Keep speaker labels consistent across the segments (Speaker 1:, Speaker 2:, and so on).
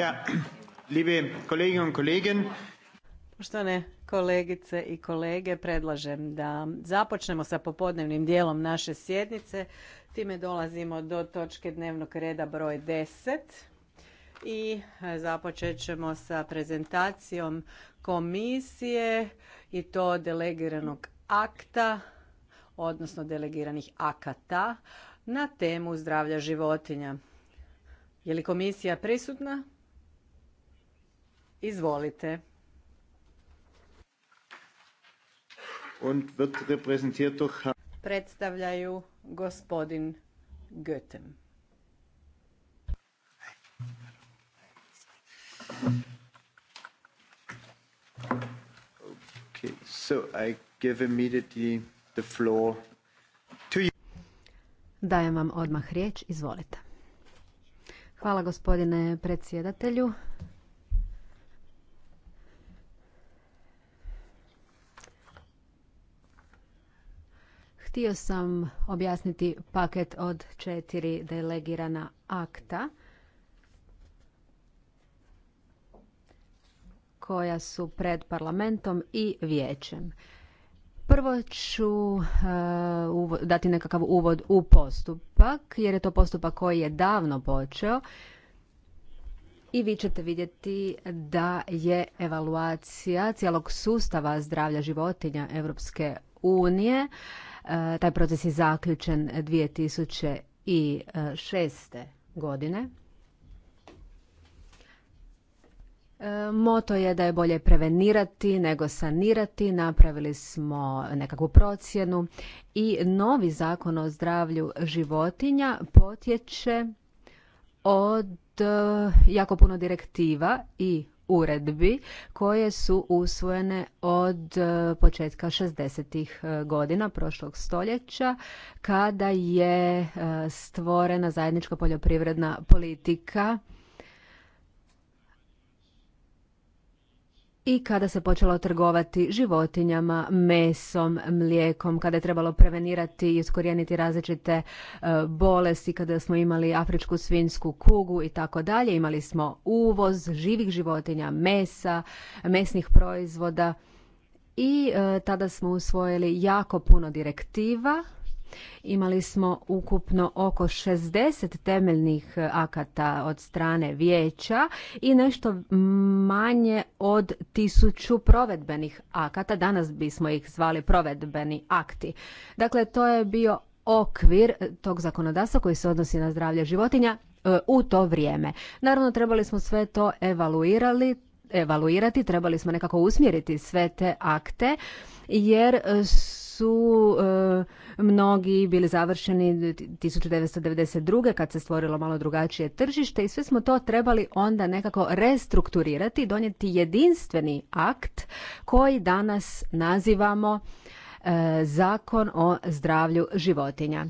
Speaker 1: Ja,
Speaker 2: Poštovane kolegice i kolege, predlažem da započnemo sa popodnevnim dijelom naše sjednice. Time dolazimo do točke dnevnog reda broj 10 i e, započet ćemo sa prezentacijom komisije i to delegiranog akta, odnosno delegiranih akata na temu zdravlja životinja. Je li komisija prisutna? Izvolite.
Speaker 1: Und wird repräsentiert durch...
Speaker 2: Predstavljaju gospodin Götem.
Speaker 1: Okay, so I give immediately the floor
Speaker 3: to you. Dajem vam odmah riječ, izvolite. Hvala gospodine predsjedatelju. Htio sam objasniti paket od četiri delegirana akta koja su pred parlamentom i vijećem. Prvo ću eh, dati nekakav uvod u postupak, jer je to postupak koji je davno počeo i vi ćete vidjeti da je evaluacija cijelog sustava zdravlja životinja Europske unije E, taj proces je zaključen 2006. godine. E, moto je da je bolje prevenirati nego sanirati. Napravili smo nekakvu procjenu i novi zakon o zdravlju životinja potječe od e, jako puno direktiva i uredbi koje su usvojene od e, početka 60. E, godina prošlog stoljeća kada je e, stvorena zajednička poljoprivredna politika i kada se počelo trgovati životinjama, mesom, mlijekom, kada je trebalo prevenirati i iskorijeniti različite e, bolesti, kada smo imali afričku svinsku kugu i tako dalje, imali smo uvoz živih životinja, mesa, mesnih proizvoda i e, tada smo usvojili jako puno direktiva Imali smo ukupno oko 60 temeljnih e, akata od strane vijeća i nešto manje od tisuću provedbenih akata. Danas bismo ih zvali provedbeni akti. Dakle, to je bio okvir e, tog zakonodavstva koji se odnosi na zdravlje životinja e, u to vrijeme. Naravno, trebali smo sve to evaluirali, evaluirati, trebali smo nekako usmjeriti sve te akte, jer su mnogi bili završeni 1992. kad se stvorilo malo drugačije tržište i sve smo to trebali onda nekako restrukturirati, donijeti jedinstveni akt koji danas nazivamo e, Zakon o zdravlju životinja.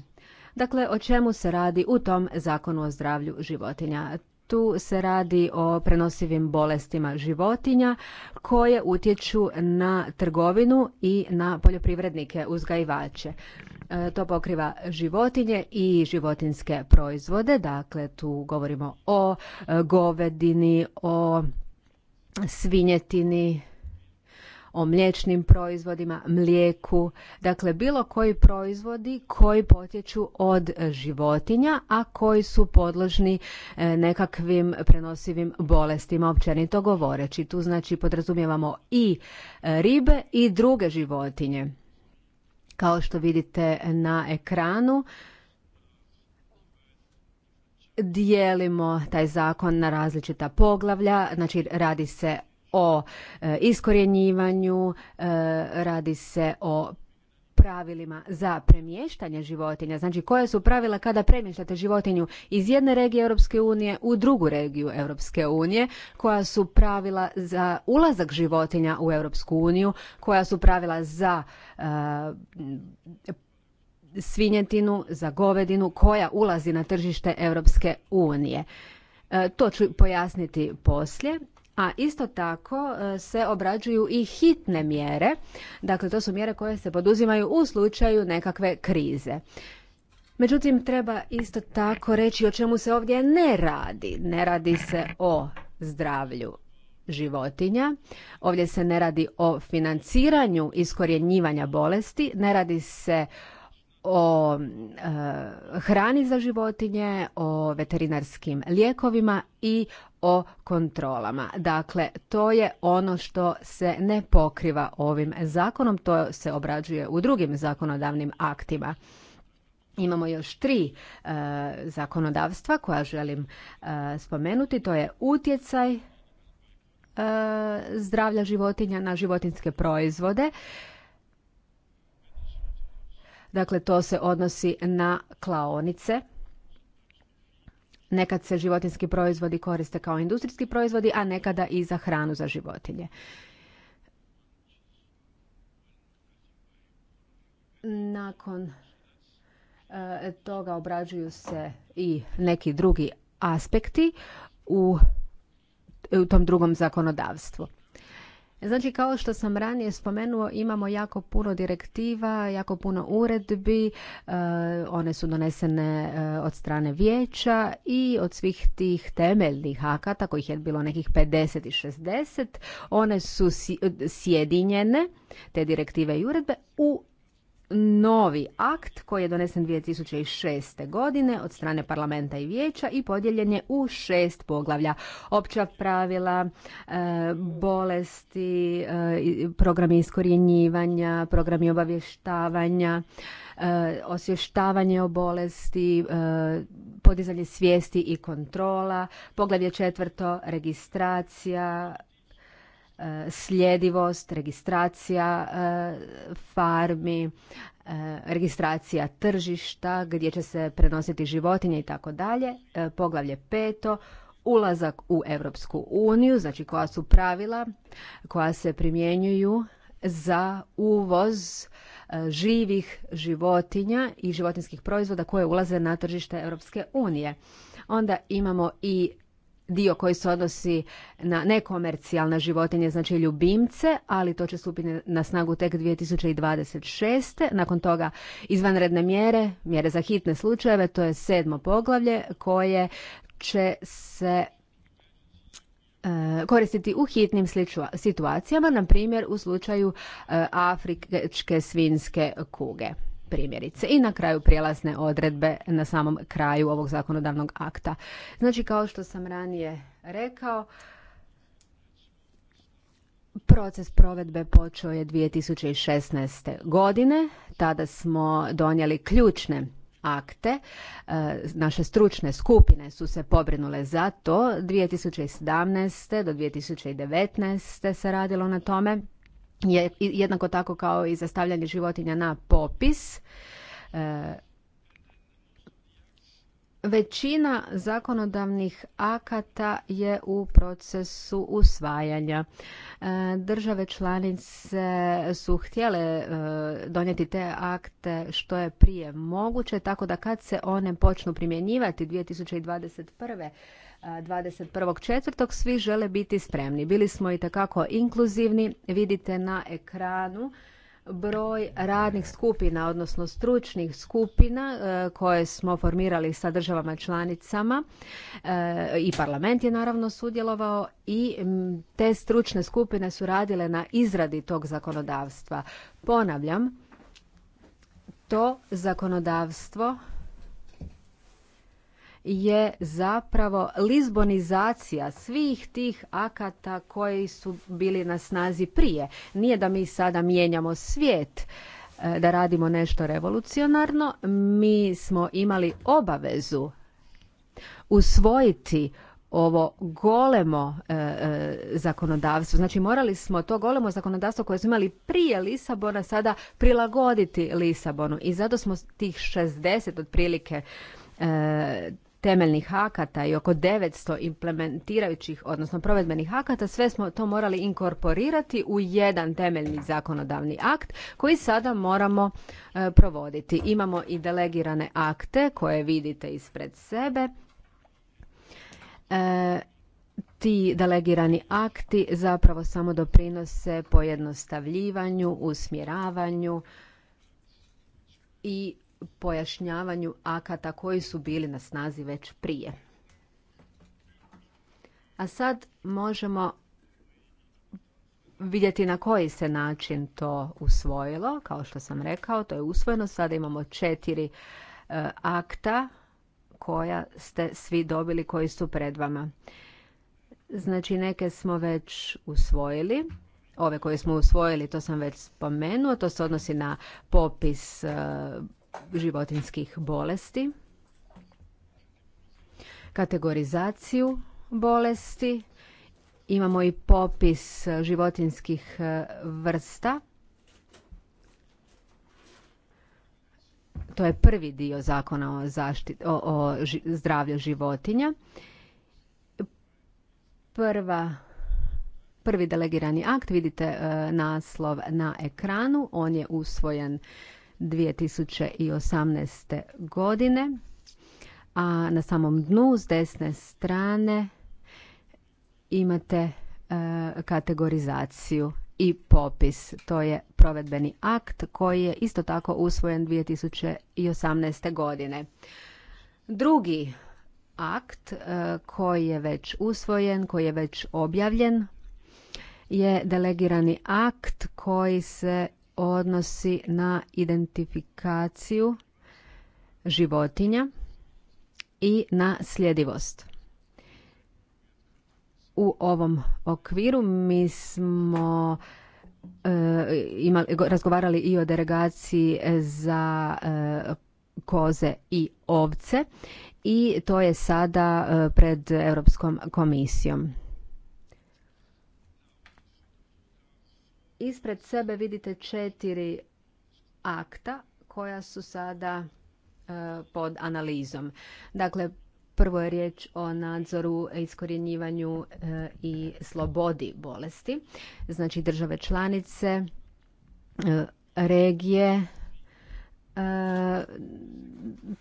Speaker 3: Dakle, o čemu se radi u tom zakonu o zdravlju životinja? tu se radi o prenosivim bolestima životinja koje utječu na trgovinu i na poljoprivrednike uzgajivače. E, to pokriva životinje i životinske proizvode, dakle tu govorimo o e, govedini, o svinjetini, o mliječnim proizvodima, mlijeku, dakle bilo koji proizvodi koji potječu od životinja, a koji su podložni e, nekakvim prenosivim bolestima, općenito govoreći. Tu znači podrazumijevamo i e, ribe i druge životinje. Kao što vidite na ekranu, dijelimo taj zakon na različita poglavlja, znači radi se o e, iskorjenjivanju, e, radi se o pravilima za premještanje životinja. Znači, koja su pravila kada premještate životinju iz jedne regije Europske unije u drugu regiju Europske unije? Koja su pravila za ulazak životinja u Europsku uniju? Koja su pravila za e, svinjetinu, za govedinu koja ulazi na tržište Europske unije? To ću pojasniti poslije a isto tako e, se obrađuju i hitne mjere. Dakle, to su mjere koje se poduzimaju u slučaju nekakve krize. Međutim, treba isto tako reći o čemu se ovdje ne radi. Ne radi se o zdravlju životinja. Ovdje se ne radi o financiranju iskorjenjivanja bolesti, ne radi se o e, hrani za životinje, o veterinarskim lijekovima i o kontrolama. Dakle, to je ono što se ne pokriva ovim zakonom, to se obrađuje u drugim zakonodavnim aktima. Imamo još tri e, zakonodavstva koja želim e, spomenuti, to je utjecaj zdravlja životinja na životinske proizvode. Dakle, to se odnosi na klaonice. Nekad se životinski proizvodi koriste kao industrijski proizvodi, a nekada i za hranu za životinje. Nakon e, toga obrađuju se i neki drugi aspekti u, u tom drugom zakonodavstvu. Znači, kao što sam ranije spomenuo, imamo jako puno direktiva, jako puno uredbi, e, one su donesene e, od strane vijeća i od svih tih temeljnih akata, kojih je bilo nekih 50 i 60, one su e, sjedinjene, te direktive i uredbe, u novi akt koji je donesen 2006. godine od strane parlamenta i vijeća i podijeljen je u šest poglavlja. Opća pravila, e, bolesti, e, programi iskorjenjivanja, programi obavještavanja, e, osvještavanje o bolesti, podizanje svijesti i kontrola, poglavlje četvrto, registracija, sljedivost, registracija e, farmi, e, registracija tržišta gdje će se prenositi životinje i tako dalje. E, poglavlje peto, ulazak u Europsku uniju, znači koja su pravila koja se primjenjuju za uvoz živih životinja i životinskih proizvoda koje ulaze na tržište Europske unije. Onda imamo i dio koji se odnosi na nekomercijalne životinje, znači ljubimce, ali to će stupiti na snagu tek 2026. Nakon toga izvanredne mjere, mjere za hitne slučajeve, to je sedmo poglavlje koje će se e, koristiti u hitnim situacijama, na primjer u slučaju e, afričke svinske kuge primjerice. I na kraju prijelazne odredbe na samom kraju ovog zakonodavnog akta. Znači, kao što sam ranije rekao, Proces provedbe počeo je 2016. godine. Tada smo donijeli ključne akte. E, naše stručne skupine su se pobrinule za to. 2017. do 2019. se radilo na tome jednako tako kao i za stavljanje životinja na popis. E, većina zakonodavnih akata je u procesu usvajanja. E, države članice su htjele e, donijeti te akte što je prije moguće, tako da kad se one počnu primjenjivati 2021 21.4. Svi žele biti spremni. Bili smo i takako inkluzivni. Vidite na ekranu broj radnih skupina, odnosno stručnih skupina e, koje smo formirali sa državama članicama e, i parlament je naravno sudjelovao i te stručne skupine su radile na izradi tog zakonodavstva. Ponavljam, to zakonodavstvo je zapravo lizbonizacija svih tih akata koji su bili na snazi prije. Nije da mi sada mijenjamo svijet e, da radimo nešto revolucionarno, mi smo imali obavezu usvojiti ovo golemo e, e, zakonodavstvo. Znači morali smo to golemo zakonodavstvo koje smo imali prije Lisabona sada prilagoditi Lisabonu i zato smo tih 60 otprilike e, temeljnih akata i oko 900 implementirajućih, odnosno provedbenih akata, sve smo to morali inkorporirati u jedan temeljni zakonodavni akt koji sada moramo e, provoditi. Imamo i delegirane akte koje vidite ispred sebe. E, ti delegirani akti zapravo samo doprinose pojednostavljivanju, usmjeravanju i pojašnjavanju akata koji su bili na snazi već prije. A sad možemo vidjeti na koji se način to usvojilo. Kao što sam rekao, to je usvojeno. Sada imamo četiri e, akta koja ste svi dobili koji su pred vama. Znači neke smo već usvojili. Ove koje smo usvojili, to sam već spomenuo, to se odnosi na popis e, životinskih bolesti, kategorizaciju bolesti, imamo i popis životinskih e, vrsta. To je prvi dio zakona o, zaštiti o, zdravlju životinja. Prva Prvi delegirani akt, vidite e, naslov na ekranu, on je usvojen 2018. godine. A na samom dnu s desne strane imate e, kategorizaciju i popis. To je provedbeni akt koji je isto tako usvojen 2018. godine. Drugi akt e, koji je već usvojen, koji je već objavljen je delegirani akt koji se odnosi na identifikaciju životinja i na sljedivost. U ovom okviru mi smo e, imali, razgovarali i o delegaciji za e, koze i ovce i to je sada e, pred Europskom komisijom. Ispred sebe vidite četiri akta koja su sada e, pod analizom. Dakle, prvo je riječ o nadzoru, iskorjenjivanju e, i slobodi bolesti. Znači države članice, e, regije,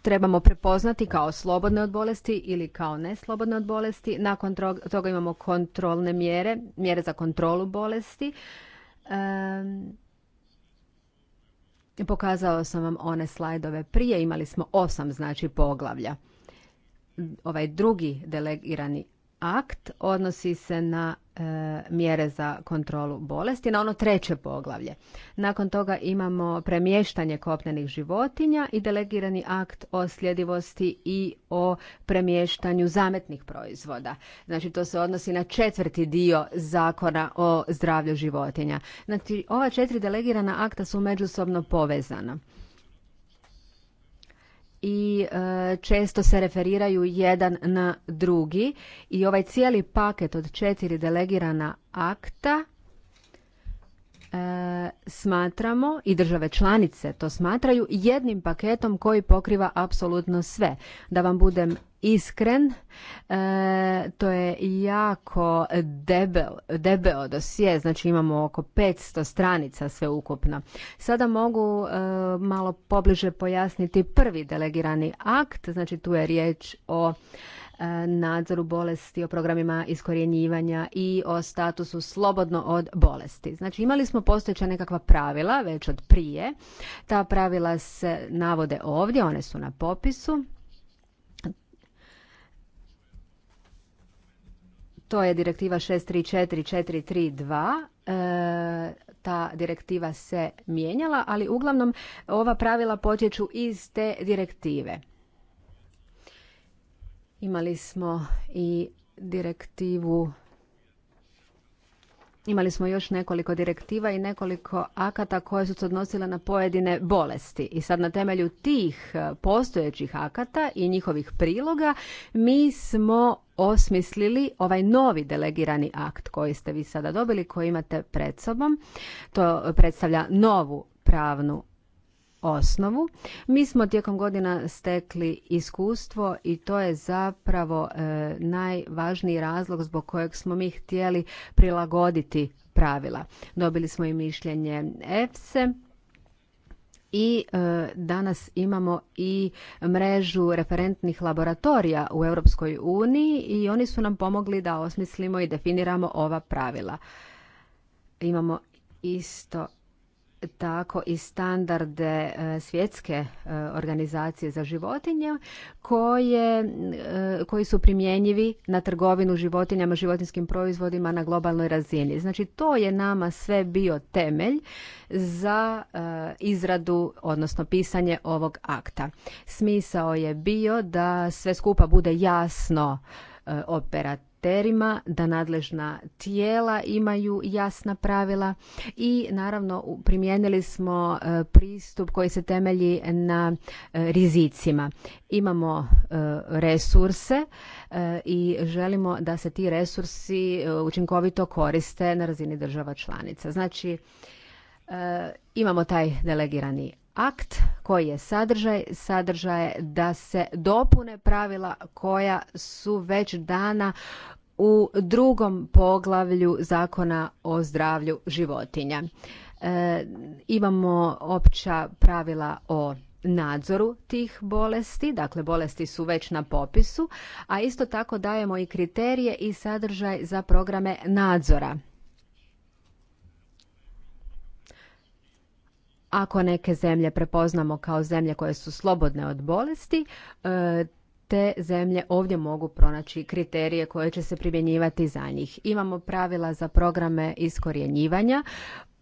Speaker 3: trebamo prepoznati kao slobodne od bolesti ili kao neslobodne od bolesti. Nakon toga imamo kontrolne mjere, mjere za kontrolu bolesti Pokazao sam vam one slajdove prije, imali smo osam znači poglavlja. Ovaj drugi delegirani akt odnosi se na E, mjere za kontrolu bolesti na ono treće poglavlje. Nakon toga imamo premještanje kopnenih životinja i delegirani akt o sljedivosti i o premještanju zametnih proizvoda. Znači to se odnosi na četvrti dio zakona o zdravlju životinja. Znači ova četiri delegirana akta su međusobno povezana i e, često se referiraju jedan na drugi i ovaj cijeli paket od četiri delegirana akta E, smatramo i države članice to smatraju jednim paketom koji pokriva apsolutno sve. Da vam budem iskren, e, to je jako debel, debeo dosije, znači imamo oko 500 stranica sve ukupno. Sada mogu e, malo pobliže pojasniti prvi delegirani akt, znači tu je riječ o nadzoru bolesti, o programima iskorjenjivanja i o statusu slobodno od bolesti. Znači imali smo postojeća nekakva pravila već od prije. Ta pravila se navode ovdje, one su na popisu. To je direktiva 634432. E, ta direktiva se mijenjala, ali uglavnom ova pravila potječu iz te direktive. Imali smo i direktivu Imali smo još nekoliko direktiva i nekoliko akata koje su se odnosile na pojedine bolesti. I sad na temelju tih e, postojećih akata i njihovih priloga mi smo osmislili ovaj novi delegirani akt koji ste vi sada dobili, koji imate pred sobom. To predstavlja novu pravnu osnovu. Mi smo tijekom godina stekli iskustvo i to je zapravo e, najvažniji razlog zbog kojeg smo mi htjeli prilagoditi pravila. Dobili smo i mišljenje EFSE i e, danas imamo i mrežu referentnih laboratorija u Europskoj uniji i oni su nam pomogli da osmislimo i definiramo ova pravila. Imamo isto tako i standarde e, svjetske e, organizacije za životinje koje, e, koji su primjenjivi na trgovinu životinjama, životinskim proizvodima na globalnoj razini. Znači to je nama sve bio temelj za izradu, odnosno pisanje ovog akta. Smisao je bio da sve skupa bude jasno operativno terima, da nadležna tijela imaju jasna pravila i naravno primijenili smo e, pristup koji se temelji na e, rizicima. Imamo e, resurse i želimo da se ti resursi učinkovito koriste na razini država članica. Znači, imamo taj delegirani akt koji je sadržaj, sadržaje da se dopune pravila koja su već dana u drugom poglavlju zakona o zdravlju životinja. E, imamo opća pravila o nadzoru tih bolesti, dakle bolesti su već na popisu, a isto tako dajemo i kriterije i sadržaj za programe nadzora. Ako neke zemlje prepoznamo kao zemlje koje su slobodne od bolesti, e, te zemlje ovdje mogu pronaći kriterije koje će se primjenjivati za njih. Imamo pravila za programe iskorjenjivanja.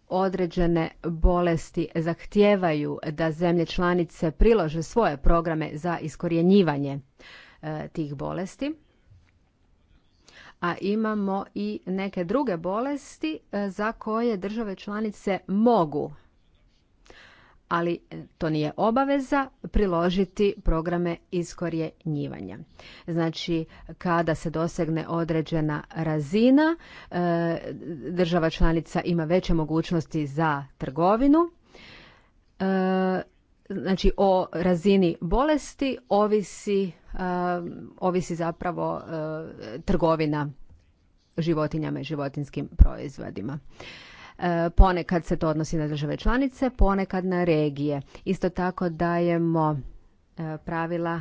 Speaker 3: Određene bolesti zahtijevaju da zemlje članice prilože svoje programe za iskorjenjivanje e, tih bolesti a imamo i neke druge bolesti e, za koje države članice mogu ali e, to nije obaveza priložiti programe iskorjenjivanja. Znači, kada se dosegne određena razina, e, država članica ima veće mogućnosti za trgovinu. E, znači, o razini bolesti ovisi, ovisi zapravo trgovina životinjama i životinskim proizvodima. E, ponekad se to odnosi na države članice, ponekad na regije. Isto tako dajemo e, pravila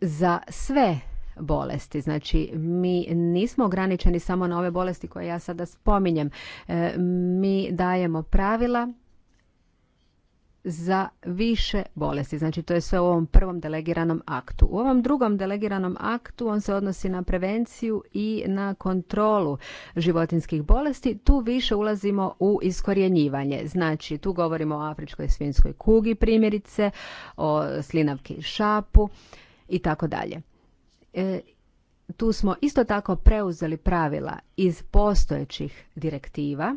Speaker 3: za sve bolesti. Znači, mi nismo ograničeni samo na ove bolesti koje ja sada spominjem. E, mi dajemo pravila za više bolesti. Znači to je sve u ovom prvom delegiranom aktu. U ovom drugom delegiranom aktu on se odnosi na prevenciju i na kontrolu životinskih bolesti. Tu više ulazimo u iskorjenjivanje. Znači tu govorimo o afričkoj svinskoj kugi primjerice, o slinavki šapu i tako dalje. E, tu smo isto tako preuzeli pravila iz postojećih direktiva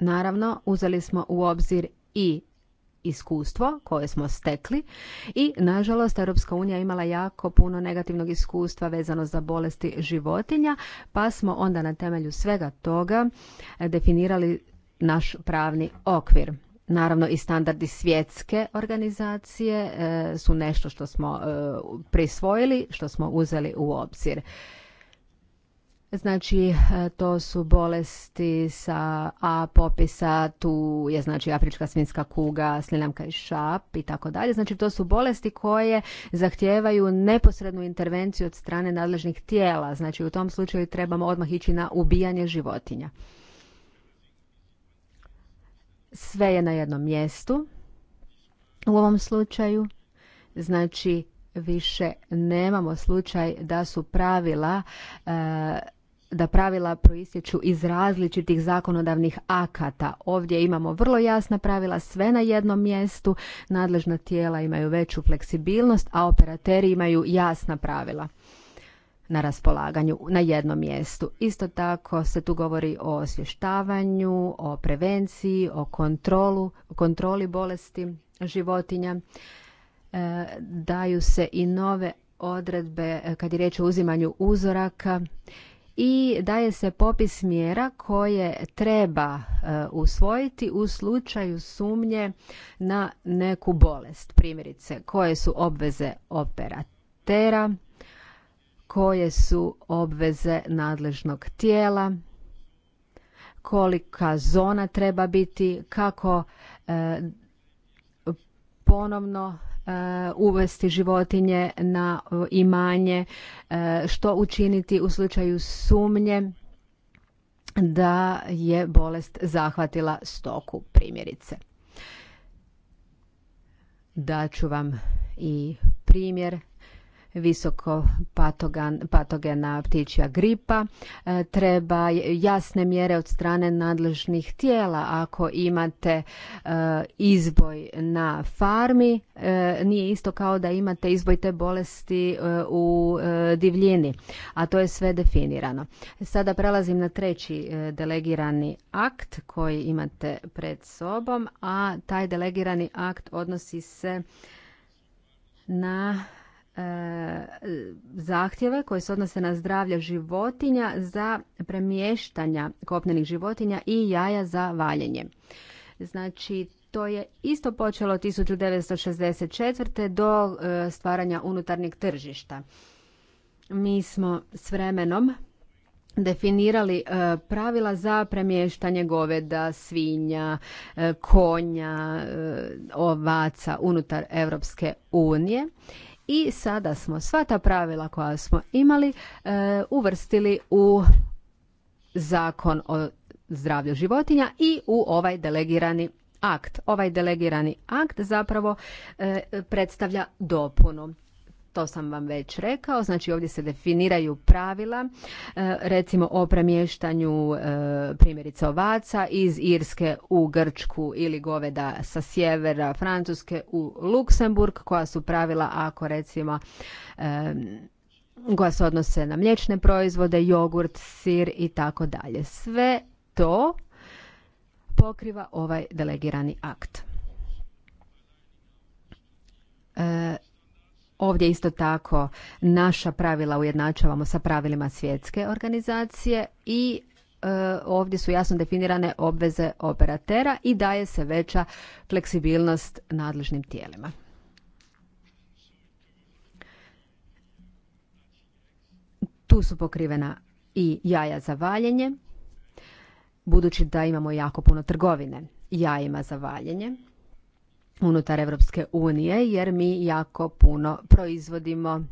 Speaker 3: Naravno, uzeli smo u obzir i iskustvo koje smo stekli i nažalost Europska unija imala jako puno negativnog iskustva vezano za bolesti životinja pa smo onda na temelju svega toga eh, definirali naš pravni okvir. Naravno i standardi svjetske organizacije eh, su nešto što smo eh, prisvojili, što smo uzeli u obzir. Znači, e, to su bolesti sa A popisa, tu je znači afrička svinska kuga, slinamka i šap i tako dalje. Znači, to su bolesti koje zahtijevaju neposrednu intervenciju od strane nadležnih tijela. Znači, u tom slučaju trebamo odmah ići na ubijanje životinja. Sve je na jednom mjestu u ovom slučaju. Znači, više nemamo slučaj da su pravila e, da pravila proistječu iz različitih zakonodavnih akata. Ovdje imamo vrlo jasna pravila, sve na jednom mjestu, nadležna tijela imaju veću fleksibilnost, a operateri imaju jasna pravila na raspolaganju na jednom mjestu. Isto tako se tu govori o osvještavanju, o prevenciji, o kontrolu, kontroli bolesti životinja. E, daju se i nove odredbe e, kad je riječ o uzimanju uzoraka i daje se popis mjera koje treba e, usvojiti u slučaju sumnje na neku bolest. Primjerice, koje su obveze operatera, koje su obveze nadležnog tijela, kolika zona treba biti, kako e, ponovno Uh, uvesti životinje na uh, imanje, uh, što učiniti u slučaju sumnje da je bolest zahvatila stoku primjerice. Daću vam i primjer visoko patogena ptičja gripa. E, treba jasne mjere od strane nadležnih tijela. Ako imate e, izboj na farmi, e, nije isto kao da imate izboj te bolesti u divljini. A to je sve definirano. Sada prelazim na treći delegirani akt koji imate pred sobom, a taj delegirani akt odnosi se na E, zahtjeve koje se odnose na zdravlje životinja za premještanja kopnenih životinja i jaja za valjenje. Znači, to je isto počelo 1964. do e, stvaranja unutarnjeg tržišta. Mi smo s vremenom definirali e, pravila za premještanje goveda, svinja, konja, ovaca unutar Europske unije i sada smo sva ta pravila koja smo imali e, uvrstili u zakon o zdravlju životinja i u ovaj delegirani akt. Ovaj delegirani akt zapravo e, predstavlja dopunu to sam vam već rekao, znači ovdje se definiraju pravila, e, recimo o premještanju e, primjerice ovaca iz Irske u Grčku ili goveda sa sjevera Francuske u Luksemburg, koja su pravila ako recimo e, koja se odnose na mliječne proizvode, jogurt, sir i tako dalje. Sve to pokriva ovaj delegirani akt. Ovdje isto tako naša pravila ujednačavamo sa pravilima svjetske organizacije i e, ovdje su jasno definirane obveze operatera i daje se veća fleksibilnost nadležnim tijelima. Tu su pokrivena i jaja za valjenje, budući da imamo jako puno trgovine jajima za valjenje unutar Europske unije jer mi jako puno proizvodimo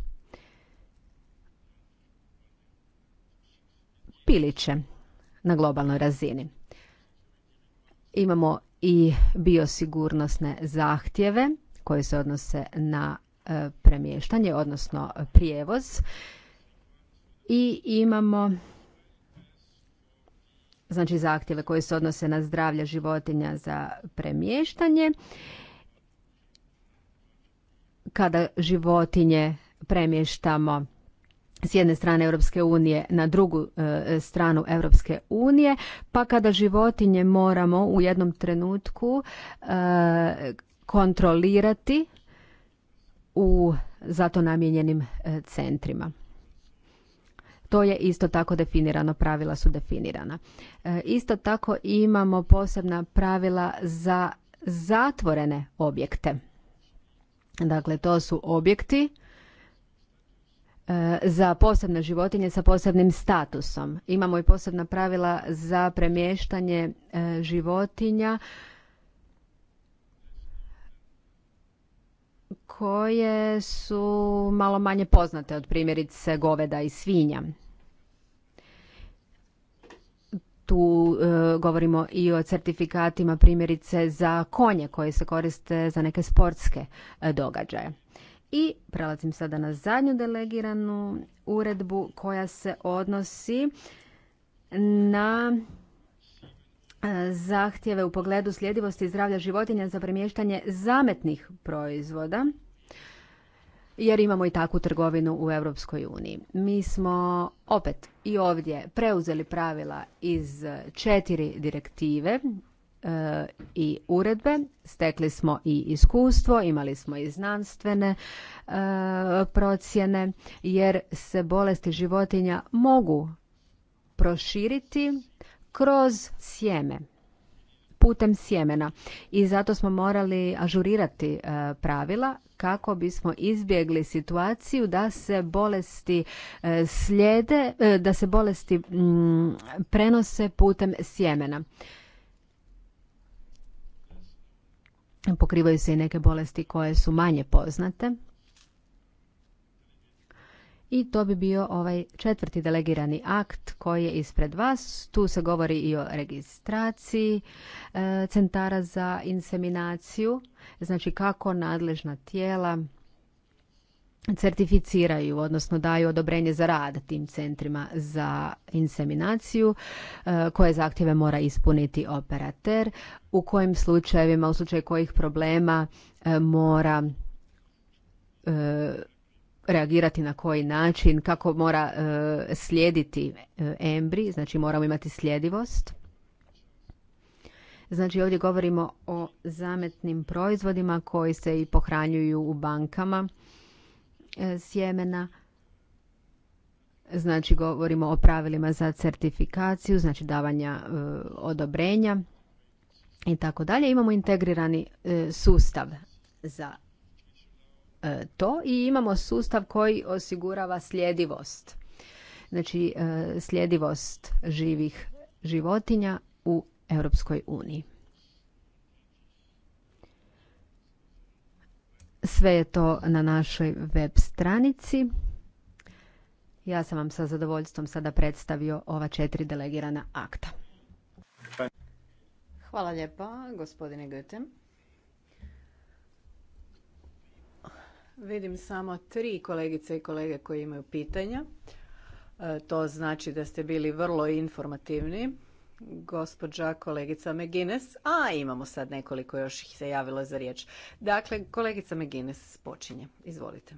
Speaker 3: piliće na globalnoj razini. Imamo i biosigurnosne zahtjeve koje se odnose na e, premještanje, odnosno prijevoz. I imamo znači zahtjeve koje se odnose na zdravlje životinja za premještanje kada životinje premještamo s jedne strane Europske unije na drugu e, stranu Europske unije, pa kada životinje moramo u jednom trenutku e, kontrolirati u zato namijenjenim e, centrima. To je isto tako definirano, pravila su definirana. Isto tako imamo posebna pravila za zatvorene objekte Dakle, to su objekti e, za posebne životinje sa posebnim statusom. Imamo i posebna pravila za premještanje e, životinja koje su malo manje poznate od primjerice goveda i svinja tu e, govorimo i o certifikatima primjerice za konje koje se koriste za neke sportske e, događaje. I prelazim sada na zadnju delegiranu uredbu koja se odnosi na e, zahtjeve u pogledu sljedivosti zdravlja životinja za premještanje zametnih proizvoda jer imamo i takvu trgovinu u Europskoj uniji. Mi smo opet i ovdje preuzeli pravila iz četiri direktive e, i uredbe, stekli smo i iskustvo, imali smo i znanstvene e, procjene jer se bolesti životinja mogu proširiti kroz sjeme putem sjemena i zato smo morali ažurirati e, pravila kako bismo izbjegli situaciju da se bolesti e, slijede, e, da se bolesti mm, prenose putem sjemena. Pokrivaju se i neke bolesti koje su manje poznate i to bi bio ovaj četvrti delegirani akt koji je ispred vas. Tu se govori i o registraciji e, centara za inseminaciju, znači kako nadležna tijela certificiraju, odnosno daju odobrenje za rad tim centrima za inseminaciju e, koje zahtjeve mora ispuniti operater, u kojim slučajevima, u slučaju kojih problema e, mora reagirati na koji način, kako mora e, slijediti e, embri, znači moramo imati sljedivost. Znači ovdje govorimo o zametnim proizvodima koji se i pohranjuju u bankama e, sjemena. Znači govorimo o pravilima za certifikaciju, znači davanja odobrenja i tako dalje. Imamo integrirani sustav za E, to i imamo sustav koji osigurava sljedivost. Znači e, sljedivost živih životinja u Europskoj uniji. Sve je to na našoj web stranici. Ja sam vam sa zadovoljstvom sada predstavio ova četiri delegirana akta.
Speaker 2: Hvala lijepa, gospodine Goethe. Vidim samo tri kolegice i kolege koji imaju pitanja. E, to znači da ste bili vrlo informativni. Gospođa kolegica Megines. A, imamo sad nekoliko još ih se javilo za riječ. Dakle, kolegica Megines počinje. Izvolite.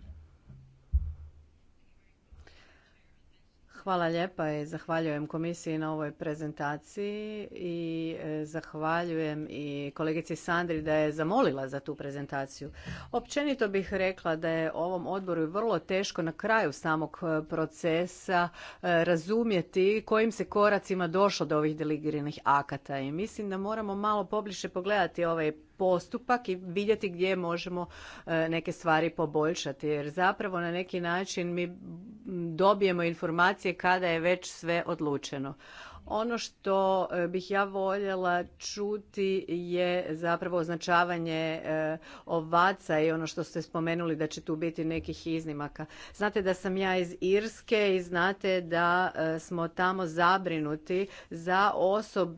Speaker 2: Hvala lijepa i zahvaljujem komisiji na ovoj prezentaciji i e, zahvaljujem i kolegici Sandri da je zamolila za tu prezentaciju. Općenito bih rekla da je ovom odboru vrlo teško na kraju samog e, procesa e, razumjeti kojim se koracima došlo do ovih delegiranih akata i mislim da moramo malo pobliže pogledati ovaj postupak i vidjeti gdje možemo e, neke stvari poboljšati. Jer zapravo na neki način mi dobijemo informacije kada je već sve odlučeno. Ono što e, bih ja voljela čuti je zapravo označavanje e, ovaca i ono što ste spomenuli da će tu biti nekih iznimaka. Znate da sam ja iz Irske i znate da e, smo tamo zabrinuti za osob,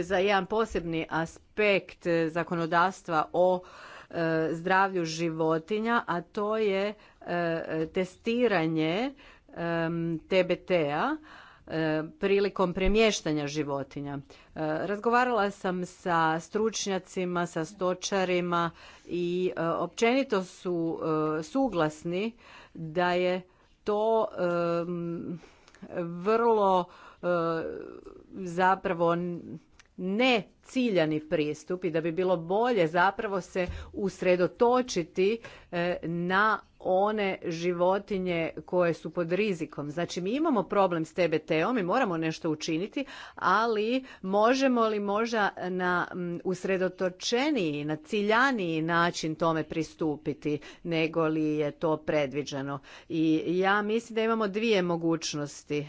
Speaker 2: za jedan posebni aspekt zakonodavstva o zdravlju životinja, a to je testiranje TBT-a E, prilikom premještanja životinja. E, razgovarala sam sa stručnjacima, sa stočarima i e, općenito su suglasni da je to vrlo zapravo ne ciljani pristup i da bi bilo bolje zapravo se usredotočiti na one životinje koje su pod rizikom. Znači mi imamo problem s TBT-om i moramo nešto učiniti, ali možemo li možda na usredotočeniji, na ciljaniji način tome pristupiti nego li je to predviđeno. I ja mislim da imamo dvije mogućnosti.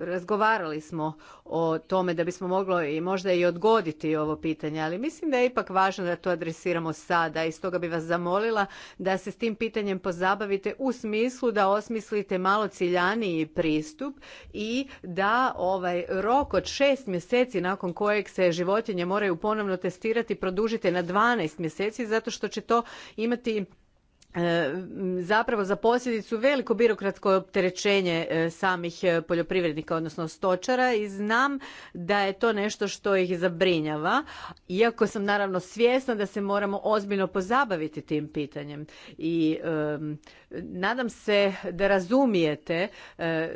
Speaker 2: Razgovarali smo o tome da bismo moglo i možda i odgoditi ovo pitanje, ali mislim da je ipak važno da to adresiramo sada i stoga bi vas zamolila da se s tim pitanjem pitanjem pozabavite u smislu da osmislite malo ciljaniji pristup i da ovaj rok od šest mjeseci nakon kojeg se životinje moraju ponovno testirati produžite na 12 mjeseci zato što će to imati E, zapravo za posljedicu veliko birokratsko opterećenje e, samih e, poljoprivrednika, odnosno stočara i znam da je to nešto što ih zabrinjava, iako sam naravno svjesna da se moramo ozbiljno pozabaviti tim pitanjem. I nadam se da razumijete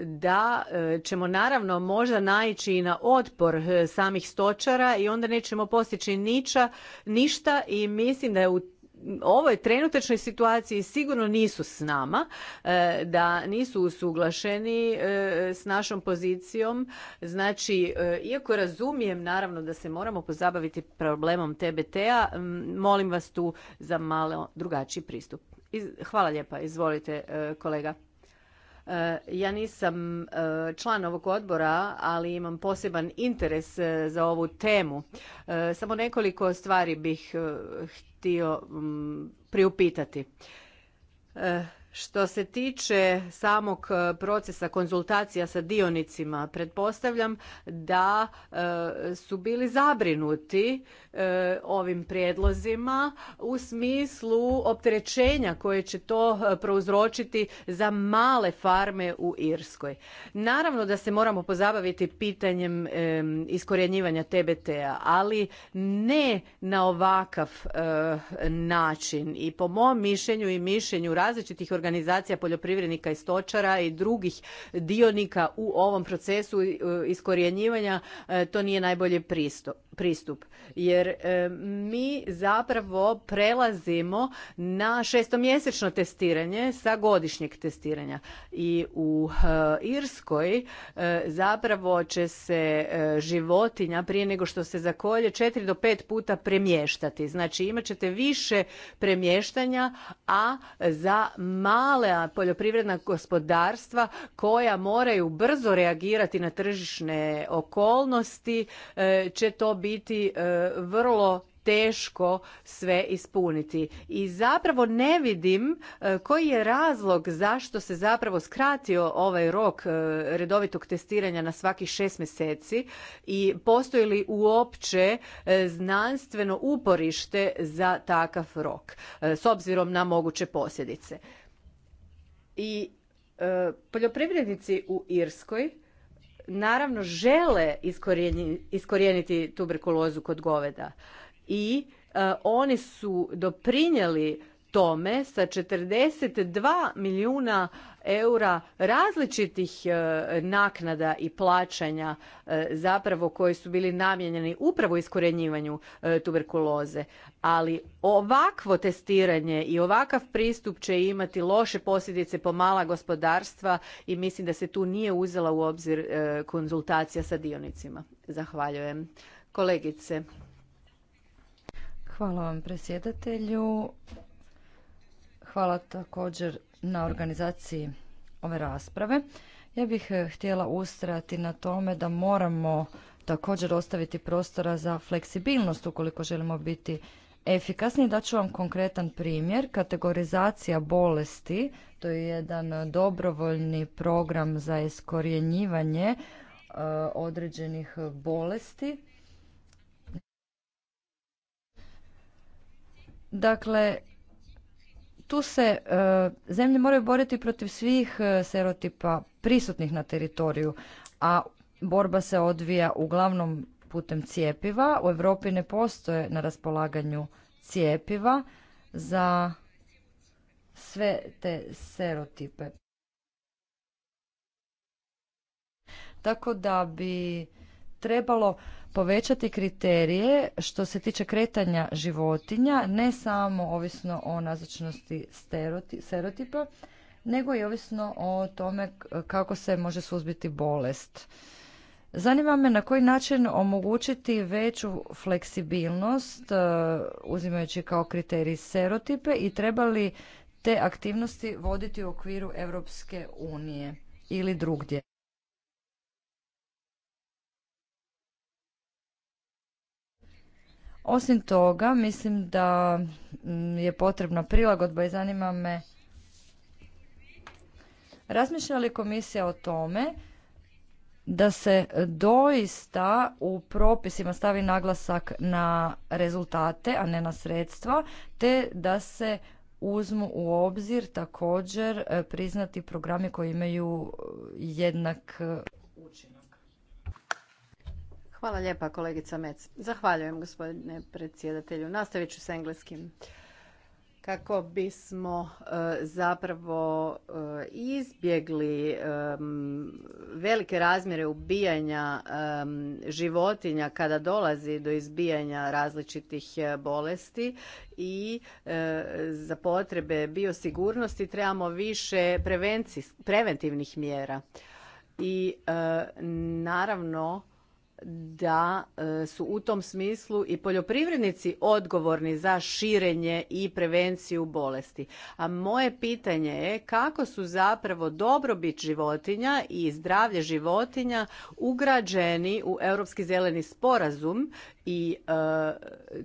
Speaker 2: da ćemo naravno možda naići i na otpor samih stočara i onda nećemo postići niča, ništa i mislim da je u ovoj trenutačnoj situaciji sigurno nisu s nama, e, da nisu usuglašeni e, s našom pozicijom. Znači, e, iako razumijem naravno da se moramo pozabaviti problemom TBT-a, molim vas tu za malo drugačiji pristup. Hvala lijepa, izvolite kolega. E, ja nisam e, član ovog odbora, ali imam poseban interes e, za ovu temu. Samo nekoliko stvari bih htio priupitati. Što se tiče samog e, procesa konzultacija sa dionicima, pretpostavljam da e, su bili zabrinuti e, ovim prijedlozima u smislu opterećenja koje će to prouzročiti za male farme u Irskoj. Naravno da se moramo pozabaviti pitanjem iskorjenjivanja TBT-a, ali ne na ovakav način. I po mom mišljenju i mišljenju različitih organizacija organizacija poljoprivrednika i stočara i drugih dionika u ovom procesu e, iskorjenjivanja e, to nije najbolji pristup. Jer e, mi zapravo prelazimo na šestomjesečno testiranje sa godišnjeg testiranja. I u Irskoj zapravo će se životinja prije nego što se zakolje četiri do pet puta premještati. Znači imat ćete više premještanja, a za male poljoprivredna gospodarstva koja moraju brzo reagirati na tržišne okolnosti e, će to biti e, vrlo teško sve ispuniti. I zapravo ne vidim e, koji je razlog zašto se zapravo skratio ovaj rok redovitog testiranja na svaki šest mjeseci i postoji li uopće znanstveno uporište za takav rok s obzirom na moguće posljedice i e, poljoprivrednici u Irskoj naravno žele iskorijeniti tuberkulozu kod goveda i e, oni su doprinijeli tome sa 42 milijuna eura različitih e, naknada i plaćanja e, zapravo koji su bili namijenjeni upravo iskorjenjivanju e, tuberkuloze. Ali ovakvo testiranje i ovakav pristup će imati loše posljedice po mala gospodarstva i mislim da se tu nije uzela u obzir konzultacija sa dionicima. Zahvaljujem. Kolegice. Hvala vam predsjedatelju.
Speaker 4: Hvala također na organizaciji ove rasprave. Ja bih eh, htjela ustrajati na tome da moramo također ostaviti prostora za fleksibilnost ukoliko želimo biti efikasni. Daću vam konkretan primjer. Kategorizacija bolesti, to je jedan dobrovoljni program za iskorjenjivanje eh, određenih bolesti. Dakle, tu se e, zemlje moraju boriti protiv svih e, serotipa prisutnih na teritoriju, a borba se odvija uglavnom putem cijepiva. U Europi ne postoje na raspolaganju cijepiva za sve te serotipe. Tako da bi trebalo povećati kriterije što se tiče kretanja životinja, ne samo ovisno o nazočnosti serotipa, nego i ovisno o tome kako se može suzbiti bolest. Zanima me na koji način omogućiti veću fleksibilnost e, uzimajući kao kriterij serotipe i treba li te aktivnosti voditi u okviru Europske unije ili drugdje. Osim toga, mislim da mm, je potrebna prilagodba i zanima me razmišlja li komisija o tome da se doista u propisima stavi naglasak na rezultate, a ne na sredstva, te da se uzmu u obzir također e, priznati programi koji imaju e, jednak
Speaker 2: Hvala lijepa kolegica Mec. Zahvaljujem gospodine predsjedatelju. Nastavit ću s engleskim kako bismo e, zapravo e, izbjegli e, velike razmjere ubijanja životinja kada dolazi do izbijanja različitih bolesti i za potrebe biosigurnosti trebamo više preventivnih mjera. I naravno da e, su u tom smislu i poljoprivrednici odgovorni za širenje i prevenciju bolesti. A moje pitanje je kako su zapravo dobrobit životinja i zdravlje životinja ugrađeni u Europski zeleni sporazum i e,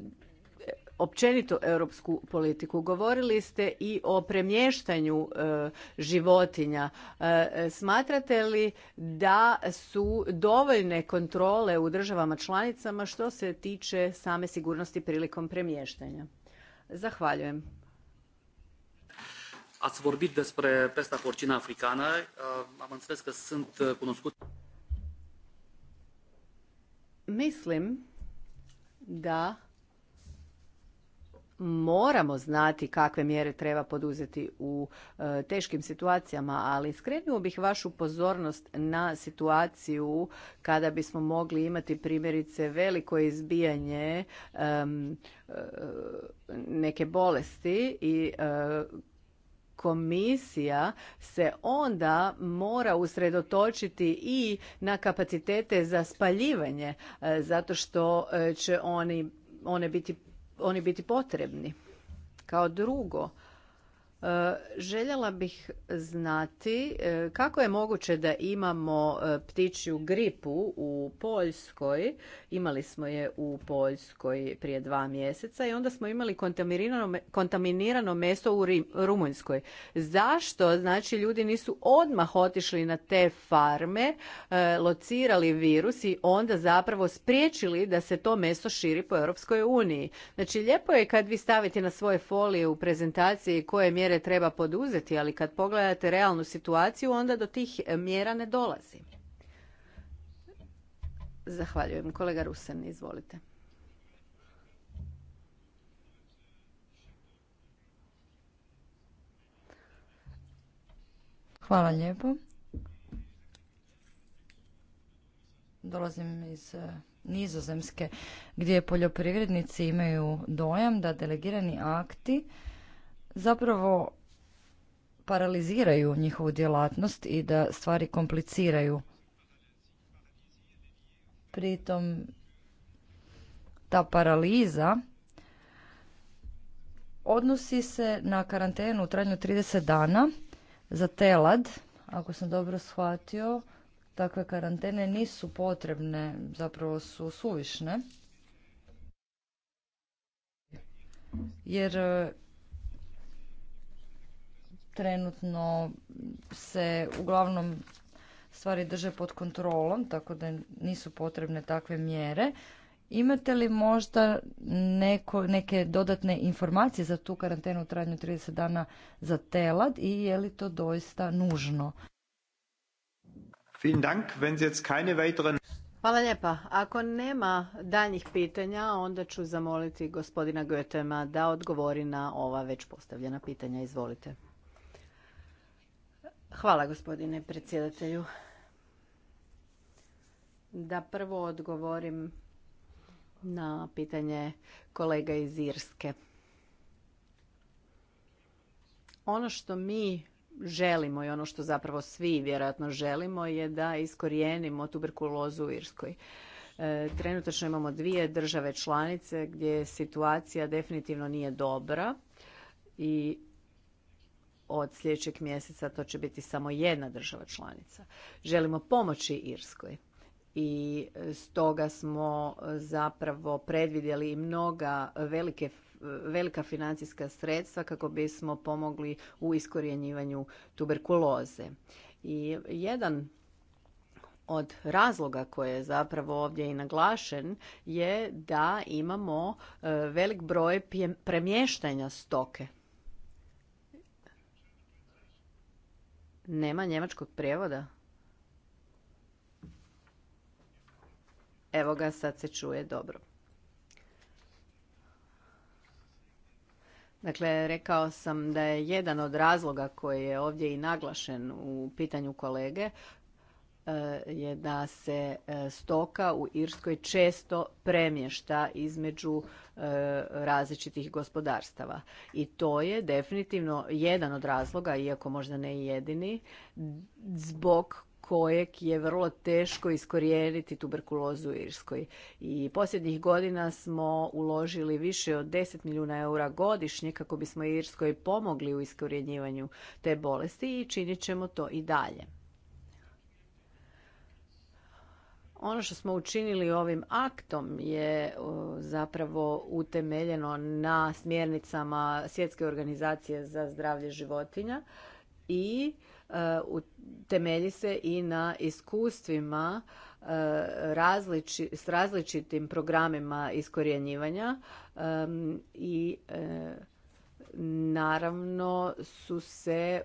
Speaker 2: općenito europsku politiku. Govorili ste i o premještanju e, životinja. E, smatrate li da su dovoljne kontrole u državama članicama što se tiče same sigurnosti prilikom premještanja? Zahvaljujem.
Speaker 5: Ați vorbit despre pesta porcina africană. E, am înțeles că sunt cunoscut.
Speaker 2: Mislim da moramo znati kakve mjere treba poduzeti u e, teškim situacijama, ali skrenuo bih vašu pozornost na situaciju kada bismo mogli imati primjerice veliko izbijanje e, neke bolesti i e, komisija se onda mora usredotočiti i na kapacitete za spaljivanje zato što će oni one biti oni biti potrebni. Kao drugo, E, željela bih znati e, kako je moguće da imamo e, ptičju gripu u Poljskoj. Imali smo je u Poljskoj prije dva mjeseca i onda smo imali kontaminirano, kontaminirano meso u Rumunjskoj. Zašto? Znači ljudi nisu odmah otišli na te farme, locirali virus i onda zapravo spriječili da se to meso širi po Europskoj uniji. Znači lijepo je kad vi stavite na svoje folije u prezentaciji koje mjesto mjere treba poduzeti, ali kad pogledate realnu situaciju, onda do tih mjera ne dolazi. Zahvaljujem. Kolega Rusen, izvolite.
Speaker 4: Hvala lijepo. Dolazim iz eh, Nizozemske gdje poljoprivrednici imaju dojam da delegirani akti zapravo paraliziraju njihovu djelatnost i da stvari kompliciraju. Pritom ta paraliza odnosi se na karantenu u trajanju 30 dana za telad, ako sam dobro shvatio, takve karantene nisu potrebne, zapravo su suvišne. Jer trenutno se uglavnom stvari drže pod kontrolom, tako da nisu potrebne takve mjere. Imate li možda neko, neke dodatne informacije za tu karantenu u trajanju 30 dana za
Speaker 2: telad i je li to doista nužno? Hvala lijepa. Ako nema daljnjih pitanja, onda ću zamoliti gospodina Goetema da odgovori na ova već postavljena pitanja. Izvolite. Hvala gospodine predsjedatelju. Da prvo odgovorim na pitanje kolega iz Irske. Ono što mi želimo i ono što zapravo svi vjerojatno želimo je da iskorijenimo tuberkulozu u Irskoj. E, trenutačno imamo dvije države članice gdje situacija definitivno nije dobra i od sljedećeg mjeseca to će biti samo jedna država članica. Želimo pomoći Irskoj i e, stoga smo e, zapravo predvidjeli mnoga velike e, velika financijska sredstva kako bismo pomogli u iskorjenjivanju tuberkuloze. I jedan od razloga koji je zapravo ovdje i naglašen je da imamo velik broj premještanja stoke Nema njemačkog prijevoda? Evo ga, sad se čuje dobro. Dakle, rekao sam da je jedan od razloga koji je ovdje i naglašen u pitanju kolege Eh, je da se eh, stoka u Irskoj često premješta između eh, različitih gospodarstava. I to je definitivno jedan od razloga, iako možda ne i jedini, zbog kojeg je vrlo teško iskorijeniti tuberkulozu u Irskoj. I posljednjih godina smo uložili više od 10 milijuna eura godišnje kako bismo Irskoj pomogli u iskorjenjivanju te bolesti i činit ćemo to i dalje. Ono što smo učinili ovim aktom je e, zapravo utemeljeno na smjernicama Svjetske organizacije za zdravlje životinja i e, temelji se i na iskustvima e, s različitim programima iskorjenjivanja i naravno su se e,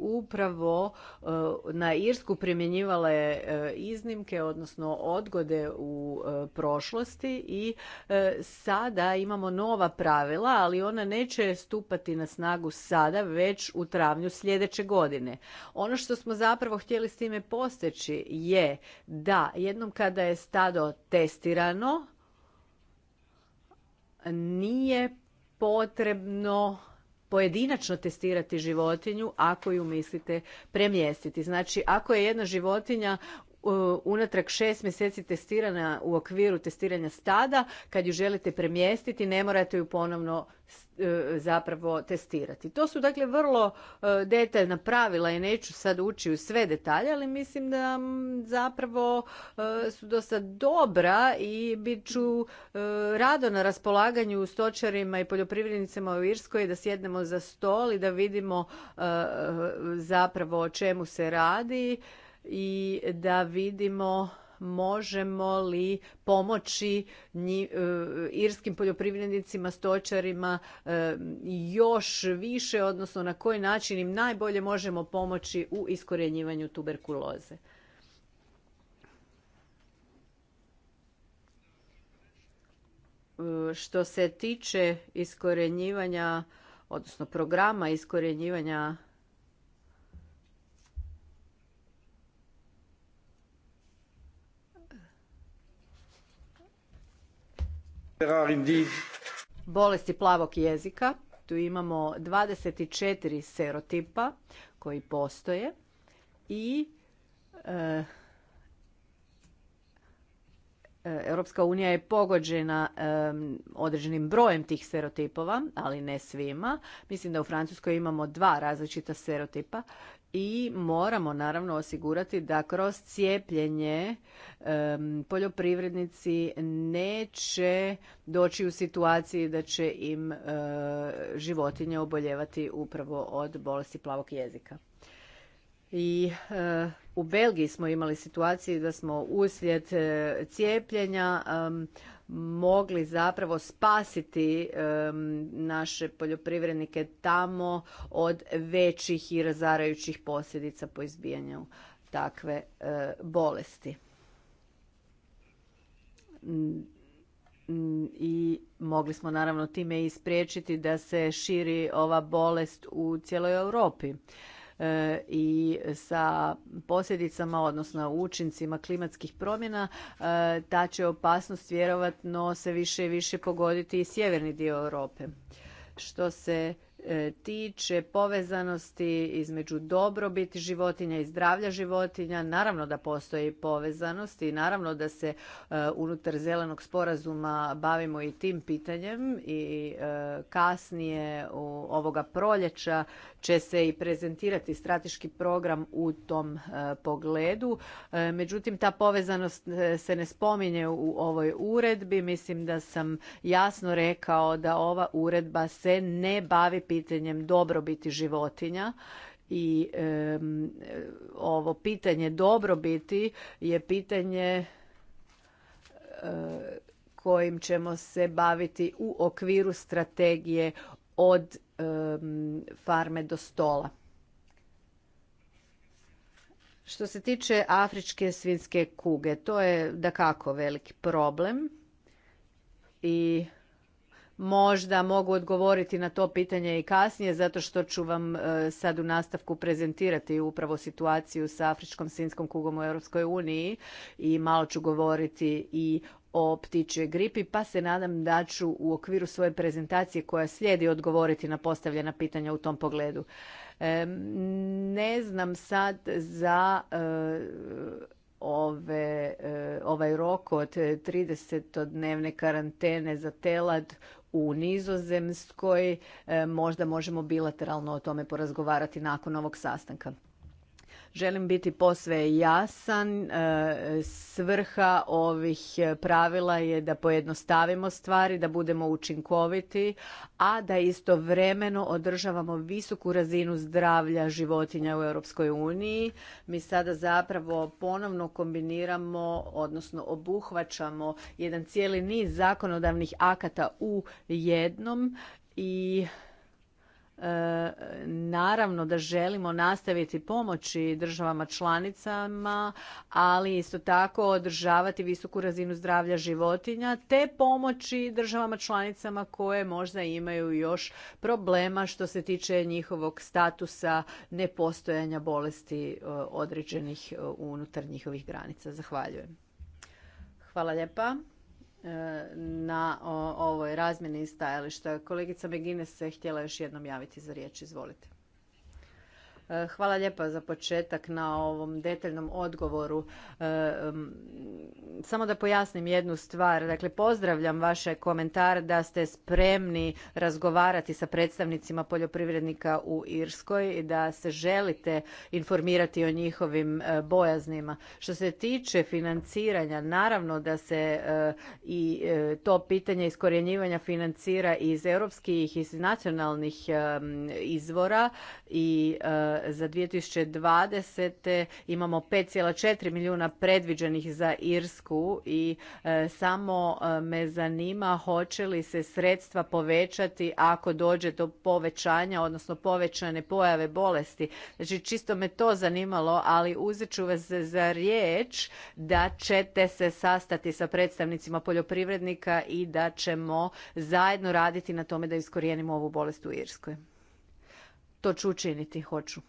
Speaker 2: upravo e, na Irsku primjenjivale e, iznimke, odnosno odgode u prošlosti i sada imamo nova pravila, ali ona neće stupati na snagu sada, već u travnju sljedeće godine. Ono što smo zapravo htjeli s time postići je da jednom kada je stado testirano, nije potrebno pojedinačno testirati životinju ako ju mislite premjestiti. Znači, ako je jedna životinja unatrag šest mjeseci testirana u okviru testiranja stada, kad ju želite premjestiti, ne morate ju ponovno e, zapravo testirati. To su dakle vrlo e, detaljna pravila i neću sad ući u sve detalje, ali mislim da zapravo e, su dosta dobra i bit ću rado na raspolaganju stočarima i poljoprivrednicama u Irskoj da sjednemo za stol i da vidimo zapravo o čemu se radi i da vidimo možemo li pomoći e, irskim poljoprivrednicima, stočarima e, još više, odnosno na koji način im najbolje možemo pomoći u iskorjenjivanju tuberkuloze. E, što se tiče iskorjenjivanja, odnosno programa iskorjenjivanja Bolesti plavog jezika. Tu imamo 24 serotipa koji postoje i EU e, Europska unija je pogođena određenim brojem tih serotipova, ali ne svima. Mislim da u Francuskoj imamo dva različita serotipa i moramo naravno osigurati da kroz cijepljenje poljoprivrednici neće doći u situaciji da će im e, životinje oboljevati upravo od bolesti plavog jezika. I e, u Belgiji smo imali situaciju da smo uslijed e, cijepljenja mogli zapravo spasiti naše poljoprivrednike tamo od većih i razarajućih posljedica po izbijanju takve e, bolesti. I mogli smo naravno time i da se širi ova bolest u cijeloj Europi. E, i sa posljedicama, odnosno učincima klimatskih promjena, e, ta će opasnost vjerovatno se više i više pogoditi i sjeverni dio Europe. Što se E, tiče povezanosti između dobrobiti životinja i zdravlja životinja. Naravno da postoji povezanost i naravno da se e, unutar zelenog sporazuma bavimo i tim pitanjem i e, kasnije u ovoga proljeća će se i prezentirati strateški program u tom pogledu. Međutim, ta povezanost se ne spominje u ovoj uredbi. Mislim da sam jasno rekao da ova uredba se ne bavi pitanjem dobrobiti životinja i ovo pitanje dobrobiti je pitanje e, kojim ćemo se baviti u okviru strategije od farme do stola. Što se tiče afričke svinske kuge, to je da kako veliki problem i možda mogu odgovoriti na to pitanje i kasnije zato što ću vam e, sad u nastavku prezentirati upravo situaciju sa afričkom svinjskom kugom u Europskoj uniji i malo ću govoriti i o ptičjoj gripi, pa se nadam da ću u okviru svoje prezentacije koja slijedi odgovoriti na postavljena pitanja u tom pogledu. E, ne znam sad za e, ove, ovaj rok od 30-dnevne karantene za telad u Nizozemskoj. E, možda možemo bilateralno o tome porazgovarati nakon ovog sastanka. Želim biti posve jasan. E, svrha ovih pravila je da pojednostavimo stvari, da budemo učinkoviti, a da istovremeno održavamo visoku razinu zdravlja životinja u Europskoj uniji. Mi sada zapravo ponovno kombiniramo, odnosno obuhvaćamo jedan cijeli niz zakonodavnih akata u jednom i Naravno da želimo nastaviti pomoći državama članicama, ali isto tako održavati visoku razinu zdravlja životinja te pomoći državama članicama koje možda imaju još problema što se tiče njihovog statusa nepostojanja bolesti e, određenih e, unutar njihovih granica. Zahvaljujem. Hvala lijepa. E, na ovoj razmjeni stajališta. Kolegica Begine se htjela još jednom javiti za riječ. Izvolite. Eh, hvala lijepa za početak na ovom detaljnom odgovoru. Eh, samo da pojasnim jednu stvar. Dakle, pozdravljam vaše komentar da ste spremni razgovarati sa predstavnicima poljoprivrednika u Irskoj i da se želite informirati o njihovim eh, bojaznima. Što se tiče financiranja, naravno da se i to pitanje iskorjenjivanja financira iz europskih i iz nacionalnih izvora i za 2020. imamo 5,4 milijuna predviđenih za Irsku i e, samo e, me zanima hoće li se sredstva povećati ako dođe do povećanja, odnosno povećane pojave bolesti. Znači, čisto me to zanimalo, ali uzet ću vas za riječ da ćete se sastati sa predstavnicima poljoprivrednika i da ćemo zajedno raditi na tome da iskorijenimo ovu bolest u Irskoj. To ću učiniti, hoću.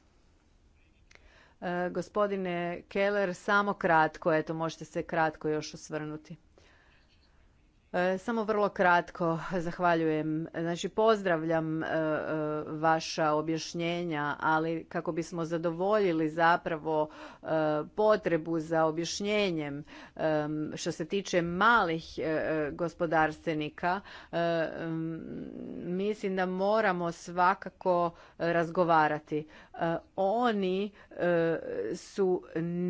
Speaker 2: E, gospodine Keller, samo kratko, eto možete se kratko još osvrnuti. E, samo vrlo kratko zahvaljujem. Znači pozdravljam e, e, vaša objašnjenja, ali kako bismo zadovoljili zapravo potrebu za objašnjenjem što se tiče malih gospodarstvenika, mislim da moramo svakako razgovarati oni e, su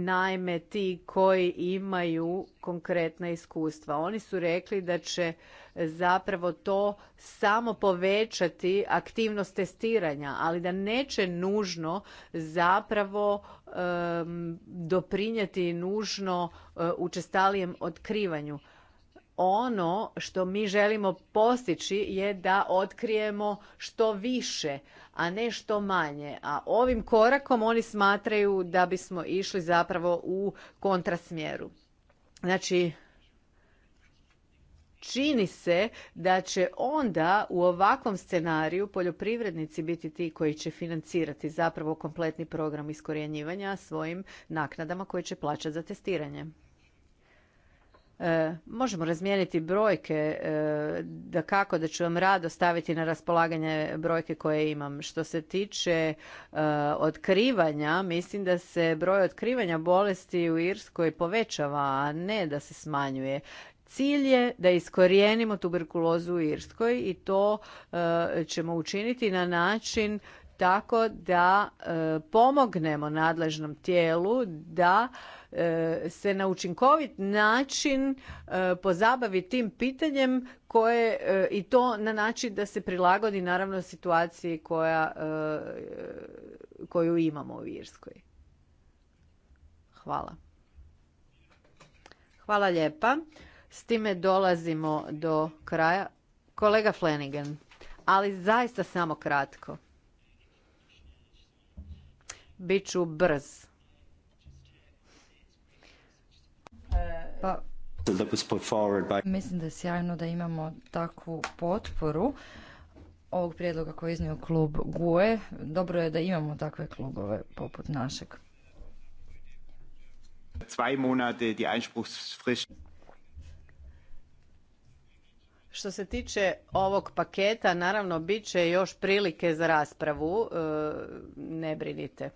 Speaker 2: najme ti koji imaju konkretna iskustva. Oni su rekli da će zapravo to samo povećati aktivnost testiranja, ali da neće nužno zapravo doprinijeti nužno e, učestalijem otkrivanju ono što mi želimo postići je da otkrijemo što više a što manje. A ovim korakom oni smatraju da bismo išli zapravo u kontrasmjeru. Znači, čini se da će onda u ovakvom scenariju poljoprivrednici biti ti koji će financirati zapravo kompletni program iskorjenjivanja svojim naknadama koje će plaćati za testiranje. E, možemo razmijeniti brojke, e, da kako da ću vam rado staviti na raspolaganje brojke koje imam. Što se tiče e, otkrivanja, mislim da se broj otkrivanja bolesti u Irskoj povećava, a ne da se smanjuje. Cilj je da iskorijenimo tuberkulozu u Irskoj i to e, ćemo učiniti na način tako da pomognemo nadležnom tijelu da se na učinkovit način e, pozabavi tim pitanjem koje e, i to na način da se prilagodi naravno situaciji koja, e, koju imamo u Irskoj. Hvala. Hvala lijepa. S time dolazimo do kraja. Kolega Flanagan, ali zaista samo kratko. Biću brz.
Speaker 4: Pa, mislim da je sjajno da imamo takvu potporu ovog prijedloga koji je iznio klub GUE. Dobro je da imamo takve klubove poput našeg.
Speaker 2: Što se tiče ovog paketa, naravno, bit će još prilike za raspravu, e, ne brinite.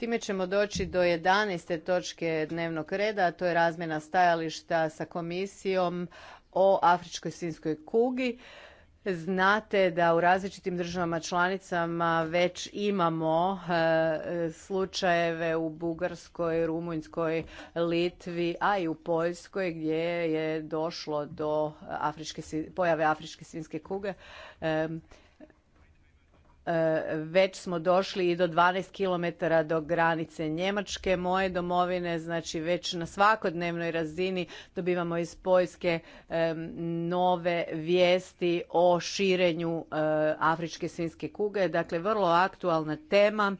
Speaker 2: Time ćemo doći do 11. točke dnevnog reda, a to je razmjena stajališta sa komisijom o afričkoj svinskoj kugi. Znate da u različitim državama članicama već imamo e, slučajeve u Bugarskoj, Rumunjskoj, Litvi, a i u Poljskoj gdje je došlo do pojave afričke svinske kuge. E, E, već smo došli i do 12 km do granice Njemačke, moje domovine, znači već na svakodnevnoj razini dobivamo iz Poljske e, nove vijesti o širenju e, afričke svinske kuge, dakle vrlo aktualna tema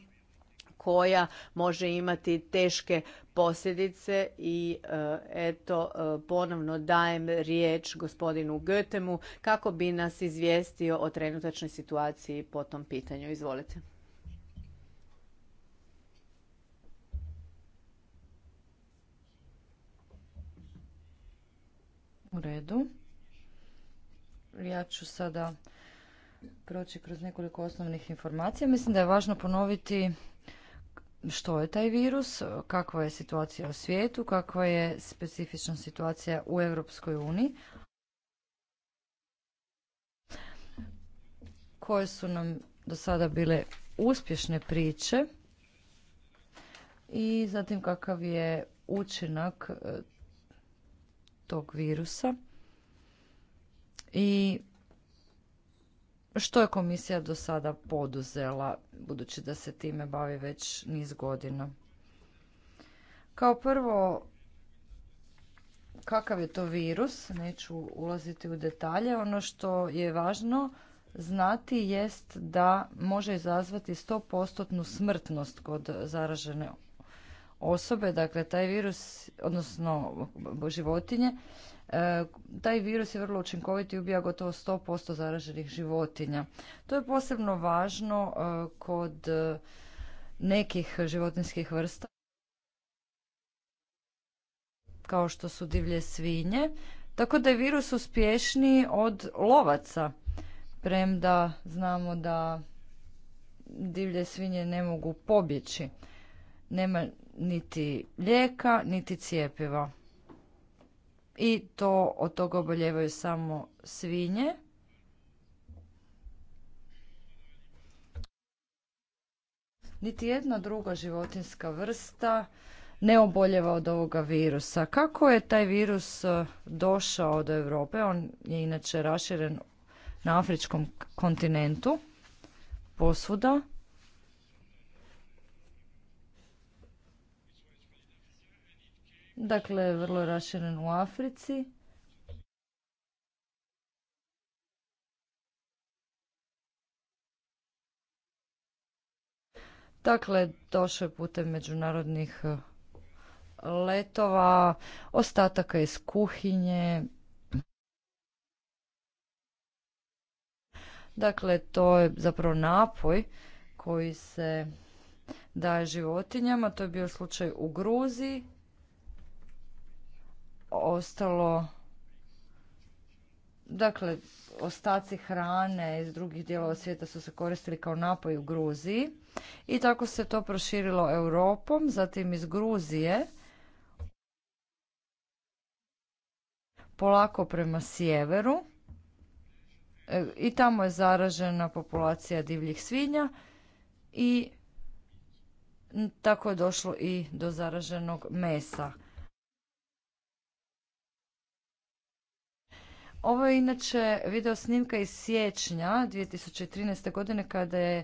Speaker 2: koja može imati teške posljedice i e, eto e, ponovno dajem riječ gospodinu Götemu kako bi nas izvijestio o trenutačnoj situaciji po tom pitanju. Izvolite.
Speaker 4: U redu. Ja ću sada proći kroz nekoliko osnovnih informacija. Mislim da je važno ponoviti što je taj virus, kakva je situacija u svijetu, kakva je specifična situacija u Europskoj uniji, koje su nam do sada bile uspješne priče i zatim kakav je učinak eh, tog virusa i što je komisija do sada poduzela, budući da se time bavi već niz godina? Kao prvo, kakav je to virus, neću ulaziti u detalje, ono što je važno znati jest da može izazvati 100% smrtnost kod zaražene osobe, dakle taj virus, odnosno životinje, E, taj virus je vrlo učinkovit i ubija gotovo 100% zaraženih životinja. To je posebno važno e, kod e, nekih životinskih vrsta kao što su divlje svinje, tako da je virus uspješniji od lovaca, premda znamo da divlje svinje ne mogu pobjeći. Nema niti lijeka, niti cijepiva i to od toga oboljevaju samo svinje. Niti jedna druga životinska vrsta ne oboljeva od ovoga virusa. Kako je taj virus e, došao do Europe? On je inače raširen na afričkom kontinentu posvuda. Dakle, vrlo je raširen u Africi. Dakle, došao je putem međunarodnih eh, letova, ostataka iz kuhinje. Dakle, to je zapravo napoj koji se daje životinjama. To je bio slučaj u Gruziji ostalo dakle ostaci hrane iz drugih dijelova svijeta su se koristili kao napoj u Gruziji i tako se to proširilo Europom, zatim iz Gruzije polako prema sjeveru e, i tamo je zaražena populacija divljih svinja i tako je došlo i do zaraženog mesa. Ovo je inače video snimka iz siječnja 2013. godine kada je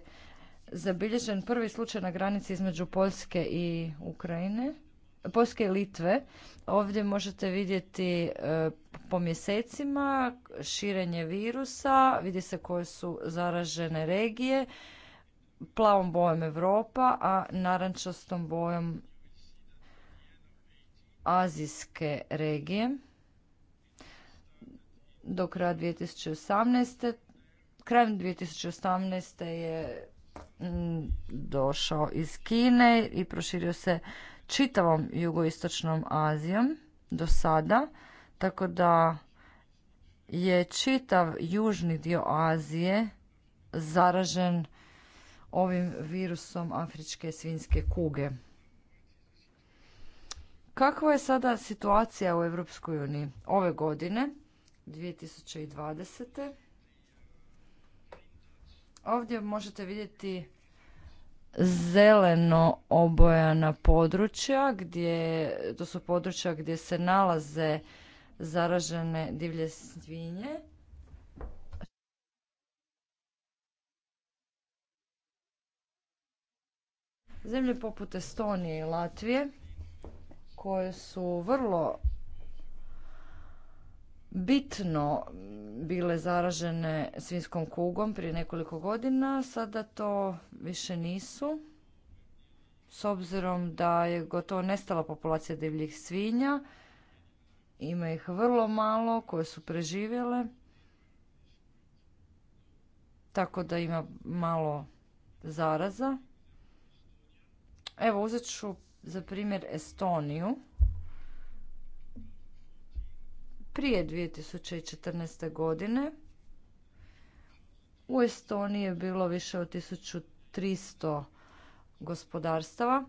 Speaker 4: zabilježen prvi slučaj na granici između Poljske i Ukrajine, Poljske i Litve. Ovdje možete vidjeti e, po mjesecima širenje virusa, vidi se koje su zaražene regije, plavom bojom Europa, a narančastom bojom azijske regije do kraja 2018. Krajem 2018. je mm, došao iz Kine i proširio se čitavom jugoistočnom Azijom do sada, tako da je čitav južni dio Azije zaražen ovim virusom afričke svinske kuge. Kakva je sada situacija u Europskoj uniji ove godine? 2020. Ovdje možete vidjeti zeleno obojana područja, gdje, to su područja gdje se nalaze zaražene divlje svinje. Zemlje poput Estonije i Latvije koje su vrlo bitno bile zaražene svinskom kugom prije nekoliko godina, sada to više nisu. S obzirom da je gotovo nestala populacija divljih svinja, ima ih vrlo malo koje su preživjele. Tako da ima malo zaraza. Evo uzet ću za primjer Estoniju. prije 2014. godine. U Estoniji je bilo više od 1300 gospodarstava.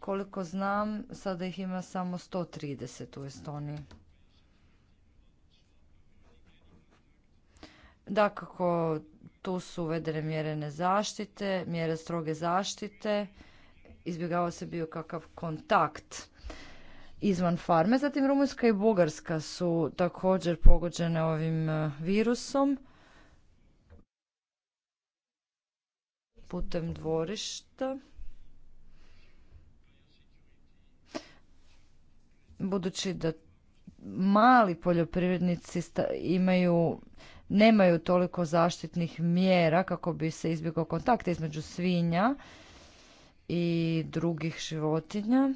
Speaker 4: Koliko znam, sada ih ima samo 130 u Estoniji. Dakako, tu su uvedene mjere zaštite, mjere stroge zaštite, izbjegava se bio kakav kontakt izvan farme. Zatim Rumunjska i Bugarska su također pogođene ovim e, virusom putem dvorišta. Budući da mali poljoprivrednici imaju nemaju toliko zaštitnih mjera kako bi se izbjegao kontakt između svinja i drugih životinja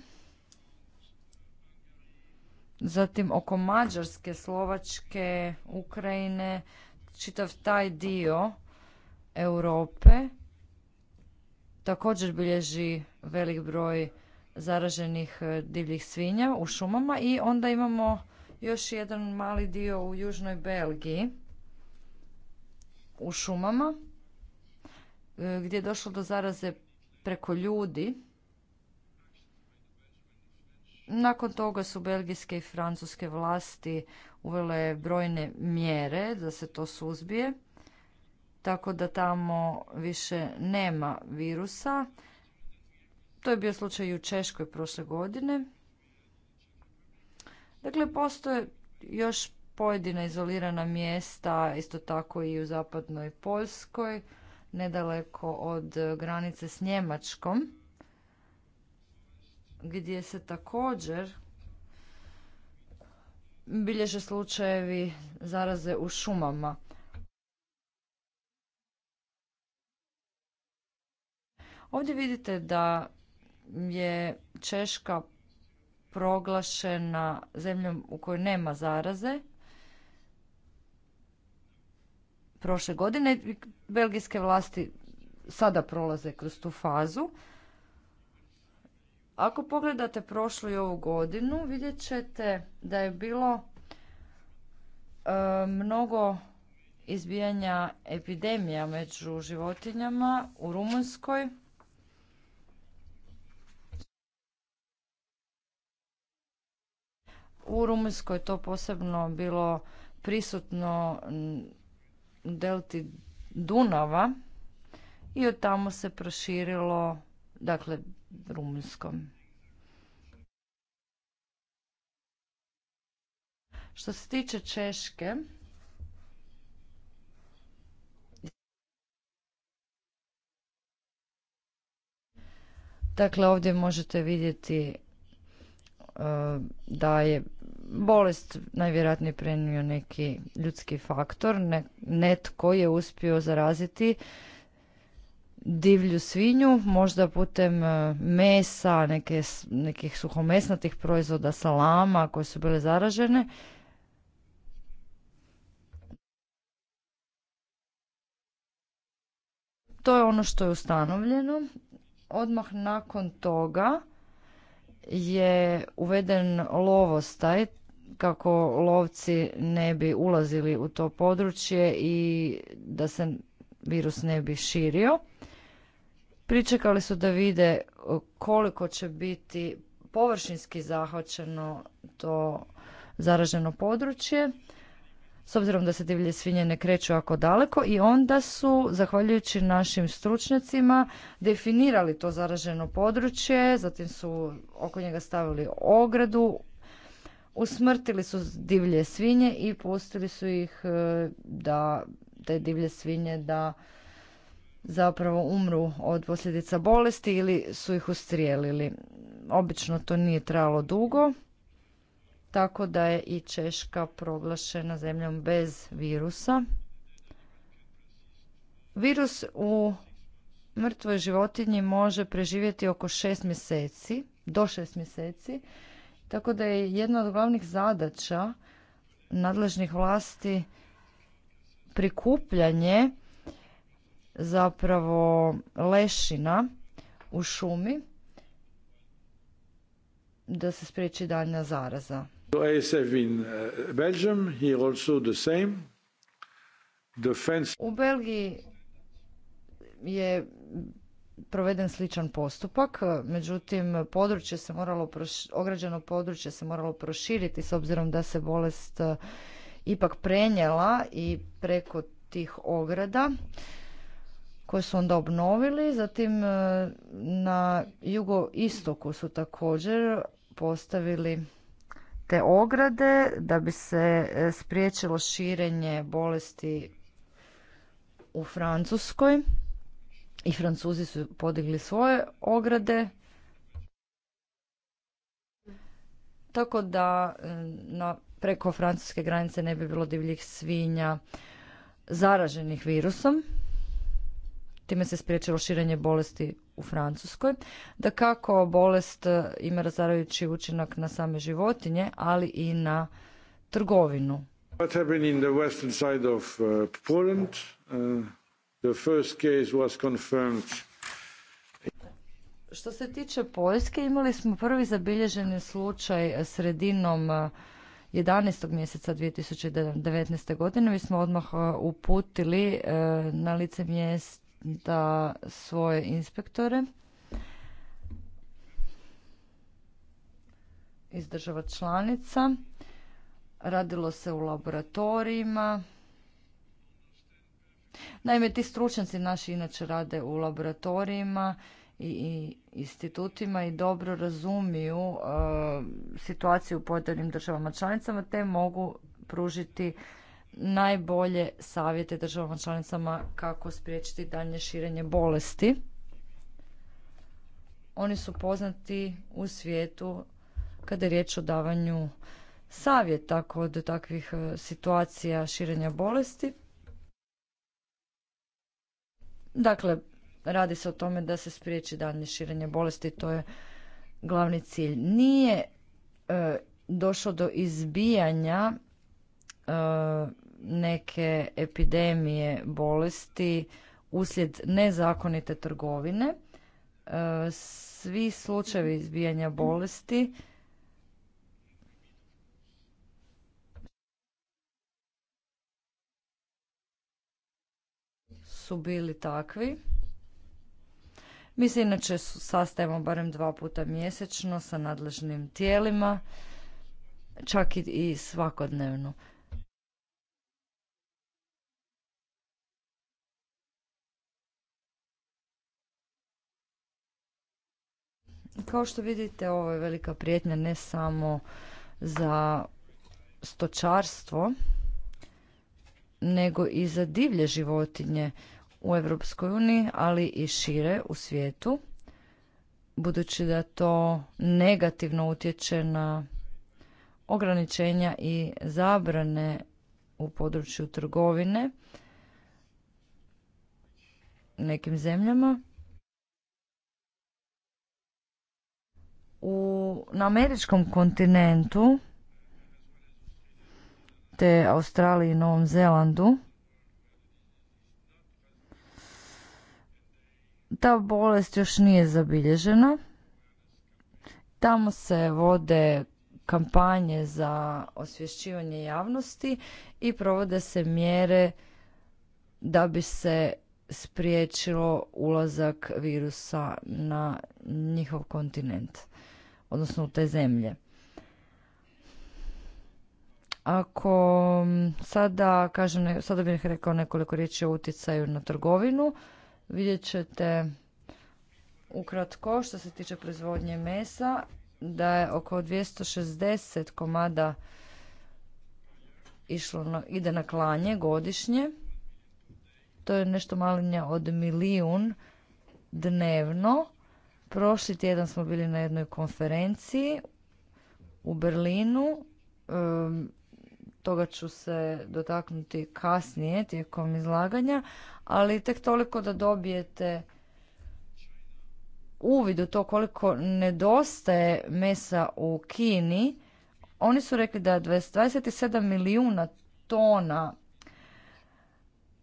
Speaker 4: zatim oko Mađarske, Slovačke, Ukrajine, čitav taj dio Europe također bilježi velik broj zaraženih e, divljih svinja u šumama i onda imamo još jedan mali dio u južnoj Belgiji u šumama e, gdje je došlo do zaraze preko ljudi nakon toga su belgijske i francuske vlasti uvele brojne mjere da se to suzbije, tako da tamo više nema virusa. To je bio slučaj i u Češkoj prošle godine. Dakle, postoje još pojedina izolirana mjesta, isto tako i u zapadnoj Poljskoj, nedaleko od granice s Njemačkom gdje se također bilježe slučajevi zaraze u šumama. Ovdje vidite da je Češka proglašena zemljom u kojoj nema zaraze prošle godine. Belgijske vlasti sada prolaze kroz tu fazu. Ako pogledate prošlu i ovu godinu, vidjet ćete da je bilo e, mnogo izbijanja epidemija među životinjama u Rumunjskoj. U Rumunjskoj je to posebno bilo prisutno delti Dunava i od tamo se proširilo dakle rumunskom. Što se tiče Češke, Dakle, ovdje možete vidjeti e, da je bolest najvjerojatnije prenio neki ljudski faktor, netko je uspio zaraziti divlju svinju, možda putem e, mesa, nekih suhomesnatih proizvoda, salama koje su bile zaražene. To je ono što je ustanovljeno. Odmah nakon toga je uveden lovostaj kako lovci ne bi ulazili u to područje i da se virus ne bi širio. Pričekali su da vide koliko će biti površinski zahvaćeno to zaraženo područje s obzirom da se divlje svinje ne kreću jako daleko i onda su, zahvaljujući našim stručnjacima, definirali to zaraženo područje, zatim su oko njega stavili ogradu, usmrtili su divlje svinje i pustili su ih e, da te divlje svinje da zapravo umru od posljedica bolesti ili su ih ustrijelili. Obično to nije trajalo dugo, tako da je i Češka proglašena zemljom bez virusa. Virus u mrtvoj životinji može preživjeti oko šest mjeseci, do šest mjeseci, tako da je jedna od glavnih zadaća nadležnih vlasti prikupljanje zapravo lešina u šumi da se spriječi daljnja zaraza.
Speaker 6: U Belgiji
Speaker 4: je proveden sličan postupak, međutim područje se moralo ograđeno područje se moralo proširiti s obzirom da se bolest ipak prenijela i preko tih ograda koje su onda obnovili. Zatim e, na jugoistoku su također postavili te ograde da bi se e, spriječilo širenje bolesti u Francuskoj. I Francuzi su podigli svoje ograde. Tako da e, na preko francuske granice ne bi bilo divljih svinja zaraženih virusom. Time se spriječilo širenje bolesti u Francuskoj. Da kako bolest e, ima razarajući učinak na same životinje, ali i na trgovinu. što se tiče Poljske, imali smo prvi zabilježeni slučaj e, sredinom e, 11. mjeseca 2019. godine mi smo odmah uputili e, na lice mjesta svoje inspektore iz država članica. Radilo se u laboratorijima. Naime, ti stručnjaci naši inače rade u laboratorijima i institutima i dobro razumiju e, situaciju u pojedinim državama članicama te mogu pružiti najbolje savjete državama članicama kako spriječiti dalje širenje bolesti. Oni su poznati u svijetu kada je riječ o davanju savjeta kod takvih e, situacija širenja bolesti. Dakle, Radi se o tome da se spriječi daljnje širenje bolesti, to je glavni cilj. Nije e, došlo do izbijanja e, neke epidemije bolesti uslijed nezakonite trgovine. E, svi slučajevi izbijanja bolesti su bili takvi mi se inače sastajemo barem dva puta mjesečno sa nadležnim tijelima, čak i svakodnevno. Kao što vidite, ovo je velika prijetnja ne samo za stočarstvo, nego i za divlje životinje u Europskoj uniji, ali i šire u svijetu, budući da to negativno utječe na ograničenja i zabrane u području trgovine nekim zemljama. U, na američkom kontinentu te Australiji i Novom Zelandu Ta bolest još nije zabilježena. Tamo se vode kampanje za osvješćivanje javnosti i provode se mjere da bi se spriječilo ulazak virusa na njihov kontinent, odnosno u te zemlje. Ako sada, kažem, sada bih rekao nekoliko riječi o utjecaju na trgovinu, Vidjet ćete ukratko što se tiče proizvodnje mesa da je oko 260 komada išlo na, ide na klanje godišnje. To je nešto manje od milijun dnevno. Prošli tjedan smo bili na jednoj konferenciji u Berlinu. toga ću se dotaknuti kasnije tijekom izlaganja, ali tek toliko da dobijete uvid u to koliko nedostaje mesa u Kini, oni su rekli da 27 milijuna tona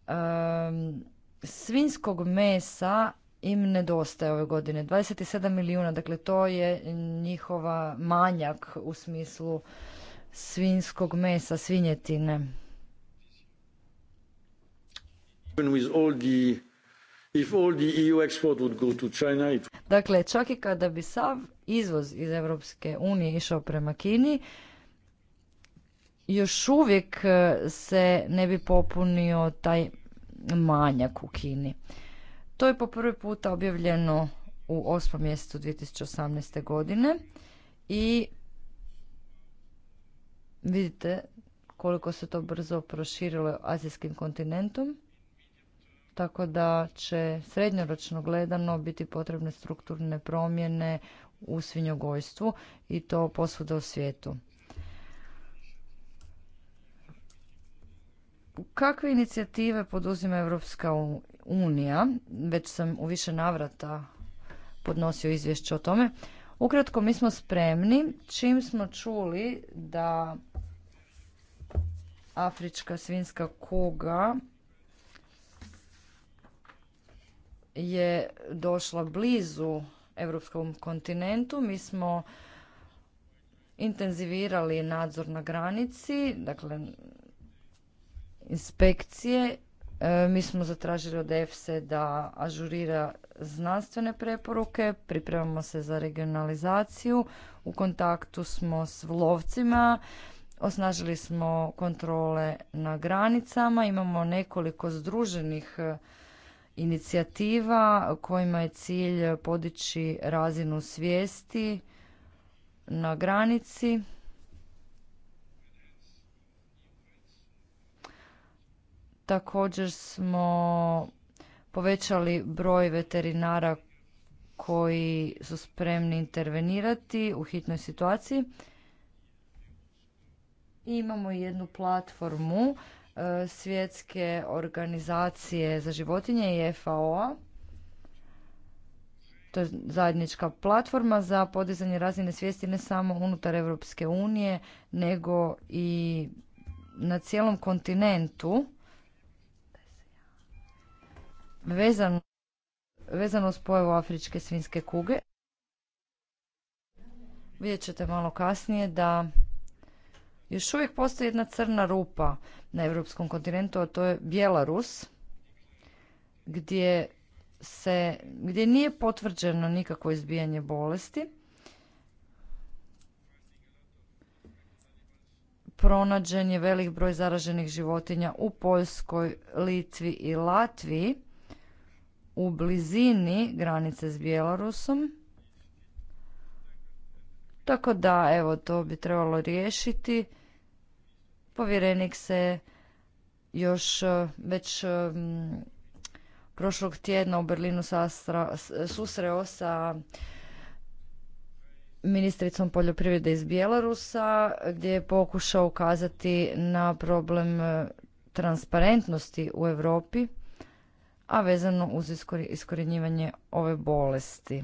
Speaker 4: um, svinskog mesa im nedostaje ove godine. 27 milijuna, dakle to je njihova manjak u smislu svinskog mesa, svinjetine. Dakle, čak i kada bi sav izvoz iz Europske unije išao prema Kini, još uvijek e, se ne bi popunio taj manjak u Kini. To je po prvi puta objavljeno u 8. mjesecu 2018. godine i vidite koliko se to brzo proširilo azijskim kontinentom tako da će srednjoročno gledano biti potrebne strukturne promjene u svinjogojstvu i to posvuda u svijetu. Kakve inicijative poduzima Europska unija? Već sam u više navrata podnosio izvješće o tome. Ukratko, mi smo spremni čim smo čuli da afrička svinska kuga je došla blizu europskom kontinentu. Mi smo intenzivirali nadzor na granici, dakle inspekcije. E, mi smo zatražili od EFSE da ažurira znanstvene preporuke, pripremamo se za regionalizaciju, u kontaktu smo s lovcima, osnažili smo kontrole na granicama, imamo nekoliko združenih inicijativa kojima je cilj podići razinu svijesti na granici također smo povećali broj veterinara koji su spremni intervenirati u hitnoj situaciji I imamo jednu platformu E, svjetske organizacije za životinje i FAO-a. To je zajednička platforma za podizanje razine svijesti ne samo unutar Europske unije, nego i na cijelom kontinentu vezano, vezano s afričke svinske kuge. Vidjet ćete malo kasnije da još uvijek postoji jedna crna rupa na europskom kontinentu, a to je Bjelarus, gdje, nije potvrđeno nikakvo izbijanje bolesti. Pronađen je velik broj zaraženih životinja u Poljskoj, Litvi i Latviji u blizini granice s Bjelarusom. Tako da, evo, to bi trebalo riješiti. Povjerenik se još e, već e, prošlog tjedna u Berlinu sastra, susreo sa ministricom poljoprivrede iz Bjelarusa gdje je pokušao ukazati na problem e, transparentnosti u Europi, a vezano uz iskorjenjivanje ove bolesti.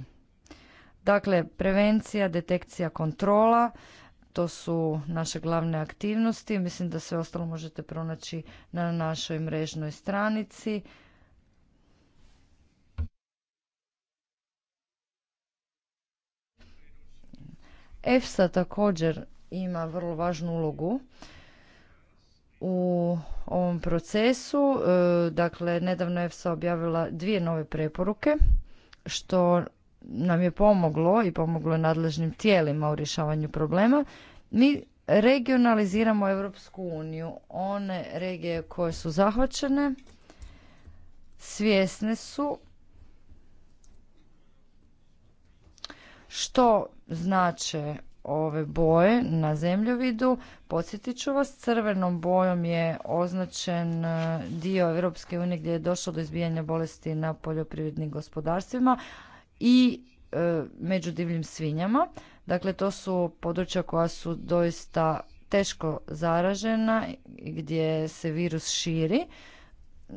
Speaker 4: Dakle, prevencija, detekcija, kontrola, to su naše glavne aktivnosti. Mislim da sve ostalo možete pronaći na našoj mrežnoj stranici. EFSA također ima vrlo važnu ulogu u ovom procesu. E, dakle, nedavno je EFSA objavila dvije nove preporuke, što nam je pomoglo i pomoglo nadležnim tijelima u rješavanju problema, mi regionaliziramo Europsku uniju. One regije koje su zahvaćene svjesne su što znače ove boje na zemljovidu. Podsjetit ću vas, crvenom bojom je označen e, dio Europske unije gdje je došlo do izbijanja bolesti na poljoprivrednim gospodarstvima, i e, među divljim svinjama. Dakle, to su područja koja su doista teško zaražena, gdje se virus širi.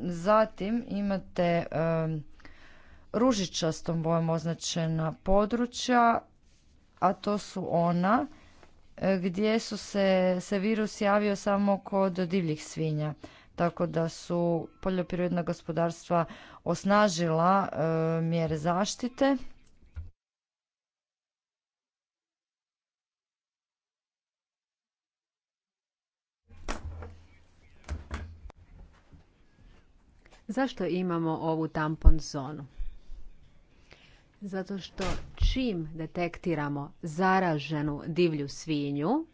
Speaker 4: Zatim imate e, ružičastom bojem označena područja, a to su ona e, gdje su se, se virus javio samo kod divljih svinja tako da su poljoprivredna gospodarstva osnažila e, mjere zaštite.
Speaker 3: Zašto imamo ovu tampon zonu? Zato što čim detektiramo zaraženu divlju svinju,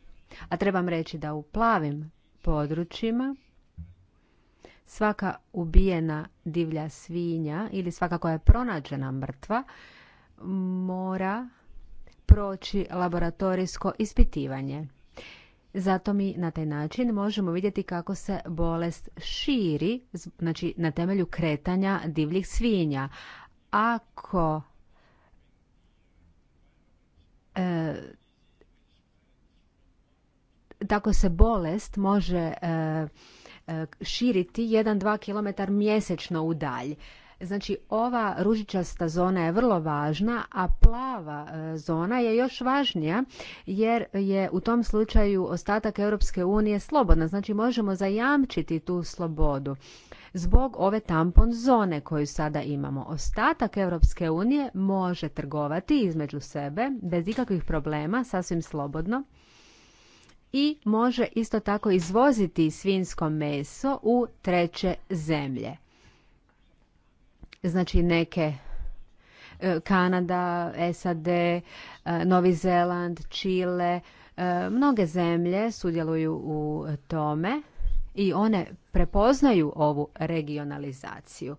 Speaker 3: a trebam reći da u plavim područjima svaka ubijena divlja svinja ili svaka koja je pronađena mrtva mora proći laboratorijsko ispitivanje. Zato mi na taj način možemo vidjeti kako se bolest širi, znači na temelju kretanja divljih svinja. Ako e, tako se bolest može e, E, širiti 1-2 km mjesečno u dalj. Znači ova ružičasta zona je vrlo važna, a plava e, zona je još važnija jer je u tom slučaju ostatak Europske unije slobodna. Znači možemo zajamčiti tu slobodu zbog ove tampon zone koju sada imamo. Ostatak Europske unije može trgovati između sebe bez ikakvih problema, sasvim slobodno i može isto tako izvoziti svinsko meso u treće zemlje. Znači neke e, Kanada, SAD, e, Novi Zeland, Čile, e, mnoge zemlje sudjeluju u tome i one prepoznaju ovu regionalizaciju.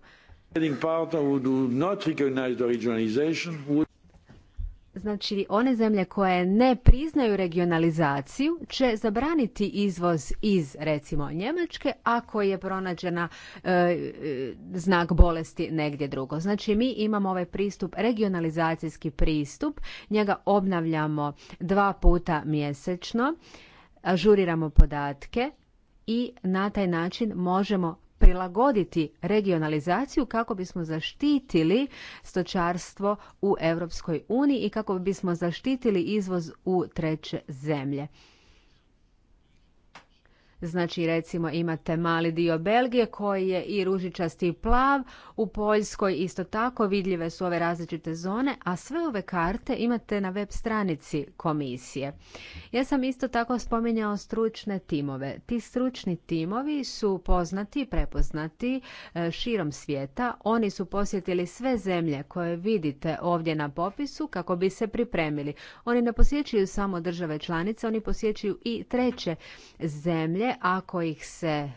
Speaker 3: Znači, one zemlje koje ne priznaju regionalizaciju će zabraniti izvoz iz, recimo, Njemačke ako je pronađena e, e, znak bolesti negdje drugo. Znači, mi imamo ovaj pristup, regionalizacijski pristup, njega obnavljamo dva puta mjesečno, ažuriramo podatke i na taj način možemo prilagoditi regionalizaciju kako bismo zaštitili stočarstvo u Europskoj uniji i kako bismo zaštitili izvoz u treće zemlje. Znači recimo imate mali dio Belgije koji je i ružičasti i plav, u Poljskoj isto tako vidljive su ove različite zone, a sve ove karte imate na web stranici komisije. Ja sam isto tako spominjao stručne timove. Ti stručni timovi su poznati i prepoznati e, širom svijeta. Oni su posjetili sve zemlje koje vidite ovdje na popisu kako bi se pripremili. Oni ne posjećuju samo države članice, oni posjećuju i treće zemlje ako ih se e,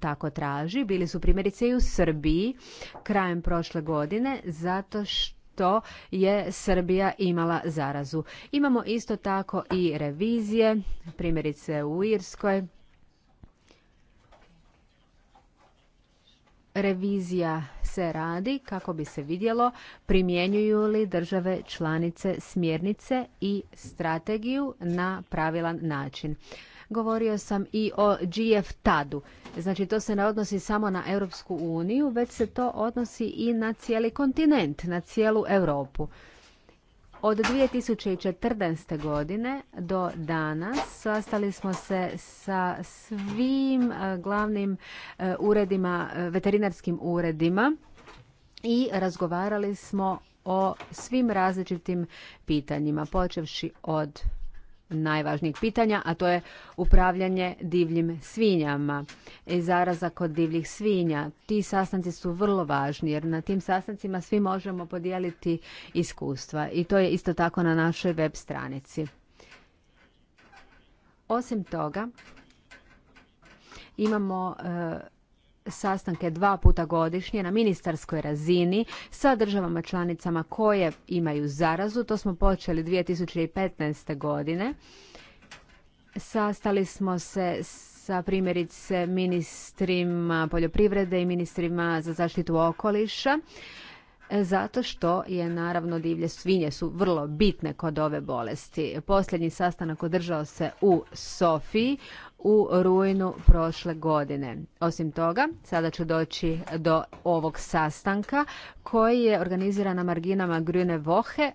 Speaker 3: tako traži. Bili su primjerice i u Srbiji krajem prošle godine zato što je Srbija imala zarazu. Imamo isto tako i revizije, primjerice u Irskoj. Revizija se radi kako bi se vidjelo primjenjuju li države članice smjernice i strategiju na pravilan način. Govorio sam i o GF Tadu. Znači to se ne odnosi samo na Europsku uniju, već se to odnosi i na cijeli kontinent, na cijelu Europu. Od 2014. godine do danas sastali smo se sa svim e, glavnim e, uredima, e, veterinarskim uredima i razgovarali smo o svim različitim pitanjima, počevši od najvažnijih pitanja, a to je upravljanje divljim svinjama i e, zaraza kod divljih svinja. Ti sastanci su vrlo važni jer na tim sastancima svi možemo podijeliti iskustva i to je isto tako na našoj web stranici. Osim toga, imamo e, sastanke dva puta godišnje na ministarskoj razini sa državama članicama koje imaju zarazu. To smo počeli 2015. godine. Sastali smo se sa primjerice ministrima poljoprivrede i ministrima za zaštitu okoliša e, zato što je naravno divlje svinje su vrlo bitne kod ove bolesti. Posljednji sastanak održao se u Sofiji u rujnu prošle godine. Osim toga, sada ću doći do ovog sastanka koji je organiziran na marginama Grüne Woche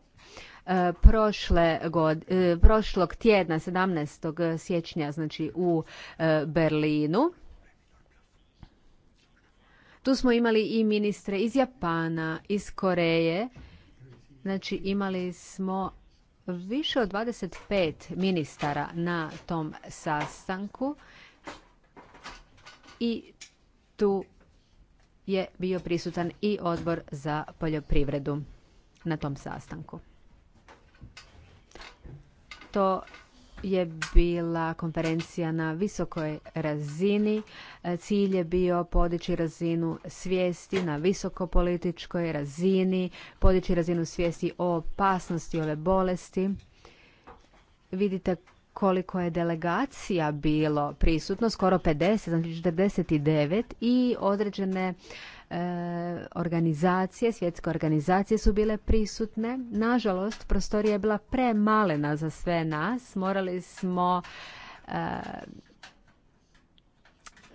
Speaker 3: e, prošle e, prošlog tjedna 17. siječnja znači u e, Berlinu. Tu smo imali i ministre iz Japana, iz Koreje. Znači imali smo više od 25 ministara na tom sastanku i tu je bio prisutan i odbor za poljoprivredu na tom sastanku. To je bila konferencija na visokoj razini. E, cilj je bio podići razinu svijesti na visokopolitičkoj razini, podići razinu svijesti o opasnosti ove bolesti. Vidite koliko je delegacija bilo prisutno, skoro 50, znači 49 i određene E, organizacije, svjetske organizacije su bile prisutne. Nažalost, prostorija je bila premalena za sve nas. Morali smo e,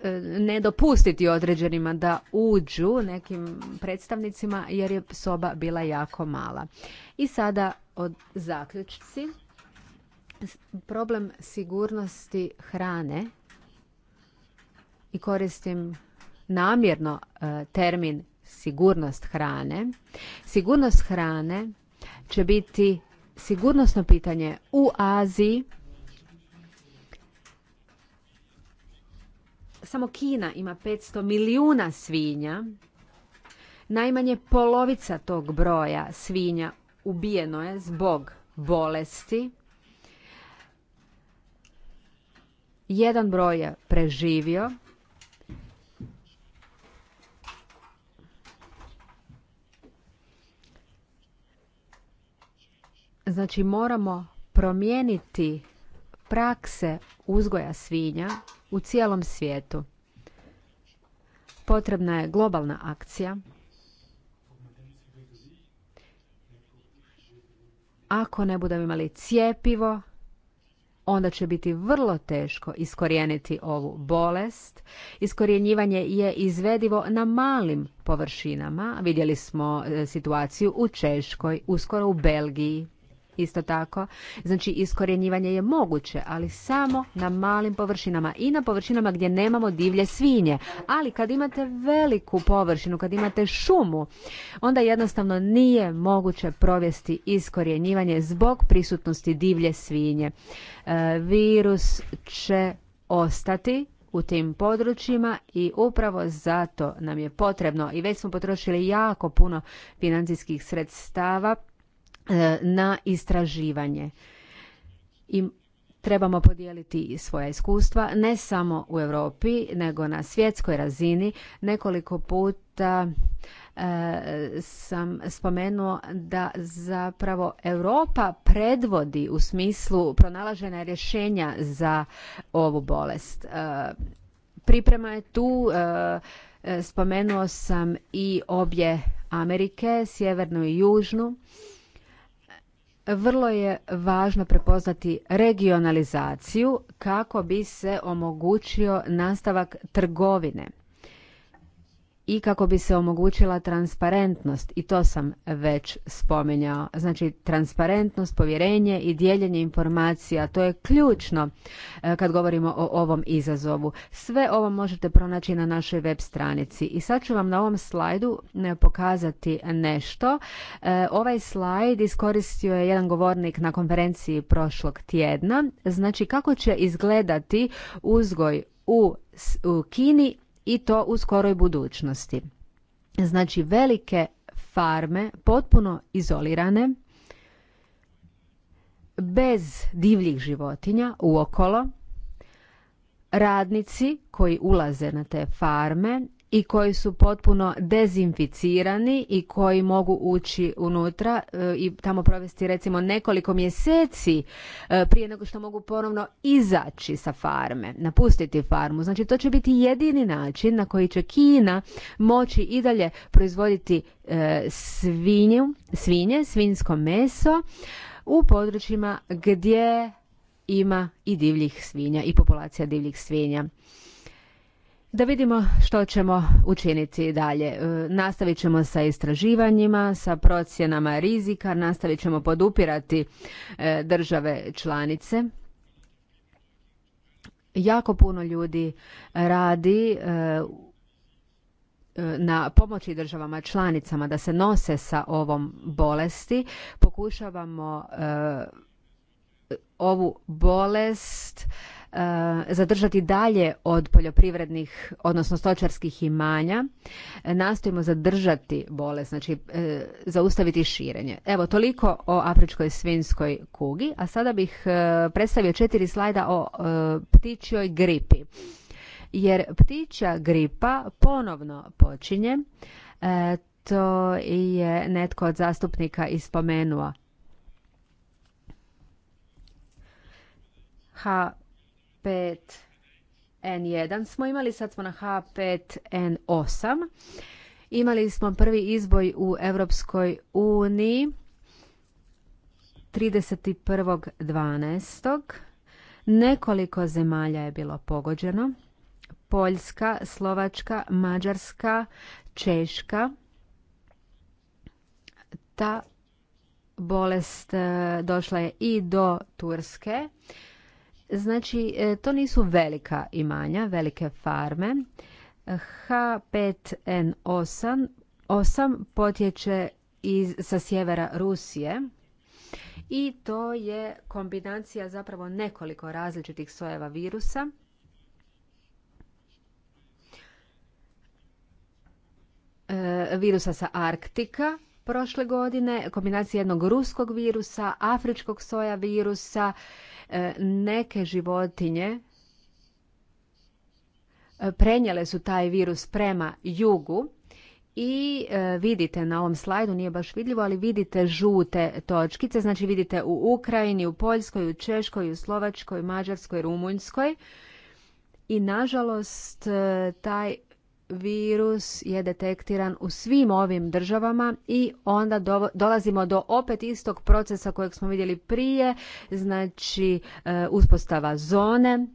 Speaker 3: e, ne dopustiti određenima da uđu nekim predstavnicima jer je soba bila jako mala. I sada od zaključci. Problem sigurnosti hrane i koristim namjerno e, termin sigurnost hrane. Sigurnost hrane će biti sigurnosno pitanje u Aziji. Samo Kina ima 500 milijuna svinja. Najmanje polovica tog broja svinja ubijeno je zbog bolesti. Jedan broj je preživio, Znači moramo promijeniti prakse uzgoja svinja u cijelom svijetu. Potrebna je globalna akcija. Ako ne budemo imali cijepivo, onda će biti vrlo teško iskorijeniti ovu bolest. Iskorjenjivanje je izvedivo na malim površinama. Vidjeli smo e, situaciju u Češkoj, uskoro u Belgiji isto tako. Znači iskorjenjivanje je moguće, ali samo na malim površinama i na površinama gdje nemamo divlje svinje. Ali kad imate veliku površinu, kad imate šumu, onda jednostavno nije moguće provesti iskorjenjivanje zbog prisutnosti divlje svinje. E, virus će ostati u tim područjima i upravo zato nam je potrebno i već smo potrošili jako puno financijskih sredstava E, na istraživanje. I trebamo podijeliti svoja iskustva ne samo u Europi nego na svjetskoj razini. Nekoliko puta e, sam spomenuo da zapravo Europa predvodi u smislu pronalažena rješenja za ovu bolest. E, priprema je tu spomenuo sam i obje Amerike, sjevernu i južnu vrlo je važno prepoznati regionalizaciju kako bi se omogućio nastavak trgovine i kako bi se omogućila transparentnost i to sam već spominjao. Znači transparentnost, povjerenje i dijeljenje informacija, to je ključno e, kad govorimo o ovom izazovu. Sve ovo možete pronaći na našoj web stranici i sad ću vam na ovom slajdu e, pokazati nešto. E, ovaj slajd iskoristio je jedan govornik na konferenciji prošlog tjedna, znači kako će izgledati uzgoj u, u Kini i to u skoroj budućnosti. Znači velike farme potpuno izolirane, bez divljih životinja uokolo, radnici koji ulaze na te farme i koji su potpuno dezinficirani i koji mogu ući unutra e, i tamo provesti recimo nekoliko mjeseci e, prije nego što mogu ponovno izaći sa farme, napustiti farmu. Znači to će biti jedini način na koji će Kina moći i dalje proizvoditi e, svinje, svinje svinsko meso u područjima gdje ima i divljih svinja i populacija divljih svinja. Da vidimo što ćemo učiniti dalje. E, nastavit ćemo sa istraživanjima, sa procjenama rizika, nastavit ćemo podupirati e, države članice. Jako puno ljudi radi e, na pomoći državama članicama da se nose sa ovom bolesti. Pokušavamo ovu bolest Eh, zadržati dalje od poljoprivrednih, odnosno stočarskih imanja. Eh, nastojimo zadržati bolest, znači eh, zaustaviti širenje. Evo, toliko o afričkoj svinskoj kugi, a sada bih predstavio četiri slajda o ptičjoj gripi. Jer ptičja gripa ponovno počinje, to je netko od zastupnika ispomenuo. Ha, H5N1 smo imali, sad smo na H5N8. Imali smo prvi izboj u Europskoj uniji 31.12. Nekoliko zemalja je bilo pogođeno. Poljska, Slovačka, Mađarska, Češka. Ta bolest e, došla je i do Turske. Znači, e, to nisu velika imanja, velike farme. H5N8 potječe iz, sa sjevera Rusije i to je kombinacija zapravo nekoliko različitih sojeva virusa. E, virusa sa Arktika prošle godine, kombinacija jednog ruskog virusa, afričkog soja virusa E, neke životinje e, prenijele su taj virus prema jugu i e, vidite na ovom slajdu, nije baš vidljivo, ali vidite žute točkice, znači vidite u Ukrajini, u Poljskoj, u Češkoj, u Slovačkoj, Mađarskoj, Rumunjskoj. I nažalost taj virus je detektiran u svim ovim državama i onda dolazimo do opet istog procesa kojeg smo vidjeli prije, znači e, uspostava zone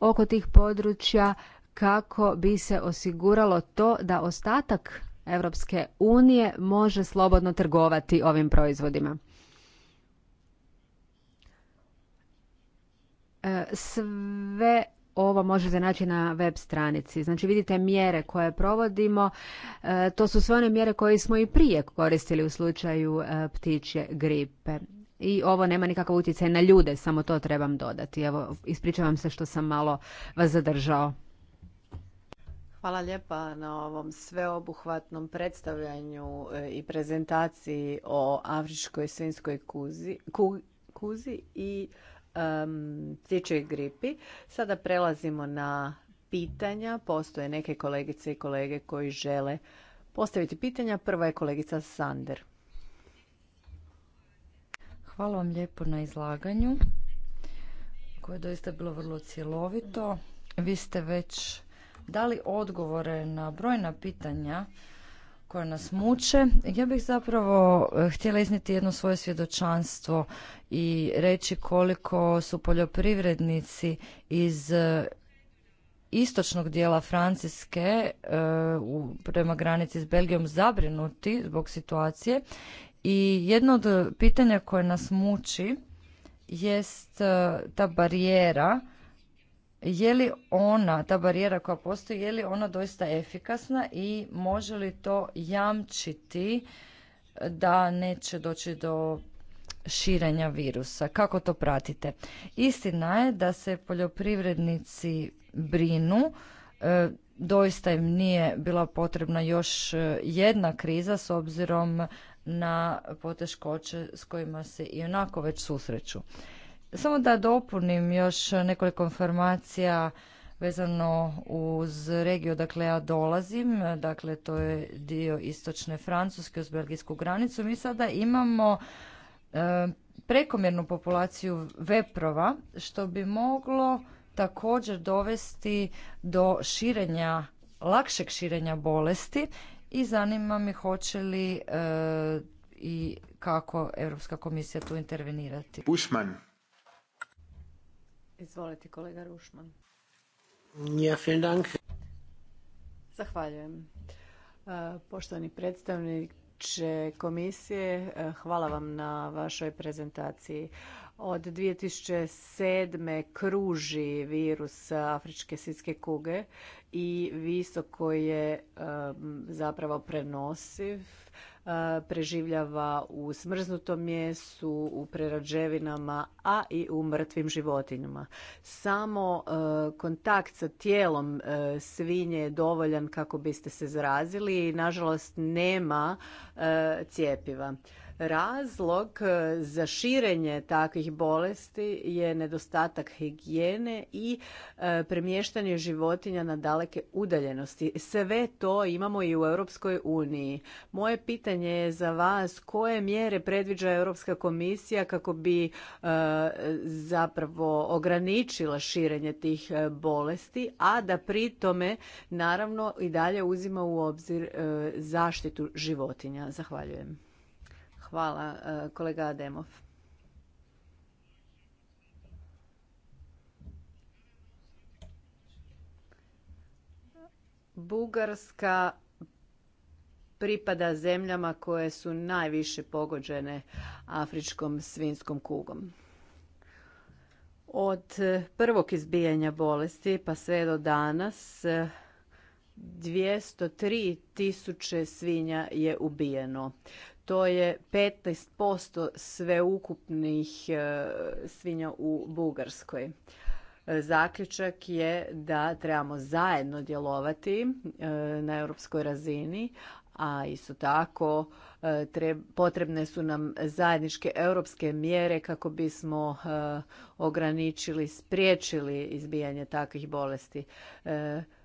Speaker 3: oko tih područja kako bi se osiguralo to da ostatak Europske unije može slobodno trgovati ovim proizvodima. E, sve ovo možete naći na web stranici. Znači vidite mjere koje provodimo, e, to su sve one mjere koje smo i prije koristili u slučaju e, ptičje gripe. I ovo nema nikakav utjecaj na ljude, samo to trebam dodati. Evo, ispričavam se što sam malo vas zadržao.
Speaker 2: Hvala lijepa na ovom sveobuhvatnom predstavljanju e, i prezentaciji o afričkoj svinskoj kuzi, ku, kuzi i um, ptičoj gripi. Sada prelazimo na pitanja. Postoje neke kolegice i kolege koji žele postaviti pitanja. Prva je kolegica Sander.
Speaker 4: Hvala vam lijepo na izlaganju koje je doista bilo vrlo cjelovito. Vi ste već dali odgovore na brojna pitanja koja nas muče. Ja bih zapravo e, htjela izniti jedno svoje svjedočanstvo i reći koliko su poljoprivrednici iz e, istočnog dijela Francuske e, prema granici s Belgijom zabrinuti zbog situacije i jedno od pitanja koje nas muči jest ta barijera je li ona, ta barijera koja postoji, je li ona doista efikasna i može li to jamčiti da neće doći do širenja virusa? Kako to pratite? Istina je da se poljoprivrednici brinu, e, doista im nije bila potrebna još e, jedna kriza s obzirom na poteškoće s kojima se i onako već susreću. Samo da dopunim još nekoliko informacija vezano uz regiju dakle ja dolazim, dakle to je dio istočne Francuske uz belgijsku granicu. Mi sada imamo e, prekomjernu populaciju veprova što bi moglo također dovesti do širenja, lakšeg širenja bolesti i zanima mi hoće li e, i kako Europska komisija tu intervenirati.
Speaker 1: Bushman.
Speaker 2: Izvolite kolega Rušman.
Speaker 6: Ja, vielen Dank.
Speaker 2: Zahvaljujem. E, poštovani predstavniče komisije, e, hvala vam na vašoj prezentaciji. Od 2007. kruži virus afričke sitske kuge i visoko je e, zapravo prenosiv preživljava u smrznutom mjesu, u prerađevinama, a i u mrtvim životinjama. Samo kontakt sa tijelom svinje je dovoljan kako biste se zarazili i nažalost nema cijepiva. Razlog e, za širenje takvih bolesti je nedostatak higijene i e, premještanje životinja na daleke udaljenosti. Sve to imamo i u Europskoj uniji. Moje pitanje je za vas koje mjere predviđa Europska komisija kako bi e, zapravo ograničila širenje tih bolesti, a da pri tome naravno i dalje uzima u obzir zaštitu životinja. Zahvaljujem. Hvala, e, kolega Ademov. Bugarska pripada zemljama koje su najviše pogođene afričkom svinskom kugom. Od prvog izbijanja bolesti pa sve do danas 203 tisuće svinja je ubijeno to je 15% sveukupnih e, svinja u Bugarskoj. E, zaključak je da trebamo zajedno djelovati e, na europskoj razini, a isto tako potrebne su nam zajedničke europske mjere kako bismo ograničili, spriječili izbijanje takvih bolesti.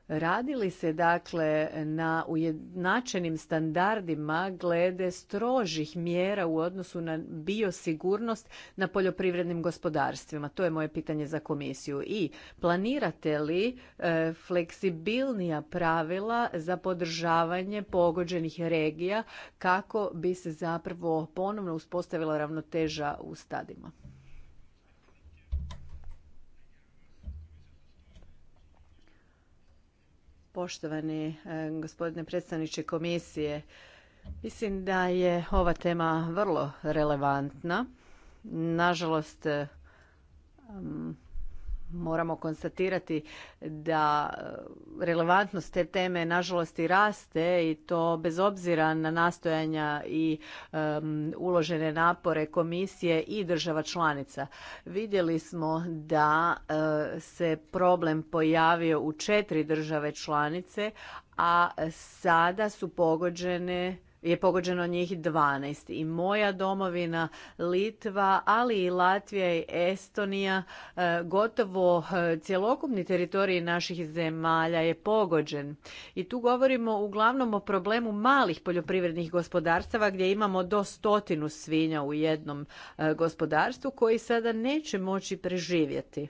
Speaker 2: Radili se dakle na ujednačenim standardima glede strožih mjera u odnosu na biosigurnost na poljoprivrednim gospodarstvima? To je moje pitanje za komisiju. I planirate li e, fleksibilnija pravila za podržavanje pogođenih regija kako bi se zapravo ponovno uspostavila ravnoteža u stadima? Poštovani e, gospodine predstavniče komisije, mislim da je ova tema vrlo relevantna. Nažalost, e, moramo konstatirati da e, relevantnost te teme nažalost i raste i to bez obzira na nastojanja i uložene napore komisije i država članica. Vidjeli smo da e, se problem pojavio u četiri države članice, a sada su pogođene je pogođeno njih 12. I moja domovina Litva, ali i Latvija i Estonija, e, gotovo e, cjelokupni teritorij naših zemalja je pogođen. I tu govorimo uglavnom o problemu malih poljoprivrednih gospodarstava gdje imamo do stotinu svinja u jednom e, gospodarstvu koji sada neće moći preživjeti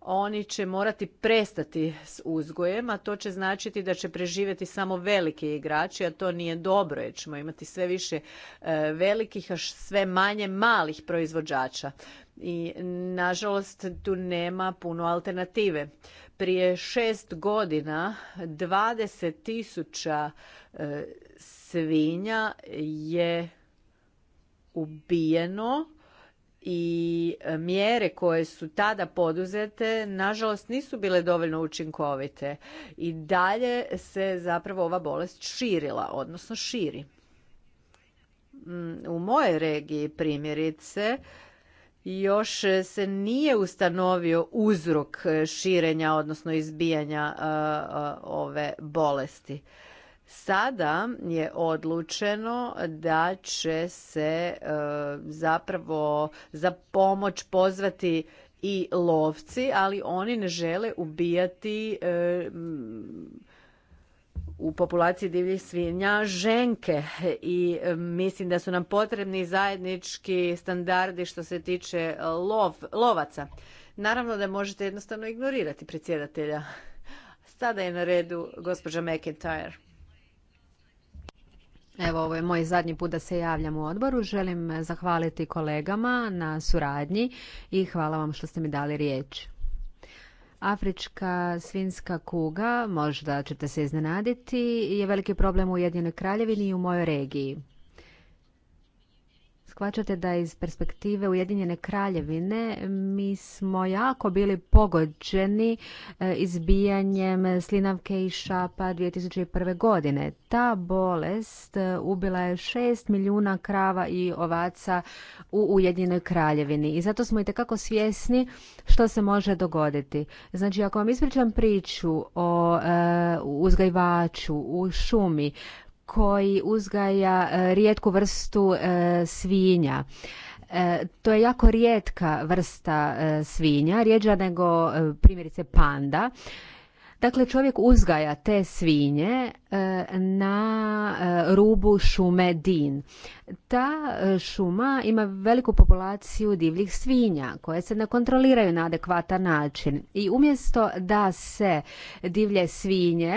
Speaker 2: oni će morati prestati s uzgojem, a to će značiti da će preživjeti samo veliki igrači, a to nije dobro jer ćemo imati sve više e, velikih, a sve manje malih proizvođača. I nažalost tu nema puno alternative. Prije šest godina 20 tisuća e, svinja je ubijeno i e, mjere koje su tada poduzete nažalost nisu bile dovoljno učinkovite i dalje se zapravo ova bolest širila odnosno širi. Mm, u mojoj regiji primjerice još se nije ustanovio uzrok širenja odnosno izbijanja e, e, ove bolesti. Sada je odlučeno da će se e, zapravo za pomoć pozvati i lovci, ali oni ne žele ubijati e, u populaciji divljih svinja ženke i e, mislim da su nam potrebni zajednički standardi što se tiče lov, lovaca. Naravno da možete jednostavno ignorirati
Speaker 3: predsjedatelja.
Speaker 2: Sada je na redu gospođa McIntyre.
Speaker 3: Evo, ovo je moj zadnji put da se javljam u odboru. Želim zahvaliti kolegama na suradnji i hvala vam što ste mi dali riječ. Afrička svinska kuga, možda ćete se iznenaditi, je veliki problem u Ujedinjenoj kraljevini i u mojoj regiji shvaćate da iz perspektive Ujedinjene kraljevine mi smo jako bili pogođeni e, izbijanjem slinavke i šapa 2001. godine. Ta bolest e, ubila je 6 milijuna krava i ovaca u Ujedinjenoj kraljevini i zato smo i tekako svjesni što se može dogoditi. Znači, ako vam ispričam priču o e, uzgajivaču u šumi koji uzgaja e, rijetku vrstu e, svinja. E, to je jako rijetka vrsta svinja, rijeđa nego primjerice panda Dakle, čovjek uzgaja te svinje e, na e, rubu šume Din. Ta e, šuma ima veliku populaciju divljih svinja koje se ne kontroliraju na adekvatan način. I umjesto da se divlje svinje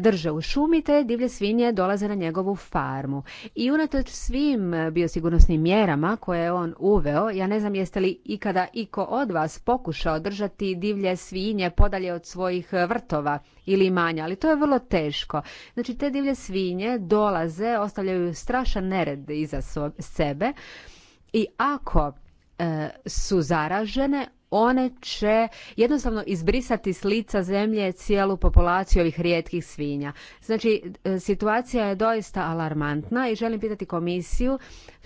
Speaker 3: drže u šumi, te divlje svinje dolaze na njegovu farmu. I unatoč svim biosigurnosnim mjerama koje je on uveo, ja ne znam jeste li ikada iko od vas pokušao držati divlje svinje podalje od svojih vrta vrtova ili manja, ali to je vrlo teško. Znači te divlje svinje dolaze, ostavljaju strašan nered iza sebe i ako e, su zaražene, one će jednostavno izbrisati s lica zemlje cijelu populaciju ovih rijetkih svinja. Znači, e, situacija je doista alarmantna i želim pitati komisiju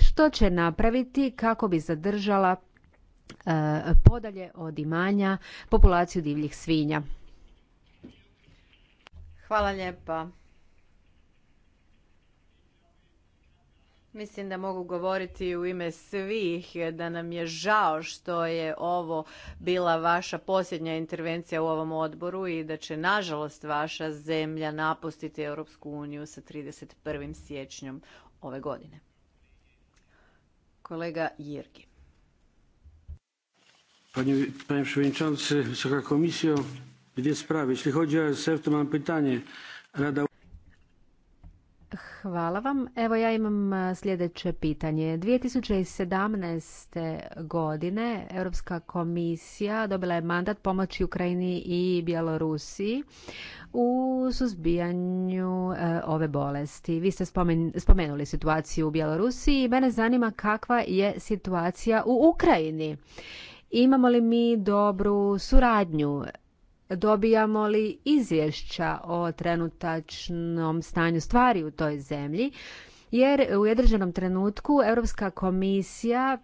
Speaker 3: što će napraviti kako bi zadržala e, podalje od imanja populaciju divljih svinja.
Speaker 2: Hvala lijepa. Mislim da mogu govoriti u ime svih da nam je žao što je ovo bila vaša posljednja intervencija u ovom odboru i da će nažalost vaša zemlja napustiti Europsku uniju sa 31. siječnjom ove godine. Kolega Jirgi.
Speaker 6: panie Przewodniczący, Wysoka
Speaker 3: Hvala vam. Evo ja imam e, sljedeće pitanje. 2017. godine Europska komisija dobila je mandat pomoći Ukrajini i Bjelorusiji u suzbijanju e, ove bolesti. Vi ste spomenuli situaciju u Bjelorusiji i mene zanima kakva je situacija u Ukrajini. Imamo li mi dobru suradnju dobijamo li izvješća o trenutačnom stanju stvari u toj zemlji jer u određenom trenutku Europska komisija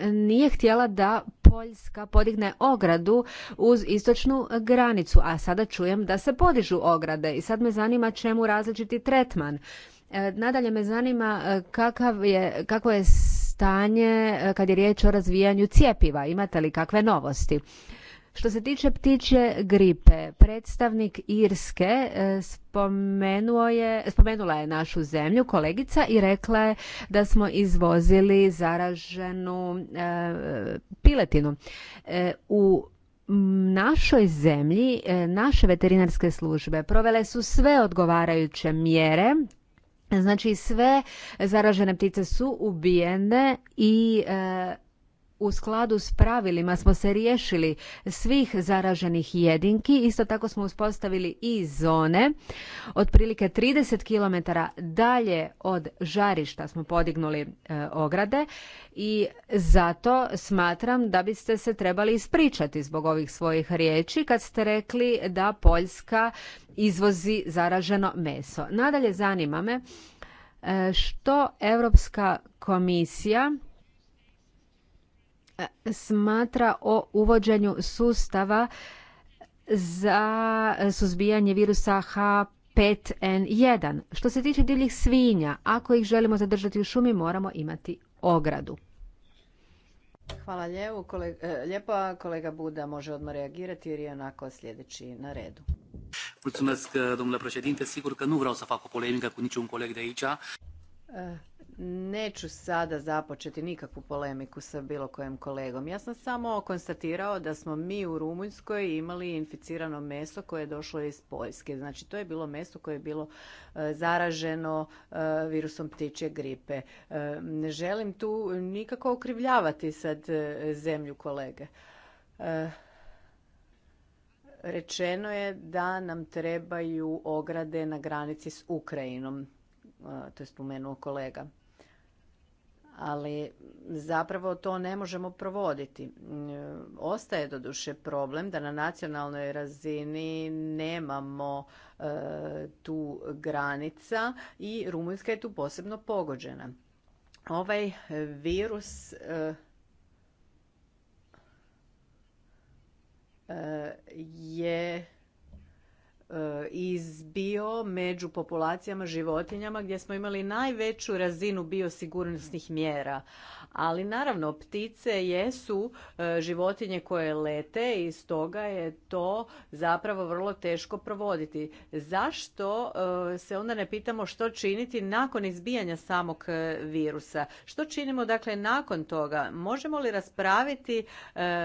Speaker 3: e, nije htjela da Poljska podigne ogradu uz istočnu granicu, a sada čujem da se podižu ograde i sad me zanima čemu različiti tretman. E, nadalje me zanima e, kakav je, kako je stanje kad je riječ o razvijanju cijepiva, imate li kakve novosti? Što se tiče ptičje gripe, predstavnik Irske e, spomenuo je, spomenula je našu zemlju, kolegica, i rekla je da smo izvozili zaraženu e, piletinu. E, u našoj zemlji naše veterinarske službe provele su sve odgovarajuće mjere Znači sve zaražene ptice su ubijene i u skladu s pravilima smo se riješili svih zaraženih jedinki, isto tako smo uspostavili i zone. Otprilike 30 km dalje od žarišta smo podignuli e, ograde i zato smatram da biste se trebali ispričati zbog ovih svojih riječi kad ste rekli da Poljska izvozi zaraženo meso. Nadalje zanima me e, što Europska komisija smatra o uvođenju sustava za suzbijanje virusa H5N1. Što se tiče divljih svinja, ako ih želimo zadržati u šumi, moramo imati ogradu.
Speaker 2: Hvala lijepo. Kolega, e, lijepa kolega Buda može odmah reagirati jer je onako sljedeći na redu.
Speaker 5: Mulțumesc, e, domnule președinte. Sigur că nu vreau să fac o polemică cu niciun coleg de aici. E,
Speaker 2: Neću sada započeti nikakvu polemiku sa bilo kojim kolegom. Ja sam samo konstatirao da smo mi u Rumunjskoj imali inficirano meso koje je došlo iz Poljske. Znači to je bilo meso koje je bilo e, zaraženo e, virusom ptičje gripe. E, ne želim tu nikako okrivljavati sad zemlju kolege. Rečeno je da nam trebaju ograde na granici s Ukrajinom to je spomenuo kolega ali zapravo to ne možemo provoditi. E, ostaje doduše problem da na nacionalnoj razini nemamo e, tu granica i Rumunjska je tu posebno pogođena. Ovaj virus e, je E, iz bio među populacijama životinjama gdje smo imali najveću razinu biosigurnosnih mjera. Ali naravno ptice jesu e, životinje koje lete i stoga je to zapravo vrlo teško provoditi. Zašto e, se onda ne pitamo što činiti nakon izbijanja samog virusa? Što činimo dakle nakon toga? Možemo li raspraviti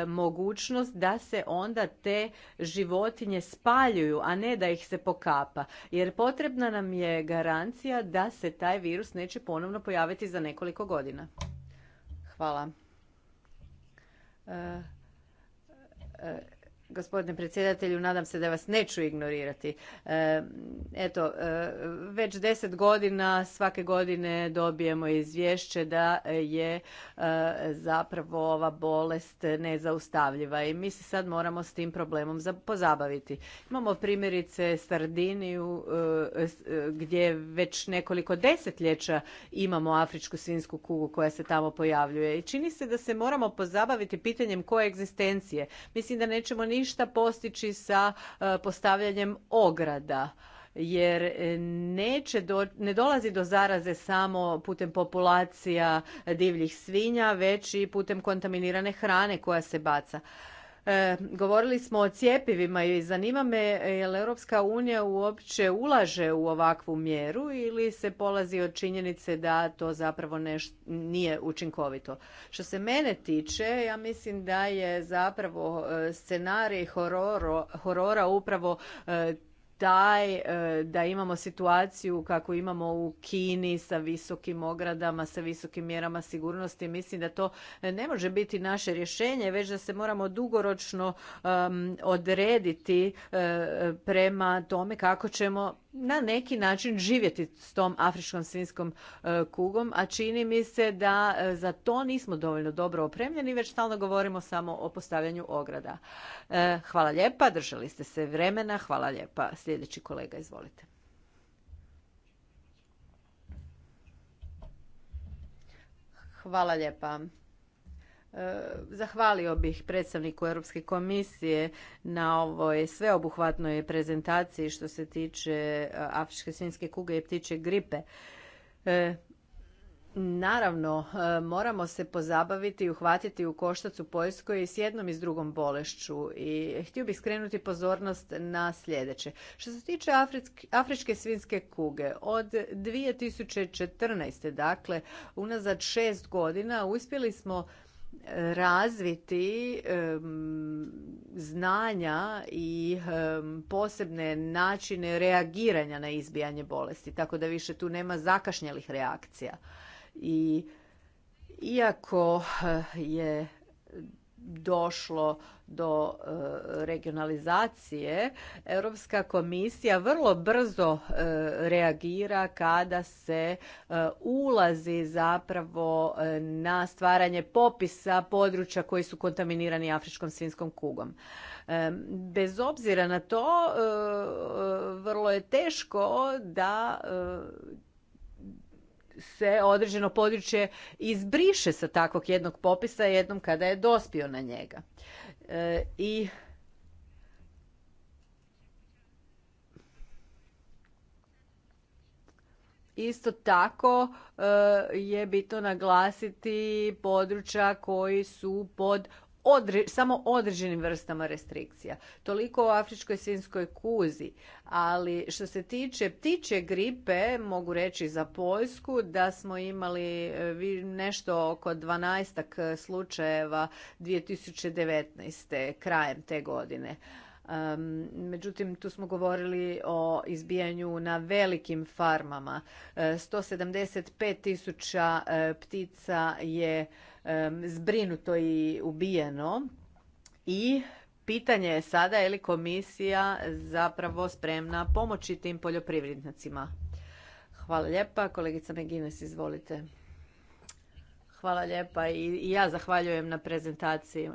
Speaker 2: mogućnost da se onda te životinje spaljuju, a ne da ih se pokapa. Jer potrebna nam je garancija da se taj virus neće ponovno pojaviti za nekoliko godina. Hvala. E, e, Gospodine predsjedatelju, nadam se da vas neću ignorirati. E, eto, e, već deset godina svake godine dobijemo izvješće da je e, zapravo ova bolest nezaustavljiva i mi se sad moramo s tim problemom pozabaviti. Imamo primjerice Sardiniju gdje već nekoliko desetljeća imamo afričku svinsku kugu koja se tamo pojavljuje i čini se da se moramo pozabaviti pitanjem koegzistencije. Mislim da nećemo ništa šta postići sa e, postavljanjem ograda jer e, neće ne dolazi do zaraze samo putem populacija divljih svinja, već i putem kontaminirane hrane koja se baca. E, govorili smo o cjepivima i zanima me je li Europska unija uopće ulaže u ovakvu mjeru ili se polazi od činjenice da to zapravo neš, nije učinkovito. Što se mene tiče, ja mislim da je zapravo e, scenarij horora upravo e, taj e, da imamo situaciju kako imamo u Kini sa visokim ogradama, sa visokim mjerama sigurnosti. Mislim da to ne može biti naše rješenje, već da se moramo dugoročno odrediti e, prema tome kako ćemo na neki način živjeti s tom afričkom svinskom e, kugom, a čini mi se da e, za to nismo dovoljno dobro opremljeni, već stalno govorimo samo o postavljanju ograda. E, hvala lijepa, držali ste se vremena, hvala lijepa. Sljedeći kolega, izvolite. Hvala lijepa. Zahvalio bih predstavniku Europske komisije na ovoj sveobuhvatnoj prezentaciji što se tiče e, afričke svinske kuge i ptiče gripe. E, naravno, e, moramo se pozabaviti i uhvatiti u koštac u Poljskoj s jednom i s drugom bolešću. I htio bih skrenuti pozornost na sljedeće. Što se tiče afričke svinske kuge, od 2014. dakle, unazad šest godina uspjeli smo razviti znanja i posebne načine reagiranja na izbijanje bolesti, tako da više tu nema zakašnjelih reakcija. I iako eh, je došlo do e, regionalizacije, Europska komisija vrlo brzo e, reagira kada se e, ulazi zapravo na stvaranje popisa područja koji su kontaminirani afričkom svinskom kugom. Bez obzira na to, vrlo je teško da se određeno područje izbriše sa takvog jednog popisa jednom kada je dospio na njega. E, I Isto tako e, je bitno naglasiti područja koji su pod odre, samo određenim vrstama restrikcija. Toliko o afričkoj svinskoj kuzi. Ali što se tiče ptiče gripe, mogu reći za Poljsku da smo imali e, nešto oko 12 e, slučajeva 2019. krajem te godine. međutim, tu smo govorili o izbijanju na velikim farmama. E, 175 tisuća e, ptica je zbrinuto i ubijeno i pitanje je sada je li komisija zapravo spremna pomoći tim poljoprivrednicima. Hvala lijepa. Kolegica Megines, izvolite. Hvala lijepa i ja zahvaljujem na prezentaciji.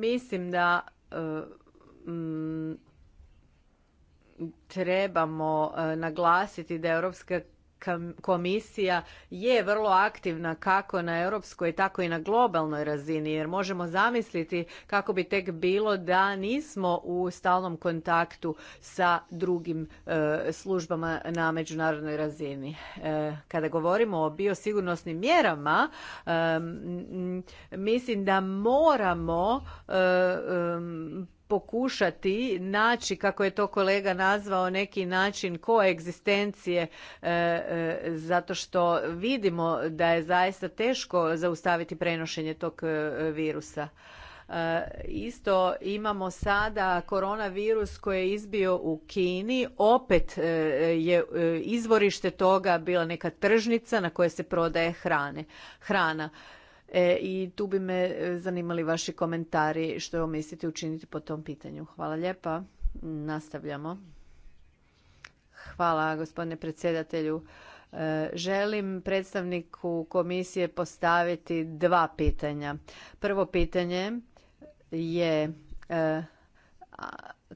Speaker 2: mislim da trebamo naglasiti da Europska komisija je vrlo aktivna kako na europskoj tako i na globalnoj razini jer možemo zamisliti kako bi tek bilo da nismo u stalnom kontaktu sa drugim e, službama na međunarodnoj razini. E, kada govorimo o biosigurnosnim mjerama e, mislim da moramo pokušati naći, kako je to kolega nazvao, neki način koegzistencije, e, e, zato što vidimo da je zaista teško zaustaviti prenošenje tog e, virusa. Isto imamo sada koronavirus koji je izbio u Kini. Opet je izvorište toga bila neka tržnica na kojoj se prodaje hrane, hrana. E, I tu bi me e, zanimali vaši komentari što mislite učiniti po tom pitanju. Hvala lijepa. Nastavljamo. Hvala gospodine predsjedatelju. E, želim predstavniku komisije postaviti dva pitanja. Prvo pitanje je e,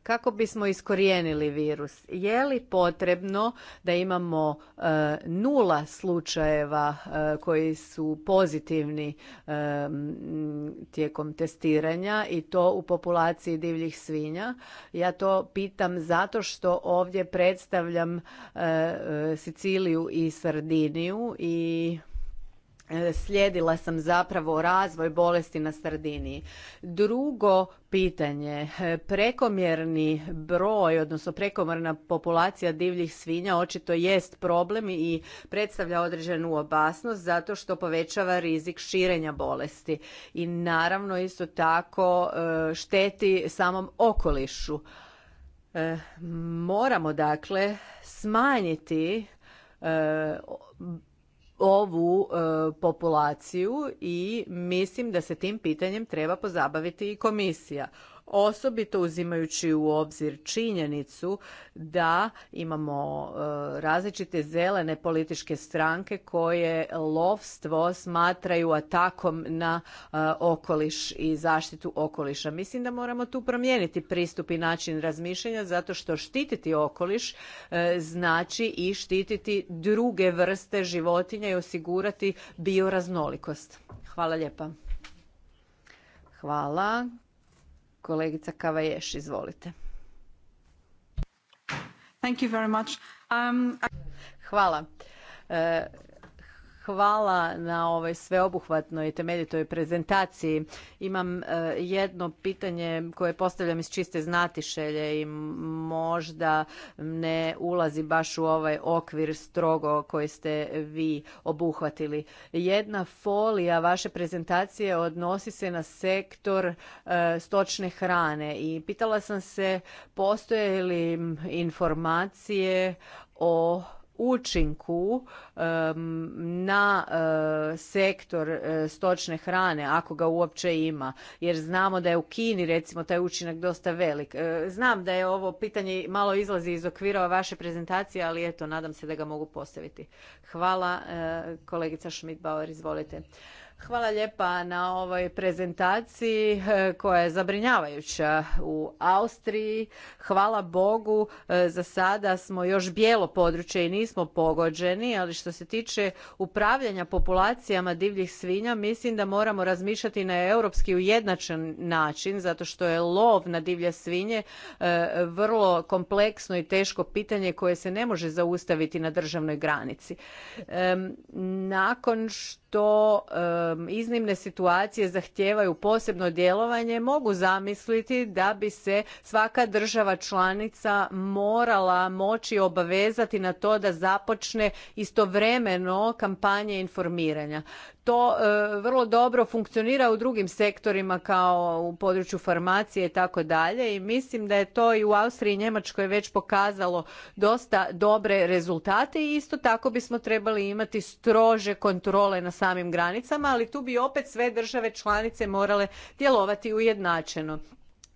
Speaker 2: kako bismo iskorijenili virus je li potrebno da imamo e, nula slučajeva e, koji su pozitivni e, tijekom testiranja i to u populaciji divljih svinja ja to pitam zato što ovdje predstavljam Siciliju i Sardiniju i E, slijedila sam zapravo razvoj bolesti na Sardiniji. Drugo pitanje, e, prekomjerni broj, odnosno prekomjerna populacija divljih svinja očito jest problem i predstavlja određenu opasnost zato što povećava rizik širenja bolesti i naravno isto tako e, šteti samom okolišu. Moramo dakle smanjiti ovu e, populaciju i mislim da se tim pitanjem treba pozabaviti i komisija osobito uzimajući u obzir činjenicu da imamo e, različite zelene političke stranke koje lovstvo smatraju atakom na e, okoliš i zaštitu okoliša. Mislim da moramo tu promijeniti pristup i način razmišljanja zato što štititi okoliš e, znači i štititi druge vrste životinja i osigurati bioraznolikost. Hvala lijepa. Hvala. Kolegica Kavaješ, izvolite. Thank you very much. Um, I... Hvala. E, Hvala na ovoj sveobuhvatnoj i temeljitoj prezentaciji. Imam e, jedno pitanje koje postavljam iz čiste znatišelje i možda ne ulazi baš u ovaj okvir strogo koji ste vi obuhvatili. Jedna folija vaše prezentacije odnosi se na sektor e, stočne hrane i pitala sam se postoje li informacije o učinku na eh, sektor eh, stočne hrane ako ga uopće ima jer znamo da je u Kini recimo taj učinak dosta velik. Eh, znam da je ovo pitanje malo izlazi iz okvira vaše prezentacije, ali eto nadam se da ga mogu postaviti. Hvala kolegica Schmidt Bauer, izvolite. Hvala lijepa na ovoj prezentaciji eh, koja je zabrinjavajuća u Austriji. Hvala Bogu, eh, za sada smo još bijelo područje i nismo pogođeni, ali što se tiče upravljanja populacijama divljih svinja, mislim da moramo razmišljati na europski ujednačen način, zato što je lov na divlje svinje eh, vrlo kompleksno i teško pitanje koje se ne može zaustaviti na državnoj granici. Nakon što to iznimne situacije zahtijevaju posebno djelovanje mogu zamisliti da bi se svaka država članica morala moći obavezati na to da započne istovremeno kampanje informiranja to e, vrlo dobro funkcionira u drugim sektorima kao u području farmacije i tako dalje i mislim da je to i u Austriji i Njemačkoj već pokazalo dosta dobre rezultate i isto tako bismo trebali imati strože kontrole na samim granicama, ali tu bi opet sve države članice morale djelovati ujednačeno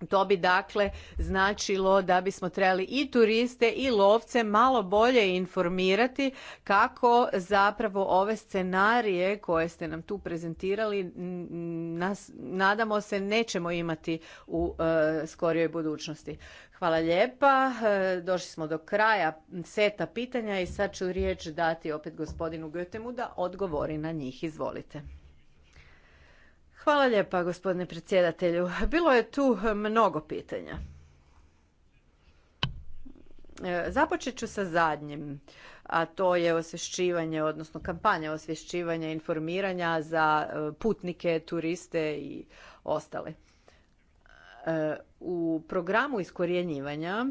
Speaker 2: to bi dakle značilo da bismo trebali i turiste i lovce malo bolje informirati kako zapravo ove scenarije koje ste nam tu prezentirali nas, nadamo se nećemo imati u e, skorijoj budućnosti. Hvala lijepa. E, došli smo do kraja seta pitanja i sad ću riječ dati opet gospodinu Götemu da odgovori na njih. Izvolite. Hvala lijepa gospodine predsjedatelju. Bilo je tu mnogo pitanja. E, započet ću sa zadnjim, a to je osvješćivanje, odnosno kampanja osvješćivanja, informiranja za e, putnike, turiste i ostale. E, u programu iskorjenjivanja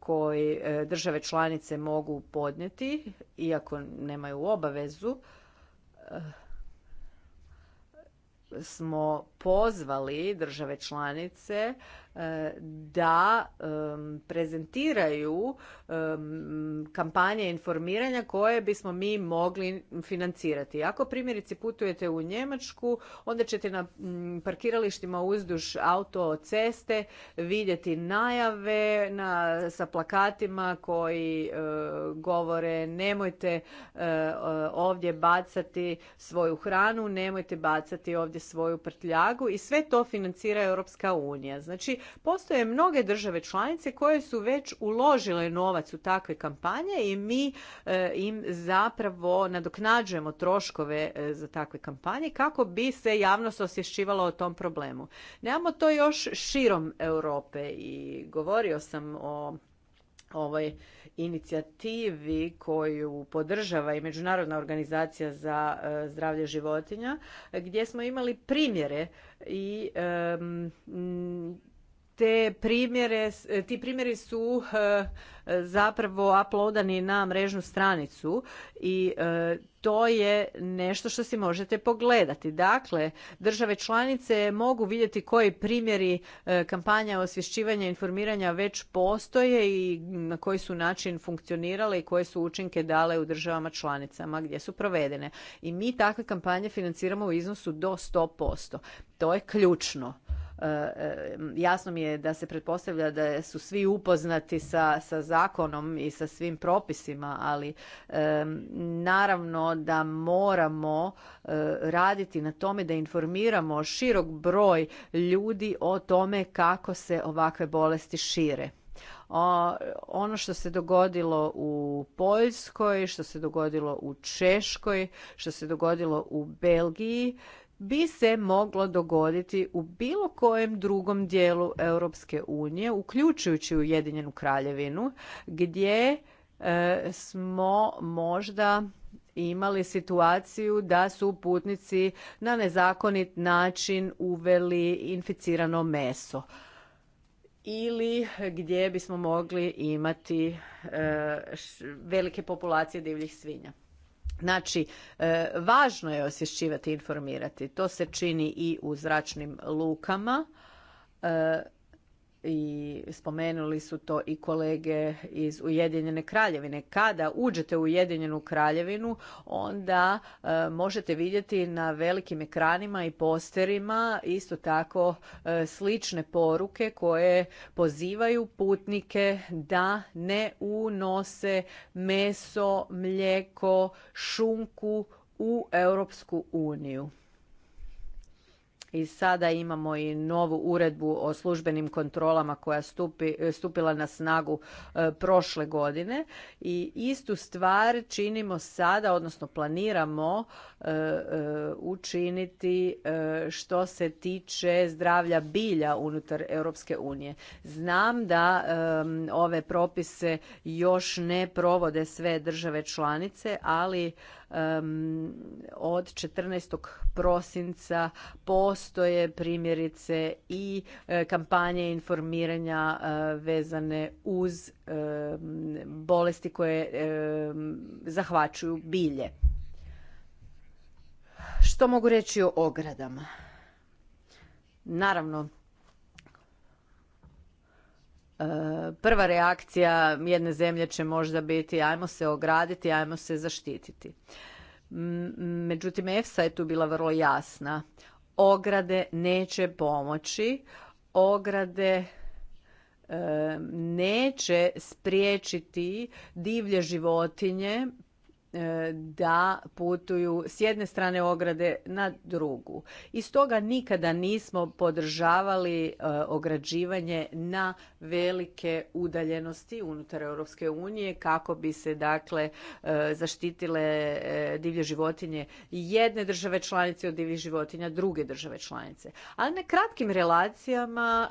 Speaker 2: koji države članice mogu podnijeti, iako nemaju obavezu, smo pozvali države članice E, da prezentiraju kampanje informiranja koje bismo mi mogli financirati. Ako primjerice putujete u Njemačku, onda ćete na parkiralištima uzduž autoceste vidjeti najave na, sa plakatima koji e, govore nemojte e, ovdje bacati svoju hranu, nemojte bacati ovdje svoju prtljagu i sve to financira Europska unija. Znači postoje mnoge države članice koje su već uložile novac u takve kampanje i mi e, im zapravo nadoknađujemo troškove e, za takve kampanje kako bi se javnost osvješćivala o tom problemu. Nemamo to još širom Europe i govorio sam o ovoj inicijativi koju podržava i Međunarodna organizacija za e, zdravlje životinja, gdje smo imali primjere i te primjere, ti primjeri su e, zapravo uploadani na mrežnu stranicu i e, to je nešto što si možete pogledati. Dakle, države članice mogu vidjeti koji primjeri e, kampanja osvješćivanja i informiranja već postoje i na koji su način funkcionirale i koje su učinke dale u državama članicama gdje su provedene. I mi takve kampanje financiramo u iznosu do 100%. To je ključno. E, e, jasno mi je da se pretpostavlja da su svi upoznati sa, sa zakonom i sa svim propisima, ali e, naravno da moramo raditi na tome da informiramo širok broj ljudi o tome kako se ovakve bolesti šire. ono što se dogodilo u Poljskoj, što se dogodilo u Češkoj, što se dogodilo u Belgiji bi se moglo dogoditi u bilo kojem drugom dijelu Europske unije, uključujući Ujedinjenu kraljevinu, gdje e, smo možda imali situaciju da su putnici na nezakonit način uveli inficirano meso ili gdje bismo mogli imati e, velike populacije divljih svinja. Znači, e, važno je osvješćivati i informirati. To se čini i u zračnim lukama. E, i spomenuli su to i kolege iz Ujedinjene kraljevine. Kada uđete u Ujedinjenu kraljevinu, onda e, možete vidjeti na velikim ekranima i posterima isto tako e, slične poruke koje pozivaju putnike da ne unose meso, mlijeko, šunku u Europsku uniju i sada imamo i novu uredbu o službenim kontrolama koja stupi, e, stupila na snagu e, prošle godine i istu stvar činimo sada, odnosno planiramo e, učiniti što se tiče zdravlja bilja unutar Europske unije. Znam da ove propise još ne provode sve države članice, ali od 14. prosinca postoje primjerice i e, kampanje informiranja e, vezane uz bolesti koje zahvaćuju bilje. Što mogu reći o ogradama? Naravno, prva reakcija jedne zemlje će možda biti ajmo se ograditi, ajmo se zaštititi. Međutim, EFSA je tu bila vrlo jasna. Ograde neće pomoći, ograde e, neće spriječiti divlje životinje E, da putuju s jedne strane ograde na drugu. I stoga nikada nismo podržavali e, ograđivanje na velike udaljenosti unutar Europske unije kako bi se dakle e, zaštitile divlje životinje jedne države članice od divljih životinja druge države članice. Ali na kratkim relacijama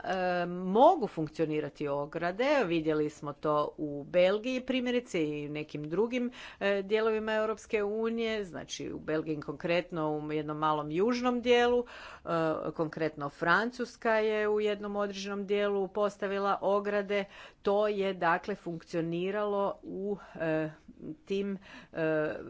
Speaker 2: mogu funkcionirati ograde. Vidjeli smo to u Belgiji primjerice i nekim drugim dijelovima dijelovima Europske unije, znači u Belgiji konkretno u jednom malom južnom dijelu, e, konkretno Francuska je u jednom određenom dijelu postavila ograde. To je dakle funkcioniralo u e, tim e,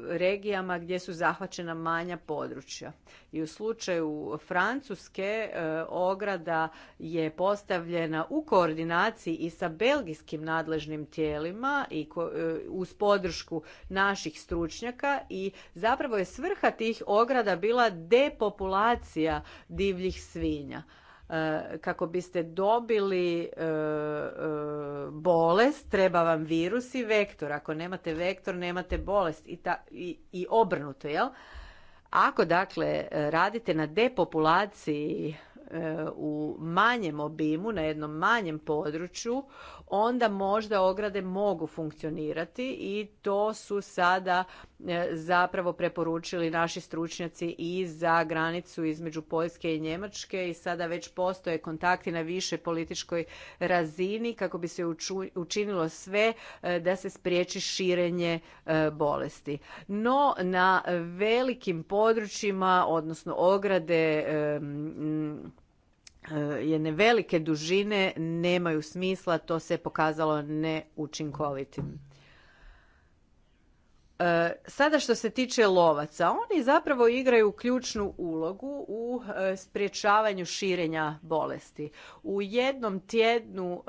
Speaker 2: regijama gdje su zahvaćena manja područja. I u slučaju Francuske e, ograda je postavljena u koordinaciji i sa belgijskim nadležnim tijelima i e, uz podršku naših stručnjaka i zapravo je svrha tih ograda bila depopulacija divljih svinja E, kako biste dobili e, e, bolest treba vam virus i vektor ako nemate vektor nemate bolest i, ta, i, obrnuto jel ako dakle radite na depopulaciji u manjem obimu na jednom manjem području onda možda ograde mogu funkcionirati i to su sada e, zapravo preporučili naši stručnjaci i za granicu između Poljske i Njemačke i sada već postoje kontakti na više političkoj razini kako bi se učinilo sve e, da se spriječi širenje e, bolesti. No na velikim područjima, odnosno ograde Eh, jedne velike dužine nemaju smisla, to se pokazalo neučinkovitim. Eh, sada što se tiče lovaca, oni zapravo igraju ključnu ulogu u eh, sprječavanju širenja bolesti. U jednom tjednu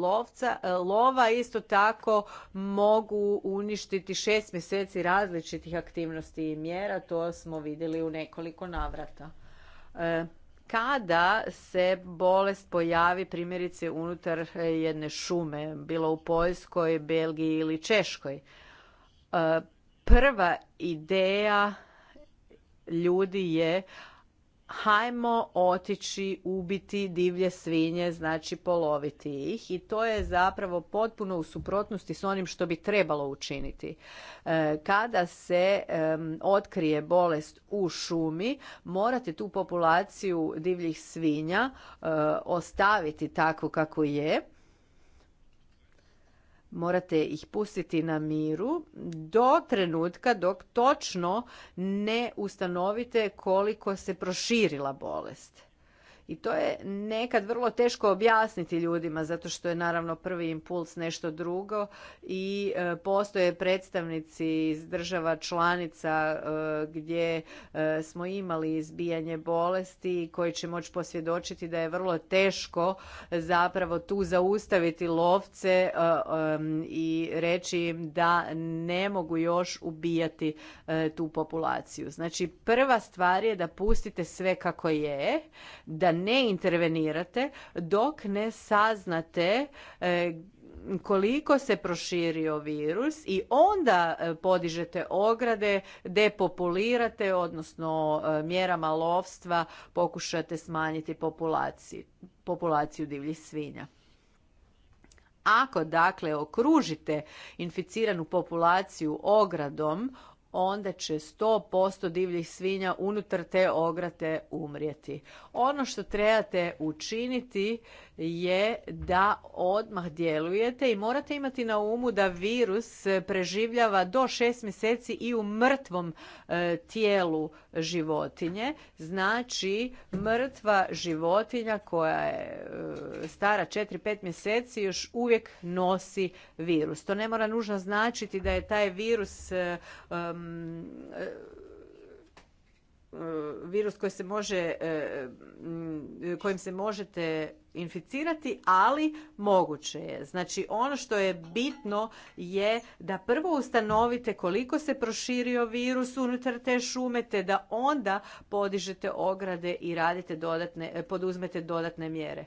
Speaker 2: lovca, lova isto tako mogu uništiti šest mjeseci različitih aktivnosti i mjera, to smo vidjeli u nekoliko navrata kada se bolest pojavi primjerice unutar jedne šume, bilo u Poljskoj, Belgiji ili Češkoj. E, prva ideja ljudi je hajmo otići ubiti divlje svinje, znači poloviti ih i to je zapravo potpuno u suprotnosti s onim što bi trebalo učiniti. E, kada se otkrije bolest u šumi, morate tu populaciju divljih svinja e, ostaviti tako kako je morate ih pustiti na miru do trenutka dok točno ne ustanovite koliko se proširila bolest. I to je nekad vrlo teško objasniti ljudima zato što je naravno prvi impuls nešto drugo i e, postoje predstavnici iz država članica e, gdje e, smo imali izbijanje bolesti koji će moći posvjedočiti da je vrlo teško zapravo tu zaustaviti lovce i reći im da ne mogu još ubijati tu populaciju. Znači prva stvar je da pustite sve kako je, da ne intervenirate dok ne saznate e, koliko se proširio virus i onda e, podižete ograde, depopulirate, odnosno e, mjerama lovstva pokušate smanjiti populaciju, divljih svinja. Ako dakle okružite inficiranu populaciju ogradom, onda će 100% divljih svinja unutar te ograte umrijeti. Ono što trebate učiniti je da odmah djelujete i morate imati na umu da virus preživljava do 6 mjeseci i u mrtvom e, tijelu životinje. Znači, mrtva životinja koja je e, stara 4-5 mjeseci još uvijek nosi virus. To ne mora nužno značiti da je taj virus e, E, virus koji se može, e, kojim se možete inficirati, ali moguće je. Znači ono što je bitno je da prvo ustanovite koliko se proširio virus unutar te šume, te da onda podižete ograde i radite dodatne, e, poduzmete dodatne mjere.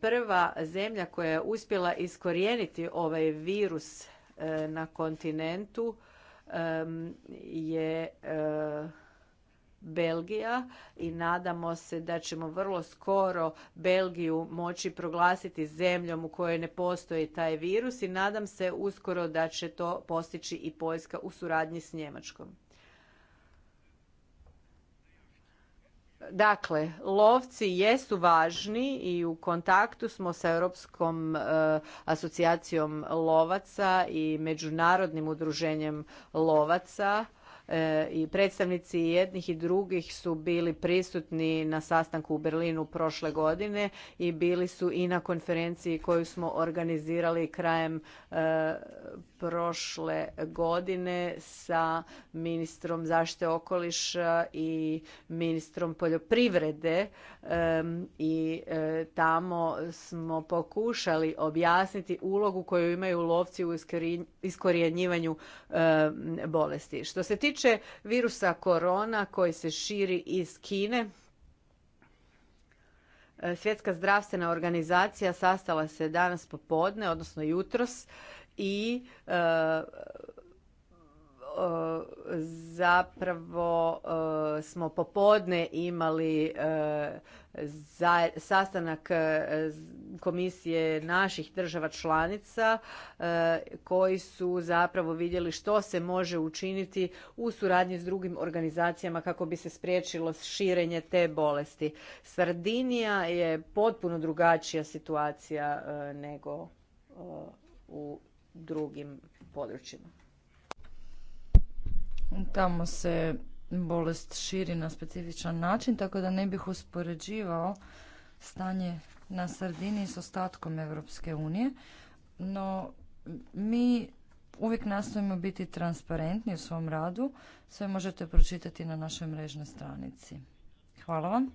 Speaker 2: Prva zemlja koja je uspjela iskorijeniti ovaj virus na kontinentu je e, Belgija i nadamo se da ćemo vrlo skoro Belgiju moći proglasiti zemljom u kojoj ne postoji taj virus i nadam se uskoro da će to postići i Poljska u suradnji s Njemačkom. Dakle, lovci jesu važni i u kontaktu smo sa Europskom e, asocijacijom lovaca i Međunarodnim udruženjem lovaca e, i predstavnici jednih i drugih su bili prisutni na sastanku u Berlinu prošle godine i bili su i na konferenciji koju smo organizirali krajem e, prošle godine sa ministrom zaštite okoliša i ministrom poljoprivrede i e, tamo smo pokušali objasniti ulogu koju imaju lovci u iskorjenjivanju bolesti. Što se tiče virusa korona koji se širi iz Kine, e, Svjetska zdravstvena organizacija sastala se danas popodne, odnosno jutros i e, zapravo e, smo popodne imali e, sastanak komisije naših država članica koji su zapravo vidjeli što se može učiniti u suradnji s drugim organizacijama kako bi se spriječilo širenje te bolesti. Sardinija je potpuno drugačija situacija nego u drugim područjima.
Speaker 4: Tamo se bolest širi na specifičan način, tako da ne bih uspoređivao stanje na Sardini s ostatkom Europske unije, no mi uvijek nastojimo biti transparentni u svom radu. Sve možete pročitati na našoj mrežnoj stranici. Hvala vam.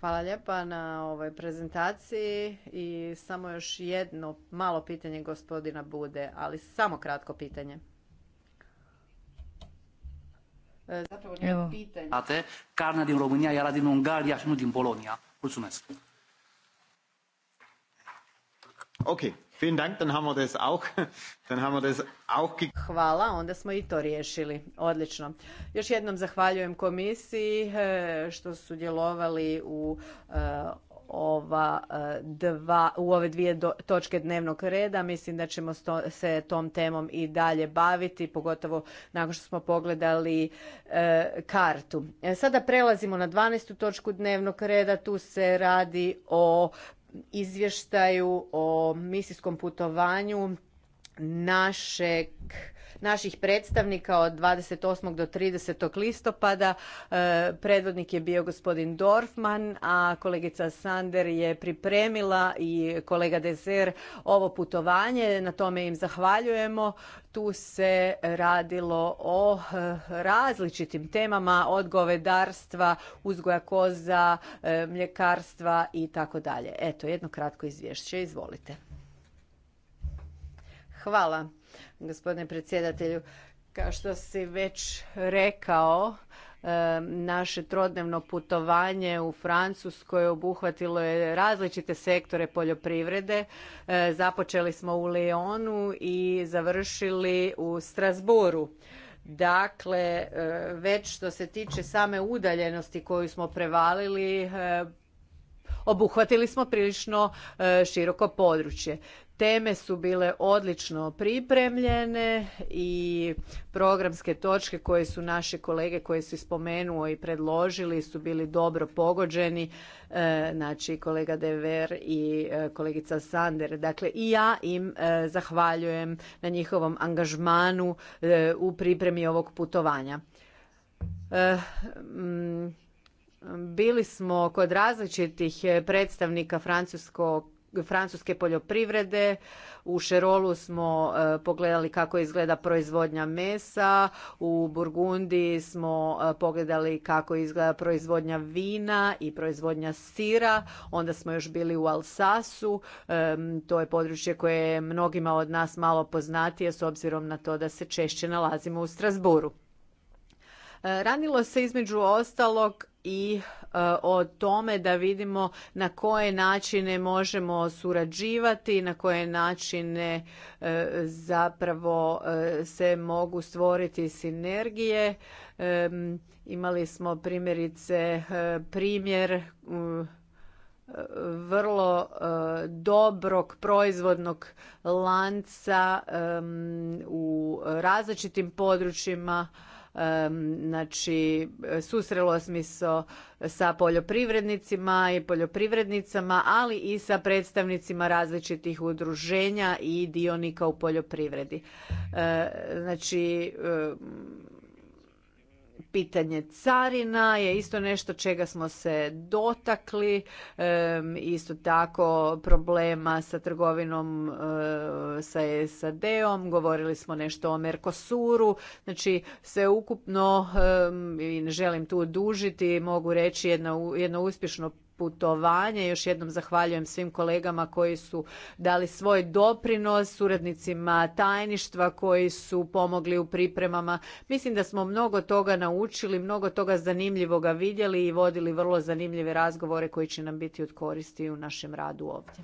Speaker 2: Hvala lijepa na ovoj prezentaciji i samo još jedno malo pitanje gospodina Bude, ali samo kratko pitanje. E, zapravo nije Evo. pitanje.
Speaker 5: Ate, carnea din România era din Ungaria și din
Speaker 1: Ok,
Speaker 2: Hvala, onda smo i to riješili. Odlično. Još jednom zahvaljujem komisiji eh, što su djelovali u eh, ova eh, dva, u ove dvije točke dnevnog reda. Mislim da ćemo sto, se tom temom i dalje baviti, pogotovo nakon što smo pogledali kartu. E, sada prelazimo na 12. točku dnevnog reda. Tu se radi o izvještaju o misijskom putovanju našeg naših predstavnika od 28. do 30. listopada. E, predvodnik je bio gospodin Dorfman, a kolegica Sander je pripremila i kolega Dezer ovo putovanje. Na tome im zahvaljujemo. Tu se radilo o e, različitim temama od govedarstva, uzgoja koza, e, mljekarstva i tako dalje. Eto, jedno kratko izvješće. Izvolite. Hvala gospodine predsjedatelju. Kao što si već rekao, e, naše trodnevno putovanje u Francuskoj obuhvatilo je različite sektore poljoprivrede. E, započeli smo u Lyonu i završili u Strasburu. Dakle, e, već što se tiče same udaljenosti koju smo prevalili, obuhvatili smo prilično široko područje. Teme su bile odlično pripremljene i programske točke koje su naše kolege koje su spomenuo i predložili su bili dobro pogođeni, e, znači kolega Dever i e, kolegica Sander. Dakle i ja im e, zahvaljujem na njihovom angažmanu u pripremi ovog putovanja. Bili smo kod različitih predstavnika francuskog francuske poljoprivrede. U Šerolu smo e, pogledali kako izgleda proizvodnja mesa, u Burgundiji smo e, pogledali kako izgleda proizvodnja vina i proizvodnja sira. Onda smo još bili u Alsasu, e, to je područje koje je mnogima od nas malo poznatije s obzirom na to da se češće nalazimo u Strasburu. Ranilo se između ostalog i e, o tome da vidimo na koje načine možemo surađivati, na koje načine e, zapravo e, se mogu stvoriti sinergije. Imali smo primjerice primjer vrlo dobrog proizvodnog lanca u različitim područjima znači susrelo smo sa poljoprivrednicima i poljoprivrednicama, ali i sa predstavnicima različitih udruženja i dionika u poljoprivredi. E, znači Pitanje carina je isto nešto čega smo se dotakli, isto tako problema sa trgovinom e, sa SAD-om, govorili smo nešto o Mercosuru, znači sveukupno i ne želim tu dužiti, mogu reći jedno uspješno putovanje. Još jednom zahvaljujem svim kolegama koji su dali svoj doprinos, suradnicima tajništva koji su pomogli u pripremama. Mislim da smo mnogo toga naučili, mnogo toga zanimljivoga vidjeli i vodili vrlo zanimljive razgovore koji će nam biti od koristi u našem radu ovdje.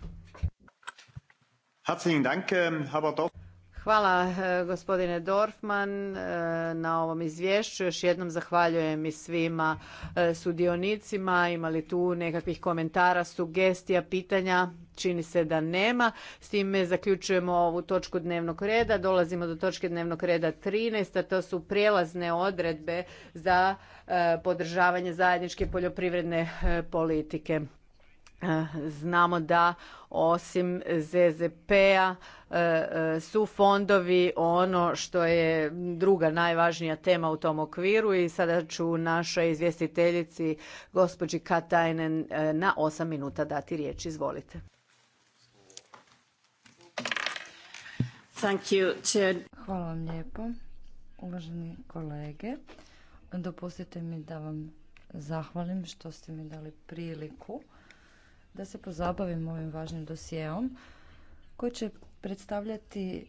Speaker 2: Hvala eh, gospodine Dorfman eh, na ovom izvješću. Još jednom zahvaljujem i svima eh, sudionicima. li tu nekakvih komentara, sugestija, pitanja? Čini se da nema. S time zaključujemo ovu točku dnevnog reda. Dolazimo do točke dnevnog reda 13, a to su prijelazne odredbe za podržavanje zajedničke poljoprivredne politike. Znamo da osim ZZP-a e, e, su fondovi ono što je druga najvažnija tema u tom okviru i sada ću našoj izvjestiteljici gospođi Katajnen e, na osam minuta dati riječ. Izvolite. Hvala vam lijepo, uvaženi kolege.
Speaker 4: Dopustite mi da vam zahvalim što ste mi dali priliku da se pozabavimo ovim važnim dosijeom koji će predstavljati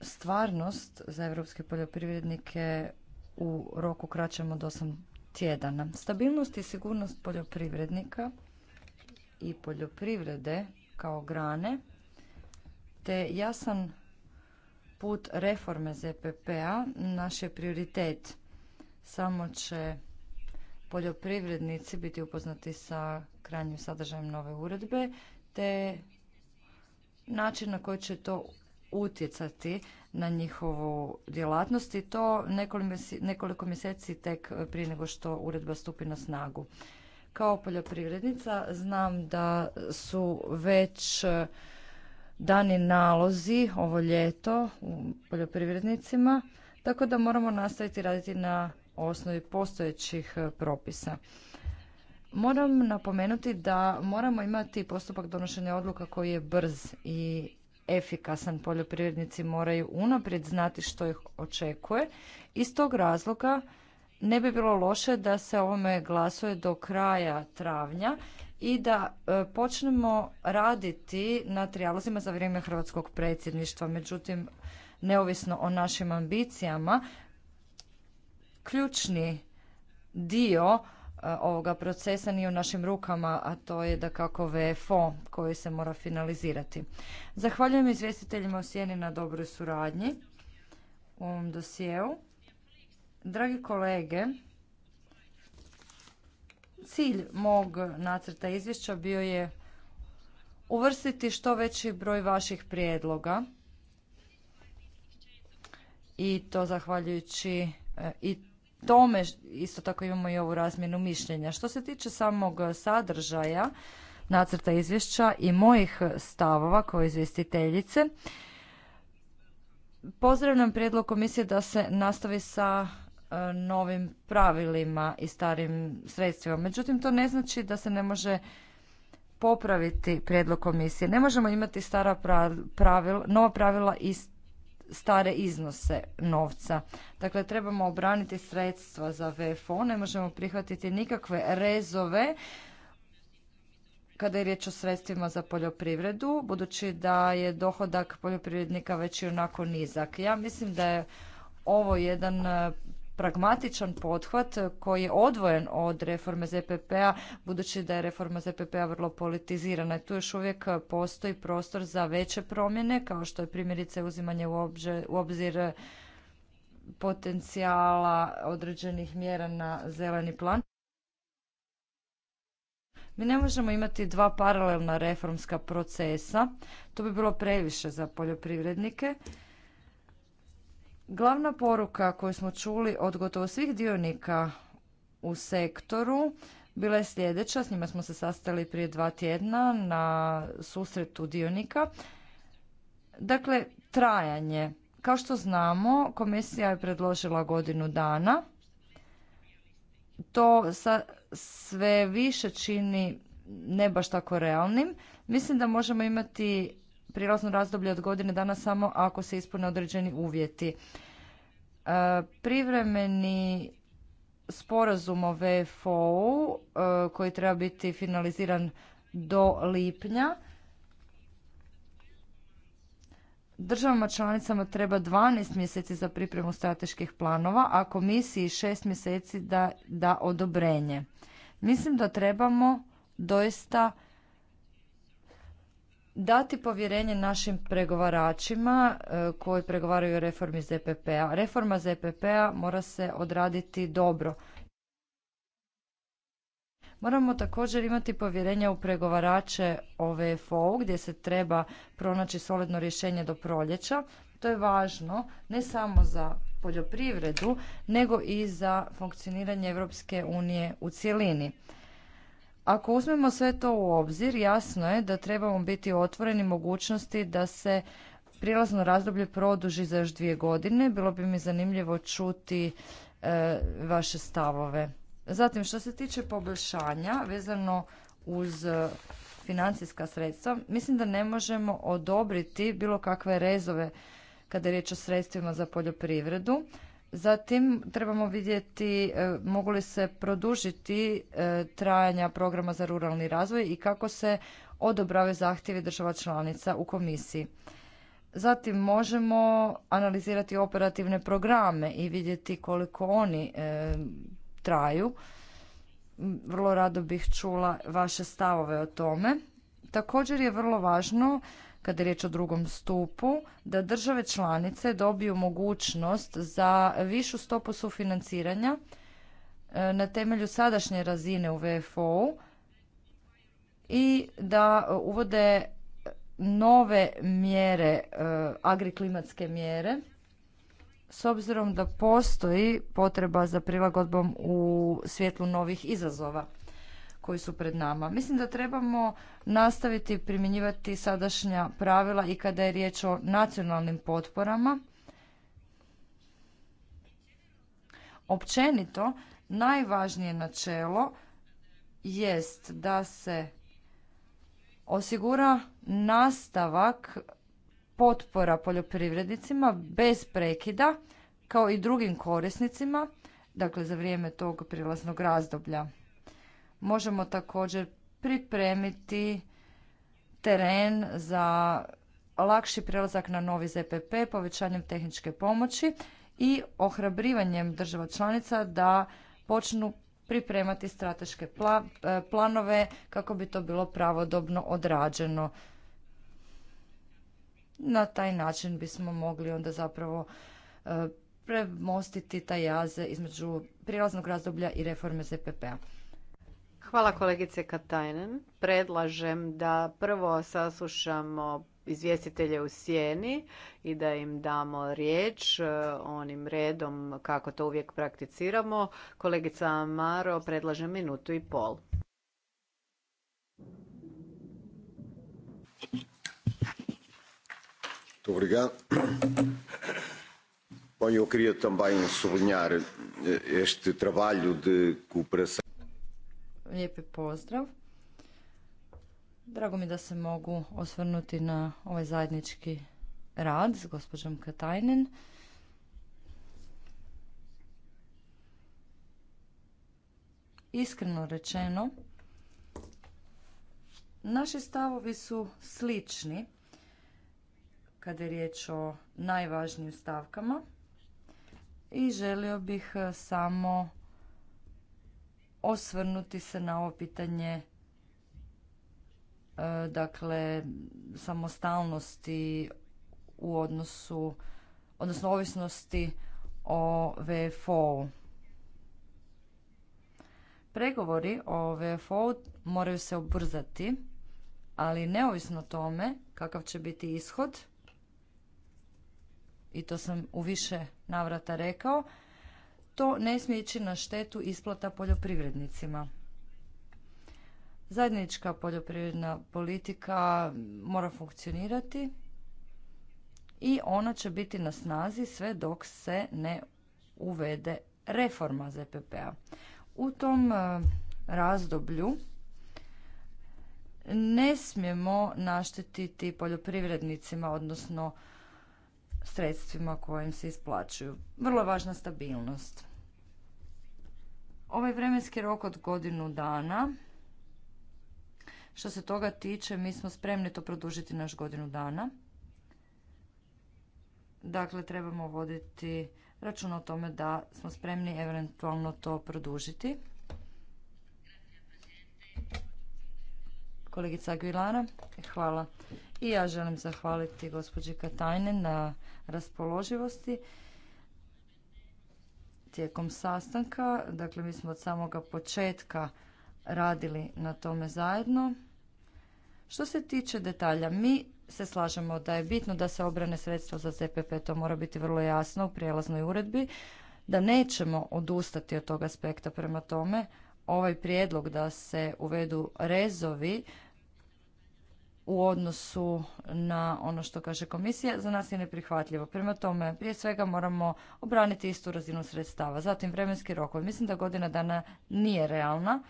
Speaker 4: stvarnost za europske poljoprivrednike u roku kraćem od 8 tjedana. Stabilnost i sigurnost poljoprivrednika i poljoprivrede kao grane te jasan put reforme ZPP-a naš je prioritet. Samo će poljoprivrednici biti upoznati sa krajnjim sadržajem nove uredbe te način na koji će to utjecati na njihovu djelatnost i to nekoliko mjeseci tek prije nego što uredba stupi na snagu. Kao poljoprivrednica znam da su već dani nalozi ovo ljeto u poljoprivrednicima, tako da moramo nastaviti raditi na osnovi postojećih e, propisa. Moram napomenuti da moramo imati postupak donošenja odluka koji je brz i efikasan. Poljoprivrednici moraju unaprijed znati što ih očekuje. Iz tog razloga ne bi bilo loše da se ovome glasuje do kraja travnja i da e, počnemo raditi na trijalozima za vrijeme hrvatskog predsjedništva. Međutim, neovisno o našim ambicijama, ključni dio e, ovoga procesa nije u našim rukama, a to je da kako VFO koji se mora finalizirati. Zahvaljujem izvjestiteljima u Sjeni na dobroj suradnji u ovom dosjeu. Dragi kolege, cilj mog nacrta izvješća bio je uvrstiti što veći broj vaših prijedloga i to zahvaljujući e, i tome isto tako imamo i ovu razmjenu mišljenja. Što se tiče samog sadržaja nacrta izvješća i mojih stavova kao izvjestiteljice, pozdravljam prijedlog komisije da se nastavi sa e, novim pravilima i starim sredstvima. Međutim, to ne znači da se ne može popraviti prijedlog komisije. Ne možemo imati stara nova pravila i stare iznose novca. Dakle, trebamo obraniti sredstva za VFO, ne možemo prihvatiti nikakve rezove kada je riječ o sredstvima za poljoprivredu, budući da je dohodak poljoprivrednika već i onako nizak. Ja mislim da je ovo jedan pragmatičan pothvat koji je odvojen od reforme ZPP-a, budući da je reforma ZPP-a vrlo politizirana. Tu još uvijek postoji prostor za veće promjene, kao što je primjerice uzimanje u obzir potencijala određenih mjera na zeleni plan. Mi ne možemo imati dva paralelna reformska procesa. To bi bilo previše za poljoprivrednike. Glavna poruka koju smo čuli od gotovo svih dionika u sektoru bila je sljedeća, s njima smo se sastali prije dva tjedna na susretu dionika. Dakle, trajanje. Kao što znamo, komisija je predložila godinu dana. To sve više čini ne baš tako realnim. Mislim da možemo imati prijelazno razdoblje od godine dana samo ako se ispune određeni uvjeti. E, privremeni sporazum o VFO-u e, koji treba biti finaliziran do lipnja Državama članicama treba 12 mjeseci za pripremu strateških planova, a komisiji 6 mjeseci da, da odobrenje. Mislim da trebamo doista dati povjerenje našim pregovaračima e, koji pregovaraju o reformi ZPP-a. Reforma ZPP-a mora se odraditi dobro. Moramo također imati povjerenja u pregovarače o gdje se treba pronaći solidno rješenje do proljeća. To je važno ne samo za poljoprivredu nego i za funkcioniranje EU unije u cjelini. Ako uzmemo sve to u obzir, jasno je da trebamo biti otvoreni mogućnosti da se prijelazno razdoblje produži za još dvije godine. Bilo bi mi zanimljivo čuti e, vaše stavove. Zatim, što se tiče poboljšanja vezano uz e, financijska sredstva, mislim da ne možemo odobriti bilo kakve rezove kada je riječ o sredstvima za poljoprivredu. Zatim trebamo vidjeti e, mogu li se produžiti e, trajanja programa za ruralni razvoj i kako se odobrave zahtjevi država članica u komisiji. Zatim možemo analizirati operativne programe i vidjeti koliko oni e, traju. Vrlo rado bih čula vaše stavove o tome. Također je vrlo važno kad je riječ o drugom stupu, da države članice dobiju mogućnost za višu stopu sufinanciranja e, na temelju sadašnje razine u VFO-u i da uvode nove mjere, e, agriklimatske mjere, s obzirom da postoji potreba za prilagodbom u svjetlu novih izazova koji su pred nama. Mislim da trebamo nastaviti primjenjivati sadašnja pravila i kada je riječ o nacionalnim potporama. Općenito, najvažnije načelo jest da se osigura nastavak potpora poljoprivrednicima bez prekida kao i drugim korisnicima, dakle za vrijeme tog prilaznog razdoblja možemo također pripremiti teren za lakši prelazak na novi ZPP povećanjem tehničke pomoći i ohrabrivanjem država članica da počnu pripremati strateške e, planove kako bi to bilo pravodobno odrađeno. Na taj način bismo mogli onda zapravo e, premostiti taj jaze između prijelaznog razdoblja i reforme ZPP-a.
Speaker 2: Hvala kolegice Katajnen. Predlažem da prvo saslušamo izvjestitelje u sjeni i da im damo riječ e, onim redom kako to uvijek prakticiramo. Kolegica Amaro predlaže minutu i pol.
Speaker 6: Bom, também sublinhar este trabalho de
Speaker 4: lijepi pozdrav. Drago mi da se mogu osvrnuti na ovaj zajednički rad s gospođom Katajnen. Iskreno rečeno, naši stavovi su slični kada je riječ o najvažnijim stavkama i želio bih samo osvrnuti se na ovo pitanje e, dakle samostalnosti u odnosu odnosno ovisnosti o VFO-u. Pregovori o VFO-u moraju se ubrzati, ali neovisno tome kakav će biti ishod, i to sam u više navrata rekao, to ne smije ići na štetu isplata poljoprivrednicima. Zajednička poljoprivredna politika mora funkcionirati i ona će biti na snazi sve dok se ne uvede reforma ZPP-a. U tom e, razdoblju ne smijemo naštetiti poljoprivrednicima, odnosno sredstvima kojim se isplaćuju. Vrlo je važna stabilnost. Ovaj vremenski rok od godinu dana, što se toga tiče, mi smo spremni to produžiti naš godinu dana. Dakle, trebamo voditi račun o tome da smo spremni eventualno to produžiti. Kolegica Aguilana, hvala. I ja želim zahvaliti gospođi Katajne na raspoloživosti tijekom sastanka. Dakle, mi smo od samoga početka radili na tome zajedno. Što se tiče detalja, mi se slažemo da je bitno da se obrane sredstva za ZPP, to mora biti vrlo jasno u prijelaznoj uredbi, da nećemo odustati od tog aspekta prema tome ovaj prijedlog da se uvedu rezovi u odnosu na ono što kaže komisija za nas je neprihvatljivo. Prema tome, prije svega moramo obraniti istu razinu sredstava. Zatim vremenski rokovi. Mislim da godina dana nije realna.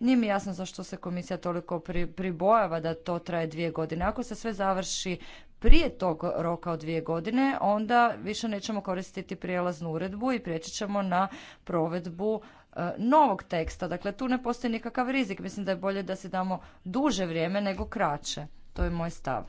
Speaker 4: Nije mi jasno zašto se komisija toliko pribojava da to traje dvije godine. Ako se sve završi prije tog roka od dvije godine, onda više nećemo koristiti prijelaznu uredbu i prijeći ćemo na provedbu E, novog teksta. Dakle, tu ne postoji nikakav rizik. Mislim da je bolje da si damo duže vrijeme nego kraće. To je moj stav.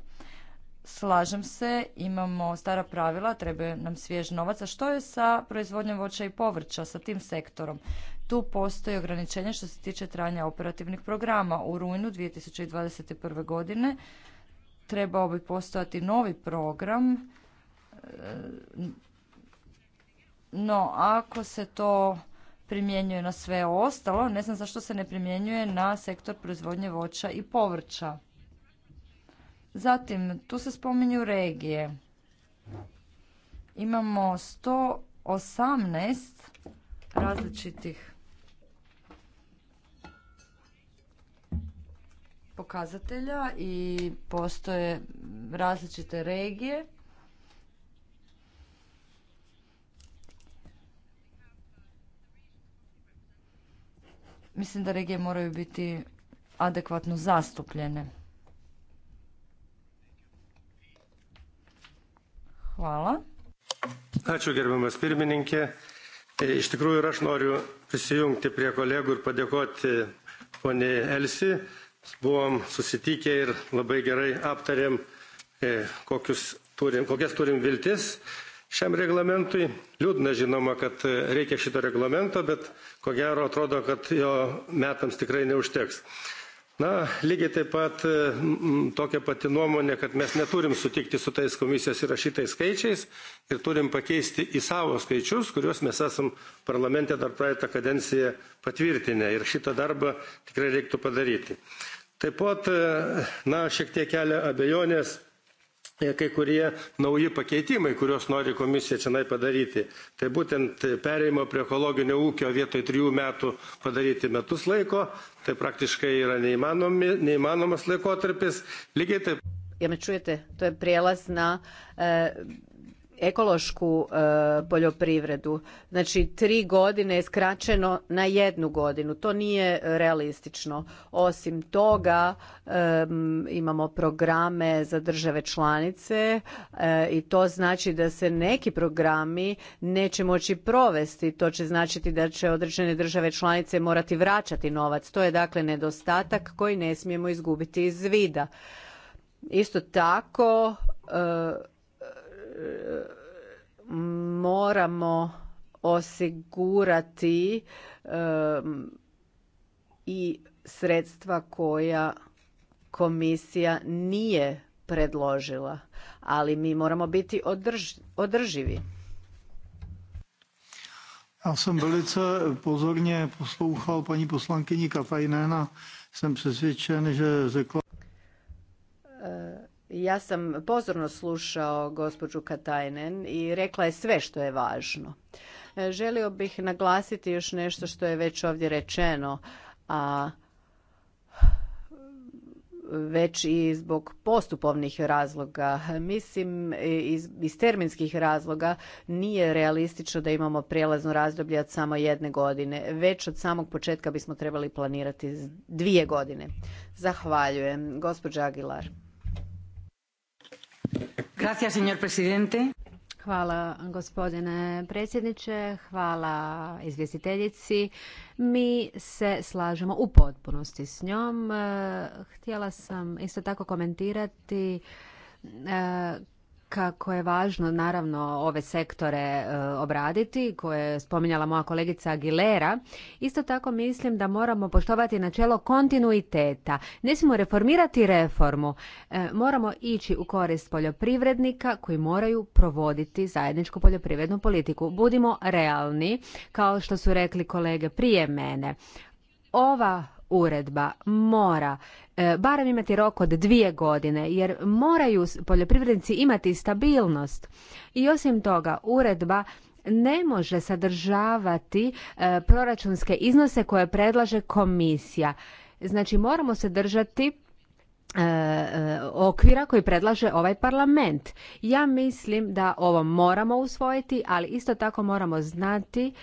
Speaker 4: Slažem se, imamo stara pravila, treba nam svjež novac. A što je sa proizvodnjom voća i povrća, sa tim sektorom? Tu postoji ograničenje što se tiče trajanja operativnih programa. U rujnu 2021. godine trebao bi postojati novi program, e, no ako se to primjenjuje na sve ostalo, ne znam zašto se ne primjenjuje na sektor proizvodnje voća i povrća. Zatim, tu se spominju regije. Imamo 118 različitih pokazatelja i postoje različite regije Mislim da regije moraju biti adekvatno zastupljene.
Speaker 5: Hvala.
Speaker 6: Ačiū gerbiamas pirmininkė. Iš tikrųjų ir aš noriu prisijungti prie kolegų ir padėkoti poniai Elsi. Buvom susitikę ir labai gerai aptarėm, e, kokius turim, kokias turim viltis šiam reglamentui liūdna žinoma kad e, reikia šito reglamento bet ko gero atrodo kad jo metams tikrai neužteks na lygiai taip pat e, tokia pati nuomonė kad mes neturim sutikti su tais komisijos įrašytais skaičiais ir turim pakeisti į savo skaičius kuriuos mes esam parlamente dar praeitą kadenciją patvirtinę ir šitą darbą tikrai reiktų padaryti. taip pat e, na šiek tiek kelia abejonės kai kurie nauji pakeitimai, kuriuos nori komisija čionai padaryti. Tai būtent perėjimo prie ekologinio ūkio vietoj trijų metų padaryti metus laiko, tai praktiškai yra neįmanomi, neįmanomas laikotarpis. Lygiai taip.
Speaker 2: čujete, to je na eh, ekološku e, poljoprivredu. Znači tri godine je skraćeno na jednu godinu. To nije realistično. Osim toga imamo programe za države članice e, i to znači da se neki programi neće moći provesti. To će značiti da će određene države članice morati vraćati novac. To je dakle nedostatak koji ne smijemo izgubiti iz vida. Isto tako e, moramo osigurati i sredstva koja komisija nije predložila, ali mi moramo biti održivi.
Speaker 6: Já jsem velice pozorně poslouchal paní poslankyni a Jsem přesvědčen, že řekla...
Speaker 2: Ja sam pozorno slušao gospođu Katajnen i rekla je sve što je važno. E, želio bih naglasiti još nešto što je već ovdje rečeno, a već i zbog postupovnih razloga. Mislim, iz, iz terminskih razloga nije realistično da imamo prijelazno razdoblje od samo jedne godine. Već od samog početka bismo trebali planirati dvije godine. Zahvaljujem. Gospođa Aguilar
Speaker 3: señor Hvala gospodine predsjedniče, hvala izvjestiteljici. Mi se slažemo u potpunosti s njom. Htjela sam isto tako komentirati kako je važno naravno ove sektore e, obraditi koje je spominjala moja kolegica Aguilera, isto tako mislim da moramo poštovati načelo kontinuiteta. Ne smijemo reformirati reformu, e, moramo ići u korist poljoprivrednika koji moraju provoditi zajedničku poljoprivrednu politiku. Budimo realni, kao što su rekli kolege prije mene. Ova uredba mora e, barem imati rok od dvije godine jer moraju poljoprivrednici imati stabilnost i osim toga uredba ne može sadržavati e, proračunske iznose koje predlaže komisija znači moramo se držati e, okvira koji predlaže ovaj parlament. Ja mislim da ovo moramo usvojiti, ali isto tako moramo znati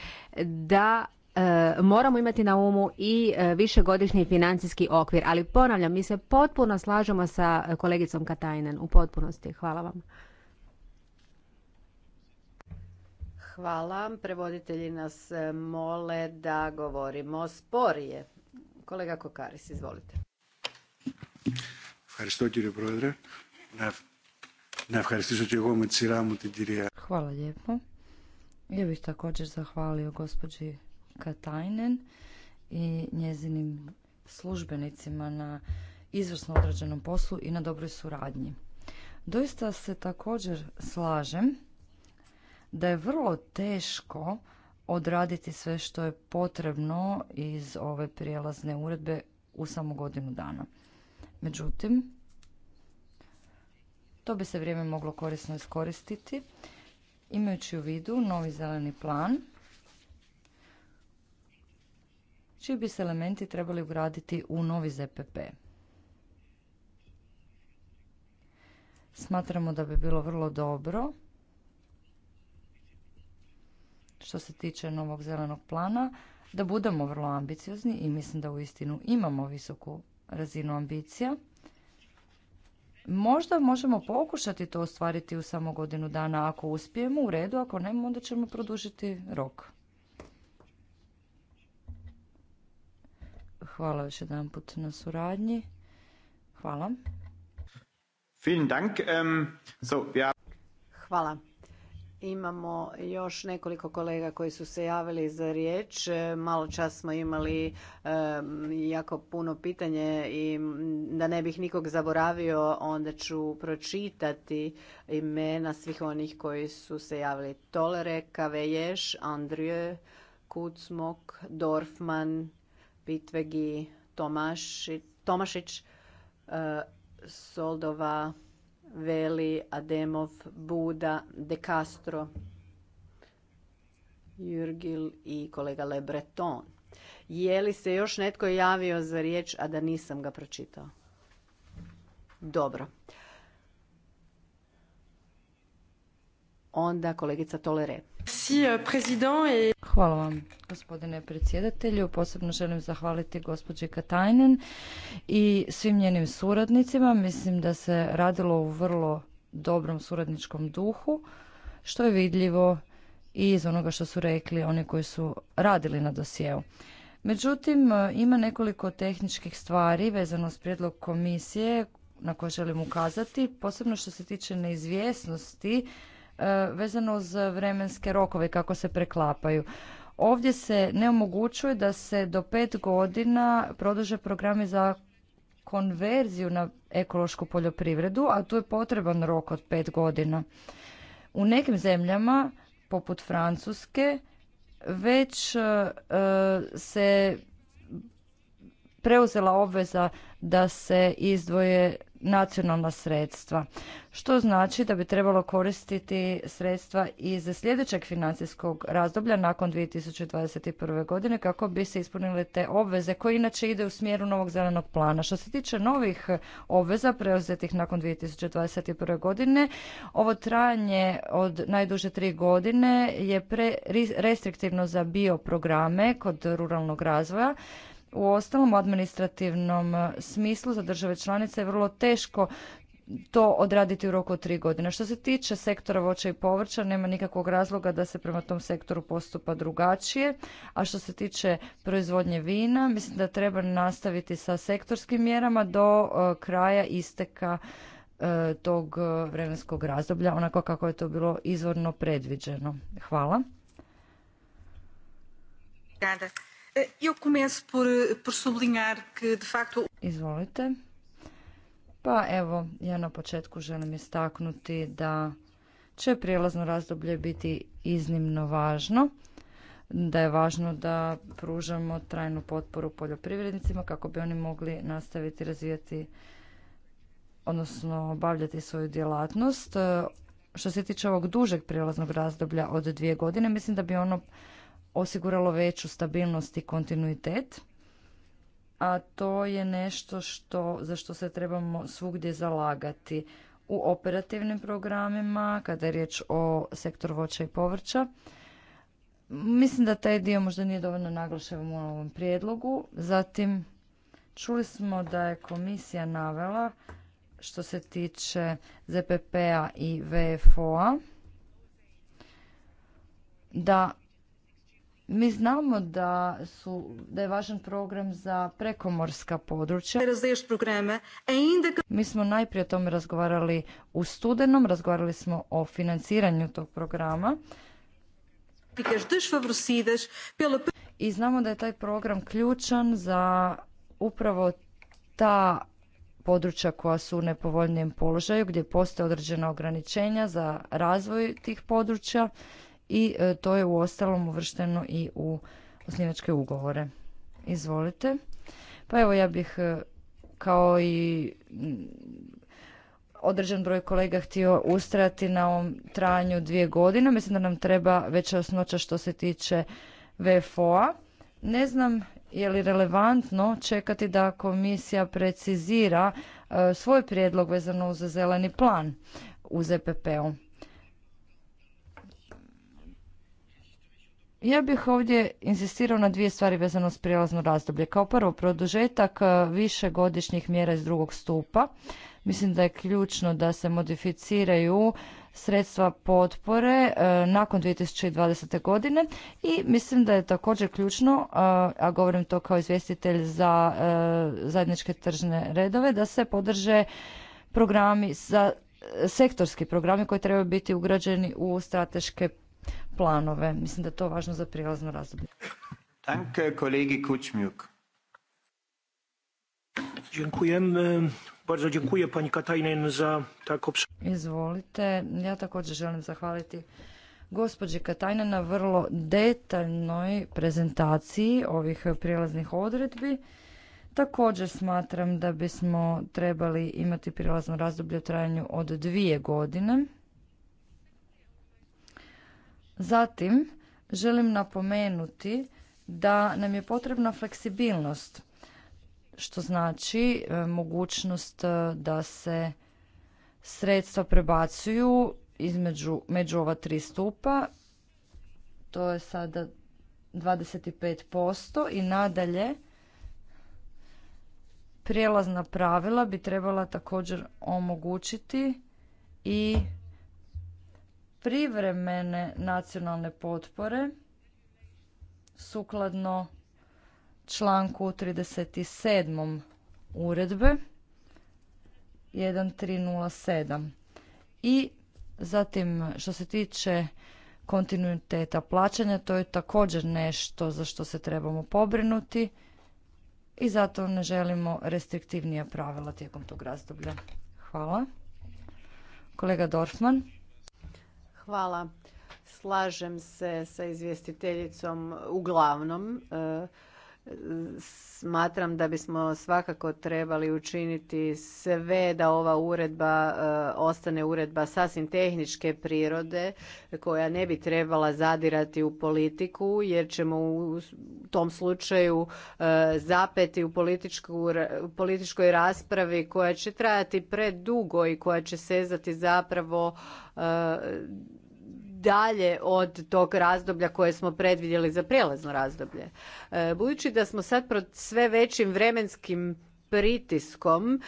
Speaker 3: da E, moramo imati na umu i e, višegodišnji financijski okvir. Ali ponavljam, mi se potpuno slažemo sa kolegicom Katajnen. U potpunosti. Hvala vam.
Speaker 2: Hvala. Prevoditelji nas e, mole da govorimo sporije. Kolega Kokaris, izvolite.
Speaker 4: Hvala lijepo. Ja bih također zahvalio gospođi Katajnen i njezinim službenicima na izvrsno odrađenom poslu i na dobroj suradnji. Doista se također slažem da je vrlo teško odraditi sve što je potrebno iz ove prijelazne uredbe u samo godinu dana. Međutim, to bi se vrijeme moglo korisno iskoristiti. Imajući u vidu novi zeleni plan, čiji bi se elementi trebali ugraditi u novi ZPP. Smatramo da bi bilo vrlo dobro što se tiče novog zelenog plana, da budemo vrlo ambiciozni i mislim da uistinu imamo visoku razinu ambicija. Možda možemo pokušati to ostvariti u samo godinu dana ako uspijemo u redu, ako ne, onda ćemo produžiti rok. Hvala još jedan put na suradnji.
Speaker 2: Hvala.
Speaker 1: Ähm,
Speaker 2: Hvala. Imamo još nekoliko kolega koji su se javili za riječ. E, malo čas smo imali e, jako puno pitanje i da ne bih nikog zaboravio, onda ću pročitati imena svih onih koji su se javili. Tolere, Kaveješ, Andrije, Kucmok, Dorfman, Pitvegi, Tomašić, e, Soldova, Veli, Ademov, Buda, De Castro, Jurgil i kolega Le Breton. Je li se još netko javio za riječ, a da nisam ga pročitao? Dobro. onda kolegica Tolere. Euh, Hvala vam gospodine
Speaker 4: predsjedatelju. Posebno želim zahvaliti gospođi Katajnen i svim njenim suradnicima. Mislim da se radilo u vrlo dobrom suradničkom duhu što je vidljivo i iz onoga što su rekli oni koji su radili na dosjeu. Međutim, ima nekoliko tehničkih stvari vezano s prijedlog komisije na koje želim ukazati, posebno što se tiče neizvjesnosti E, vezano uz vremenske rokove kako se preklapaju. Ovdje se ne omogućuje da se do pet godina produže programi za konverziju na ekološku poljoprivredu, a tu je potreban rok od pet godina. U nekim zemljama, poput Francuske, već e, se preuzela obveza da se izdvoje nacionalna sredstva, što znači da bi trebalo koristiti sredstva iz sljedećeg financijskog razdoblja nakon 2021. godine kako bi se ispunile te obveze koje inače ide u smjeru novog zelenog plana. Što se tiče novih obveza preuzetih nakon 2021. godine, ovo trajanje od najduže tri godine je restriktivno za programe kod ruralnog razvoja u ostalom administrativnom e, smislu za države članice je vrlo teško to odraditi u roku od tri godine. Što se tiče sektora voća i povrća, nema nikakvog razloga da se prema tom sektoru postupa drugačije. A što se tiče proizvodnje vina, mislim da treba nastaviti sa sektorskim mjerama do e, kraja isteka e, tog vremenskog razdoblja, onako kako je to bilo izvorno predviđeno. Hvala.
Speaker 2: Eh, eu começo por, eh, por de facto...
Speaker 4: Izvolite. Pa evo, ja na početku želim istaknuti da će prijelazno razdoblje biti iznimno važno da je važno da pružamo trajnu potporu poljoprivrednicima kako bi oni mogli nastaviti razvijati odnosno obavljati svoju djelatnost. Eh, što se tiče ovog dužeg prijelaznog razdoblja od dvije godine, mislim da bi ono osiguralo veću stabilnost i kontinuitet, a to je nešto što, za što se trebamo svugdje zalagati u operativnim programima, kada je riječ o sektoru voća i povrća. Mislim da taj dio možda nije dovoljno naglašen u ovom prijedlogu. Zatim, čuli smo da je komisija navela što se tiče ZPP-a i VFO-a da mi znamo da, su, da je važan program za prekomorska područja.
Speaker 2: E,
Speaker 4: Mi smo najprije o tome razgovarali u studenom, razgovarali smo o financiranju tog programa. I znamo da je taj program ključan za upravo ta područja koja su u nepovoljnijem položaju, gdje postoje određena ograničenja za razvoj tih područja i e, to je u ostalom uvršteno i u osnivačke ugovore. Izvolite. Pa evo ja bih e, kao i određen broj kolega htio ustrati na ovom trajanju dvije godine. Mislim da nam treba veća osnoća što se tiče VFO-a. Ne znam je li relevantno čekati da komisija precizira e, svoj prijedlog vezano uz zeleni plan u ZPP-u. Ja bih ovdje insistirao na dvije stvari vezano s prijelazno razdoblje. Kao prvo, produžetak e, godišnjih mjera iz drugog stupa. Mislim da je ključno da se modificiraju sredstva potpore e, nakon 2020. godine i mislim da je također ključno, e, a, govorim to kao izvjestitelj za e, zajedničke tržne redove, da se podrže programi za sektorski programi koji trebaju biti ugrađeni u strateške planove. Mislim da je to važno za prijelazno razdoblje.
Speaker 6: Danke, kolegi Bardzo dziękuję pani Katajnen za tak
Speaker 4: Izvolite. Ja također želim zahvaliti gospođi Katajnen na vrlo detaljnoj prezentaciji ovih prijelaznih odredbi. Također smatram da bismo trebali imati prijelazno razdoblje u trajanju od dvije godine. Zatim, želim napomenuti da nam je potrebna fleksibilnost, što znači e, mogućnost e, da se sredstva prebacuju između među ova tri stupa. To je sada 25% i nadalje prijelazna pravila bi trebala također omogućiti i privremene nacionalne potpore sukladno članku 37. uredbe 1307. I zatim što se tiče kontinuiteta plaćanja, to je također nešto za što se trebamo pobrinuti i zato ne želimo restriktivnija pravila tijekom tog razdoblja. Hvala. Kolega Dorfman.
Speaker 2: Hvala. Slažem se sa izvjestiteljicom uglavnom. E, smatram da bismo svakako trebali učiniti sve da ova uredba e, ostane uredba sasvim tehničke prirode koja ne bi trebala zadirati u politiku jer ćemo u tom slučaju e, zapeti u političkoj raspravi koja će trajati predugo i koja će sezati zapravo e, dalje od tog razdoblja koje smo predvidjeli za prijelazno razdoblje. E, budući da smo sad pod sve većim vremenskim pritiskom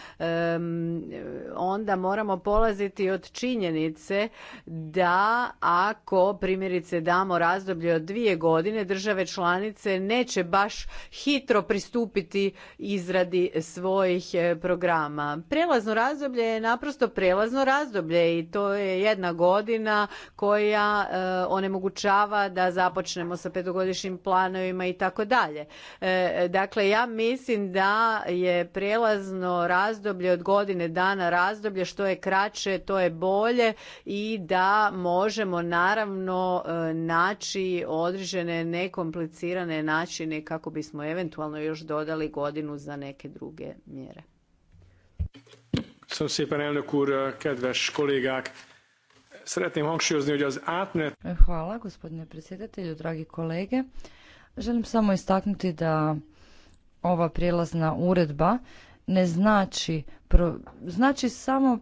Speaker 2: onda moramo polaziti od činjenice da ako primjerice damo razdoblje od dvije godine države članice neće baš hitro pristupiti izradi svojih e, programa. Prelazno razdoblje je naprosto prelazno razdoblje i to je jedna godina koja e, onemogućava da započnemo sa petogodišnjim planovima i tako dalje. E, dakle, ja mislim da je prijelazno razdoblje od godine dana razdoblje što je kraće to je bolje i da možemo naravno e, naći određene nekomplicirane načine kako bismo eventualno još dodali godinu za neke druge
Speaker 6: mjere. kedves
Speaker 4: Hvala, gospodine predsjedatelju, dragi kolege. Želim samo istaknuti da ova prijelazna uredba ne znači, znači samo,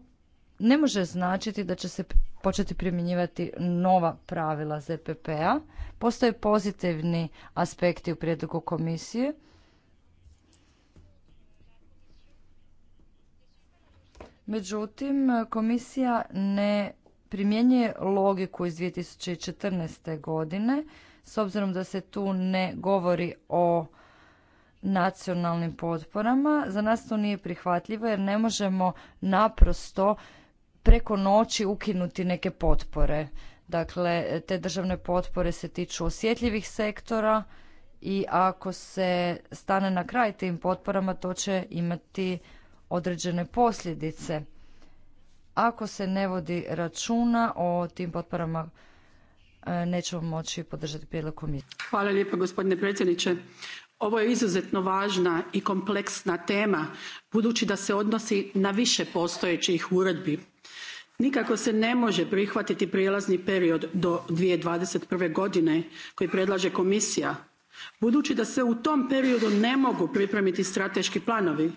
Speaker 4: ne može značiti da će se početi primjenjivati nova pravila ZPP-a. Postoje pozitivni aspekti u prijedlogu komisije. Međutim, komisija ne primjenjuje logiku iz 2014. godine, s obzirom da se tu ne govori o nacionalnim potporama. Za nas to nije prihvatljivo jer ne možemo naprosto preko noći ukinuti neke potpore. Dakle, te državne potpore se tiču osjetljivih sektora i ako se stane na kraj tim potporama to će imati određene posljedice. Ako se ne vodi računa o tim potporama e, nećemo moći podržati prijedlog komisije.
Speaker 5: Hvala lijepo gospodine predsjedniče ovo je izuzetno važna i kompleksna tema budući da se odnosi na više postojećih uredbi. nikako se ne može prihvatiti prijelazni period do. two and twenty godine koji predlaže komisija budući da se u tom periodu ne mogu pripremiti strateški planovi.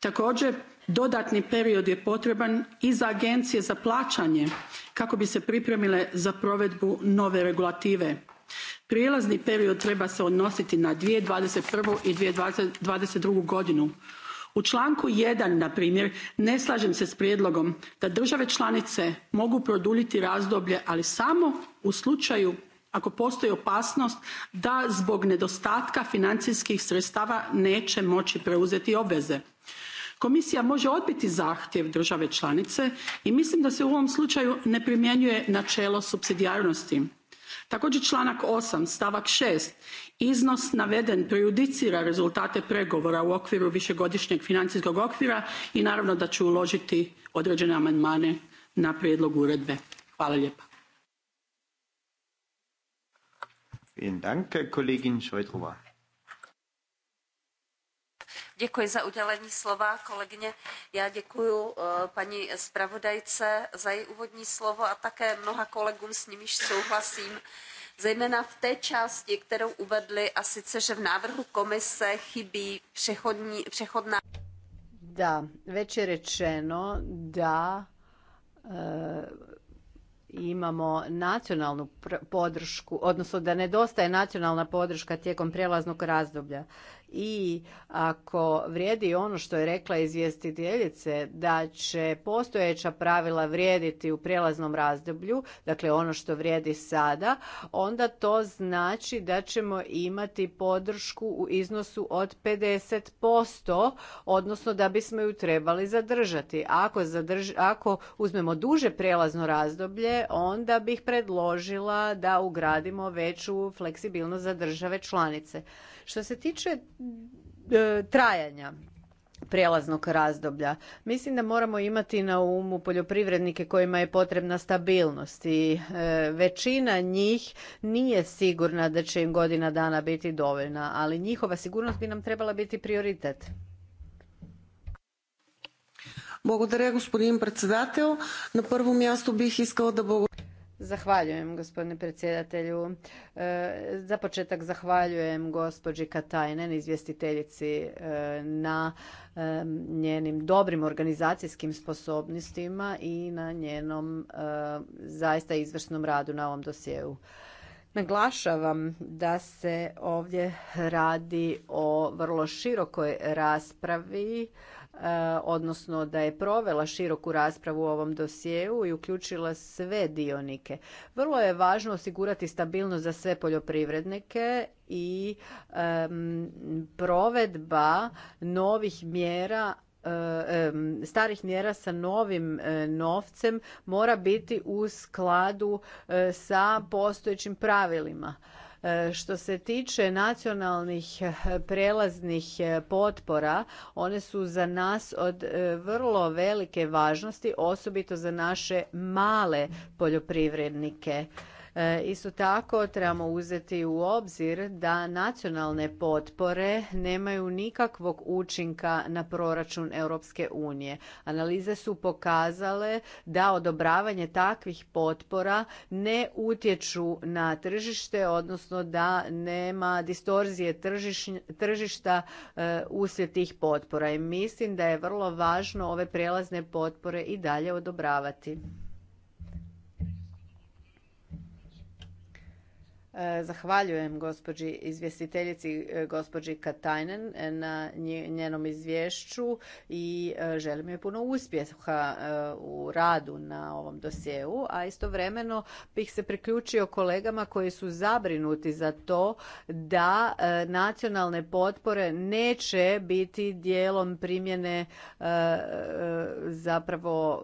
Speaker 5: također dodatni period je potreban i za agencije za plaćanje kako bi se pripremile za provedbu nove regulative prijelazni period treba se odnositi na. two thousand and twenty one i. two thousand and twenty two godinu. u lanku one na primjer ne slaem se s prijedlogom da drave članice mogu produljiti razdoblje ali samo u slučaju ako postoji opasnost da zbog nedostatka financijskih sredstava nee moi preuzeti obveze. komisija može odbiti zahtjev drave članice i mislim da se u ovom slučaju ne primjenjuje naelo supsidijarnosti također članak. eight stavak six iznos naveden prejudicira rezultate pregovora u okviru višegodišnjeg financijskog okvira i naravno da ću uložiti određene amandmane na prijedlog uredbe. hvala
Speaker 4: Děkuji za udělení slova. Kolegyně, já
Speaker 3: děkuji eh, paní zpravodajce za její úvodní slovo a také mnoha kolegům, s nimiž souhlasím, zejména v té části, kterou uvedli, a sice, že v návrhu komise chybí přechodní, přechodná.
Speaker 2: Da, već je rečeno da eh, imamo nacionalnu podršku, odnosno da nedostaje nacionalna podrška tijekom prijelaznog razdoblja i ako vrijedi ono što je rekla izvjestiteljice da će postojeća pravila vrijediti u prijelaznom razdoblju, dakle ono što vrijedi sada, onda to znači da ćemo imati podršku u iznosu od 50%, odnosno da bismo ju trebali zadržati. Ako, zadrž, ako uzmemo duže prijelazno razdoblje, onda bih predložila da ugradimo veću fleksibilnost za države članice. Što se tiče e, trajanja prijelaznog razdoblja. Mislim da moramo imati na umu poljoprivrednike kojima je potrebna stabilnost i e, većina njih nije sigurna da će im godina dana biti dovoljna, ali njihova sigurnost bi nam trebala biti prioritet. Bogodare, господин председател. na prvom mjestu bih iskala da... Zahvaljujem gospodine predsjedatelju. E, za početak zahvaljujem gospođi Katajnen, izvjestiteljici e, na e, njenim dobrim organizacijskim sposobnostima i na njenom zaista izvrsnom radu na ovom dosjeu. Naglašavam da se ovdje radi o vrlo širokoj raspravi E, odnosno da je provela široku raspravu u ovom dosjeu i uključila sve dionike. Vrlo je važno osigurati stabilnost za sve poljoprivrednike i provedba novih mjera e, starih mjera sa novim e, novcem mora biti u skladu sa postojećim pravilima. Što se tiče nacionalnih eh, prelaznih eh, potpora, one su za nas od eh, vrlo velike važnosti, osobito za naše male poljoprivrednike E, isto tako trebamo uzeti u obzir da nacionalne potpore nemaju nikakvog učinka na proračun Europske unije. Analize su pokazale da odobravanje takvih potpora ne utječu na tržište, odnosno da nema distorzije tržišta e, uslijed tih potpora. I mislim da je vrlo važno ove prijelazne potpore i dalje odobravati. Zahvaljujem gospođi izvjestiteljici e, gospođi Katajnen e, na njenom izvješću i e, želim joj puno uspjeha u radu na ovom dosjeu, a istovremeno bih se priključio kolegama koji su zabrinuti za to da nacionalne potpore neće biti dijelom primjene zapravo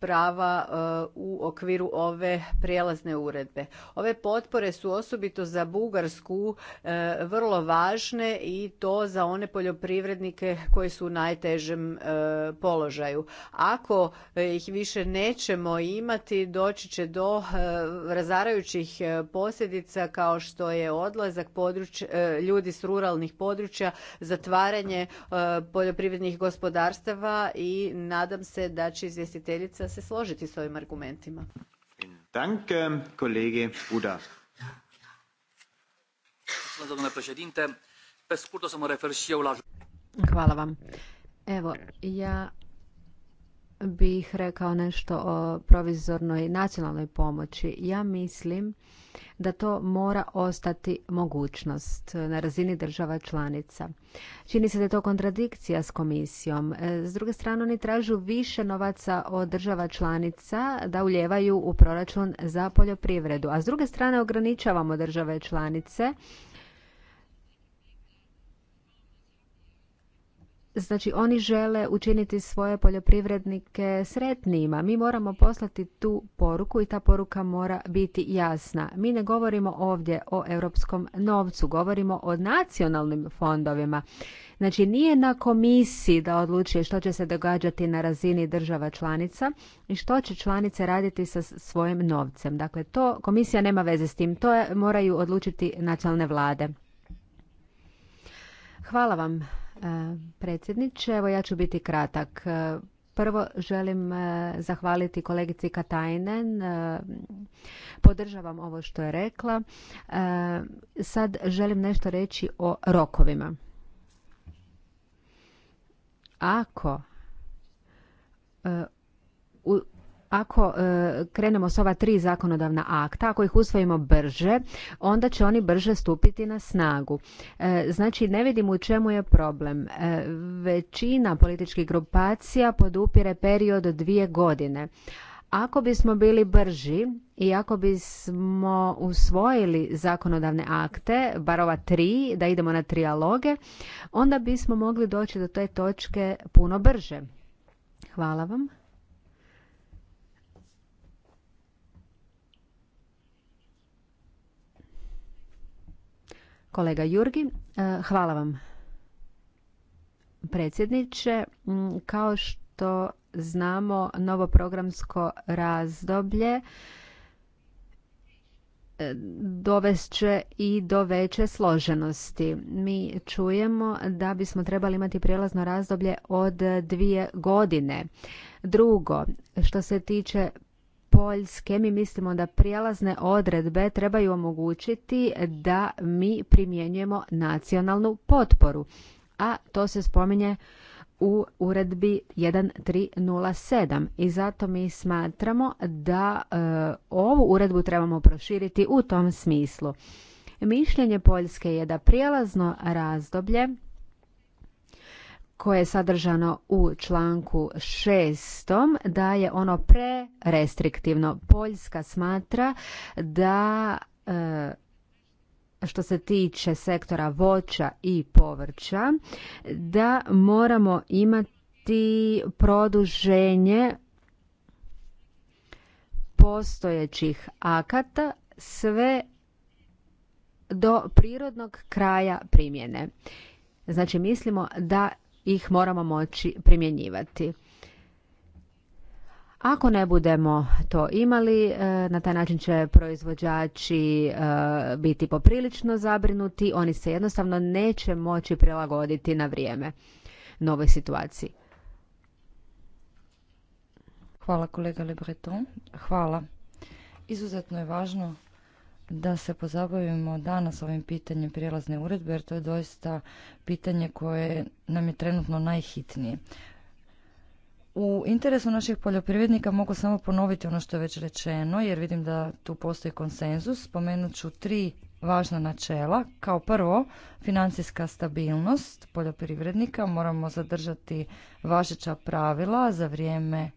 Speaker 2: prava e, u okviru ove prijelazne uredbe. Ove potpore su osobito za Bugarsku e, vrlo važne i to za one poljoprivrednike koji su u najtežem e, položaju. Ako ih više nećemo imati, doći će do razarajućih posljedica kao što je odlazak ljudi s ruralnih područja, zatvaranje poljoprivrednih gospodarstava i nadam se da će izvjestiteljica se složiti s ovim argumentima.
Speaker 1: Danke, kolege Buda.
Speaker 3: Hvala vam. Evo, ja bih rekao nešto o provizornoj nacionalnoj pomoći. Ja mislim da to mora ostati mogućnost na razini država članica. Čini se da je to kontradikcija s komisijom. E, s druge strane, oni tražu više novaca od država članica da uljevaju u proračun za poljoprivredu. A s druge strane, ograničavamo države članice Znači oni žele učiniti svoje poljoprivrednike sretnijima. Mi moramo poslati tu poruku i ta poruka mora biti jasna. Mi ne govorimo ovdje o europskom novcu, govorimo o nacionalnim fondovima. Znači nije na komisiji da odlučuje što će se događati na razini država članica i što će članice raditi sa svojim novcem. Dakle, to komisija nema veze s tim, to moraju odlučiti nacionalne vlade. Hvala vam E, predsjedniče. Evo ja ću biti kratak. E, prvo želim e, zahvaliti kolegici Katajnen. Podržavam ovo što je rekla. Sad želim nešto reći o rokovima. Ako ako e, krenemo s ova tri zakonodavna akta, ako ih usvojimo brže, onda će oni brže stupiti na snagu. E, znači, ne vidim u čemu je problem. E, većina političkih grupacija podupire period od dvije godine. Ako bismo bili brži i ako bismo usvojili zakonodavne akte, bar ova tri, da idemo na trialoge, onda bismo mogli doći do te točke puno brže. Hvala vam. Kolega Jurgi, e, hvala vam predsjedniče. Kao što znamo, novo programsko razdoblje e, dovest će i do veće složenosti. Mi čujemo da bismo trebali imati prijelazno razdoblje od dvije godine. Drugo, što se tiče Poljske mi mislimo da prijelazne odredbe trebaju omogućiti da mi primjenjujemo nacionalnu potporu, a to se spominje u uredbi 1307 i zato mi smatramo da e, ovu uredbu trebamo proširiti u tom smislu. Mišljenje Poljske je da prijelazno razdoblje koje je sadržano u članku šestom, da je ono prerestriktivno. Poljska smatra da e, što se tiče sektora voća i povrća da moramo imati produženje postojećih akata sve do prirodnog kraja primjene. Znači mislimo da ih moramo moći primjenjivati. Ako ne budemo to imali, e, na taj način će proizvođači e, biti poprilično zabrinuti, oni se jednostavno neće moći prilagoditi na vrijeme novoj situaciji. Hvala kolega Le Hvala.
Speaker 4: Izuzetno je važno da se pozabavimo danas ovim pitanjem prijelazne uredbe jer to je doista pitanje koje nam je trenutno najhitnije. U interesu naših poljoprivrednika mogu samo ponoviti ono što je već rečeno jer vidim da tu postoji konsenzus. Spomenut ću tri važna načela. Kao prvo, financijska stabilnost poljoprivrednika. Moramo zadržati važeća pravila za vrijeme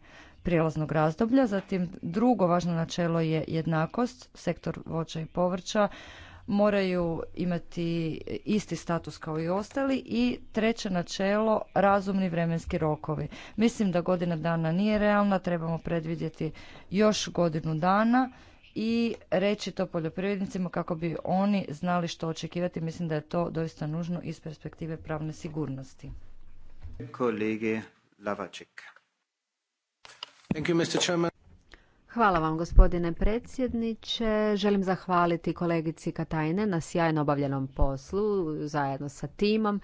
Speaker 4: prijelaznog razdoblja. Zatim drugo važno načelo je jednakost. Sektor voća i povrća moraju imati isti status kao i ostali i treće načelo razumni vremenski rokovi. Mislim da godina dana nije realna, trebamo predvidjeti još godinu dana i reći to poljoprivrednicima kako bi oni znali što očekivati. Mislim da je to doista nužno iz perspektive pravne sigurnosti.
Speaker 1: Kolege Lavaček.
Speaker 3: Hvala vam gospodine predsjedniče. Želim zahvaliti kolegici Katajne na sjajno obavljenom poslu zajedno sa timom.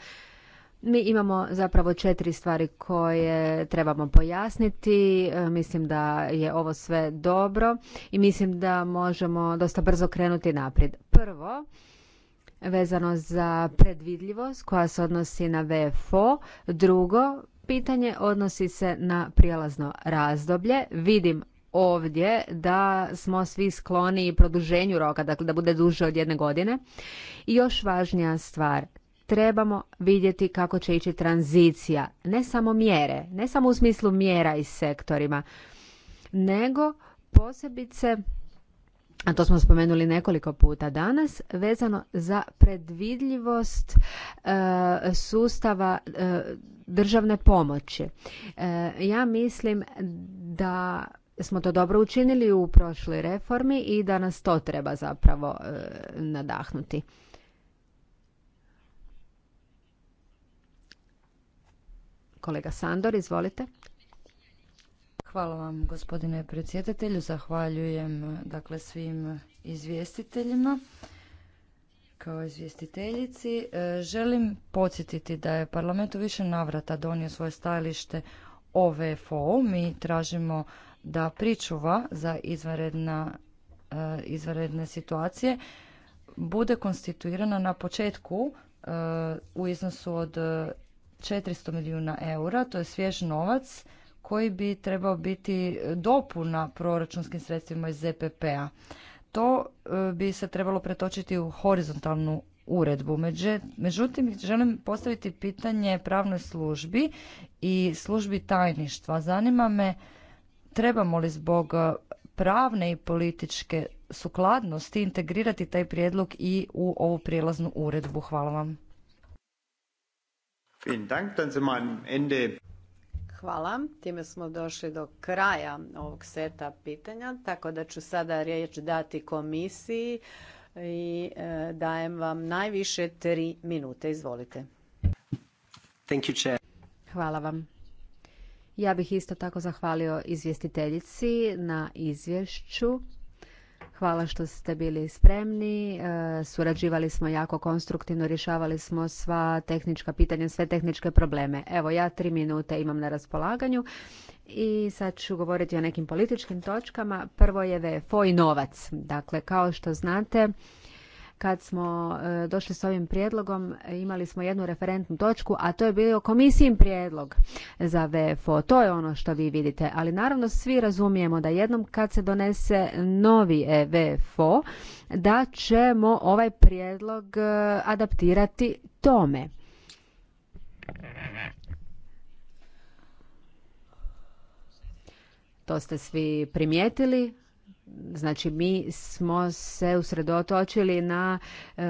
Speaker 3: Mi imamo zapravo četiri stvari koje trebamo pojasniti. E, mislim da je ovo sve dobro i mislim da možemo dosta brzo krenuti naprijed. Prvo, vezano za predvidljivost koja se odnosi na VFO. Drugo, pitanje odnosi se na prijelazno razdoblje. Vidim ovdje da smo svi skloni produženju roka, dakle da bude duže od jedne godine. I još važnija stvar, trebamo vidjeti kako će ići tranzicija, ne samo mjere, ne samo u smislu mjera i sektorima, nego posebice a to smo spomenuli nekoliko puta danas, vezano za predvidljivost e, sustava e, državne pomoći. E, ja mislim da smo to dobro učinili u prošloj reformi i da nas to treba zapravo nadahnuti. Kolega Sandor, izvolite. Hvala
Speaker 4: vam gospodine predsjedatelju, zahvaljujem dakle svim izvjestiteljima kao izvjestiteljici. E, želim podsjetiti da je parlament u više navrata donio svoje stajalište o VFO. Mi tražimo da pričuva za e, izvanredne situacije bude konstituirana na početku e, u iznosu od 400 milijuna eura, to je svjež novac koji bi trebao biti dopuna proračunskim sredstvima iz ZPP-a. To e, bi se trebalo pretočiti u horizontalnu uredbu. Međutim, želim postaviti pitanje pravnoj službi i službi tajništva. Zanima me trebamo li zbog e, pravne i političke sukladnosti integrirati taj prijedlog i u ovu prijelaznu uredbu. Hvala vam.
Speaker 2: Hvala. Time smo došli do kraja ovog seta pitanja, tako da ću sada riječ dati komisiji i e, dajem vam najviše tri minute. Izvolite.
Speaker 3: Hvala vam. Ja bih isto tako zahvalio izvjestiteljici na izvješću Hvala što ste bili spremni. E, surađivali smo jako konstruktivno, rješavali smo sva tehnička pitanja, sve tehničke probleme. Evo, ja tri minute imam na raspolaganju i sad ću govoriti o nekim političkim točkama. Prvo je VFO i novac. Dakle, kao što znate, kad smo e, došli s ovim prijedlogom, imali smo jednu referentnu točku, a to je bio komisijin prijedlog za VFO. To je ono što vi vidite. Ali naravno svi razumijemo da jednom kad se donese novi e, VFO, da ćemo ovaj prijedlog e, adaptirati tome. To ste svi primijetili znači mi smo se usredotočili na e,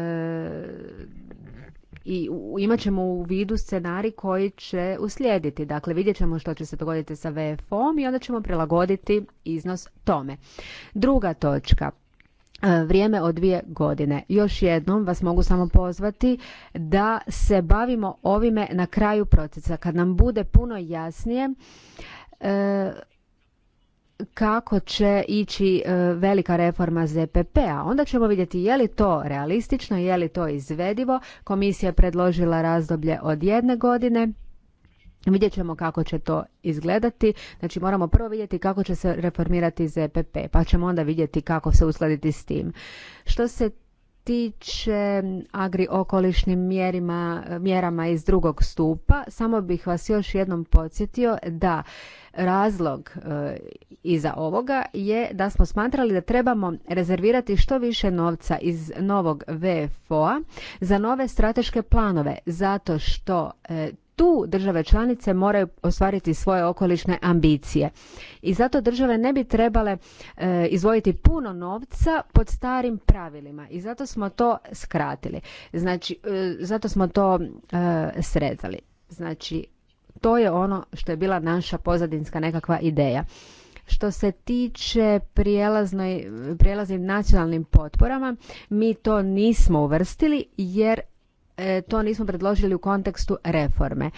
Speaker 3: i imat ćemo u vidu scenarij koji će uslijediti. Dakle, vidjet ćemo što će se dogoditi sa VFO-om i onda ćemo prilagoditi iznos tome. Druga točka, e, vrijeme od dvije godine. Još jednom vas mogu samo pozvati da se bavimo ovime na kraju procesa. Kad nam bude puno jasnije, e, kako će ići e, velika reforma ZPP-a. Onda ćemo vidjeti je li to realistično, je li to izvedivo. Komisija je predložila razdoblje od jedne godine. Vidjet ćemo kako će to izgledati. Znači moramo prvo vidjeti kako će se reformirati ZPP, pa ćemo onda vidjeti kako se uskladiti s tim. Što se tiče agri okolišnim mjerima, mjerama iz drugog stupa, samo bih vas još jednom podsjetio da razlog e, iza ovoga je da smo smatrali da trebamo rezervirati što više novca iz novog VFO-a za nove strateške planove, zato što e, tu države članice moraju ostvariti svoje okolišne ambicije. I zato države ne bi trebale e, izvojiti puno novca pod starim pravilima i zato smo to skratili. Znači, e, zato smo to e, srezali. Znači, to je ono što je bila naša pozadinska nekakva ideja. Što se tiče prijelaznim nacionalnim potporama, mi to nismo uvrstili jer E, to nismo predložili u kontekstu reforme.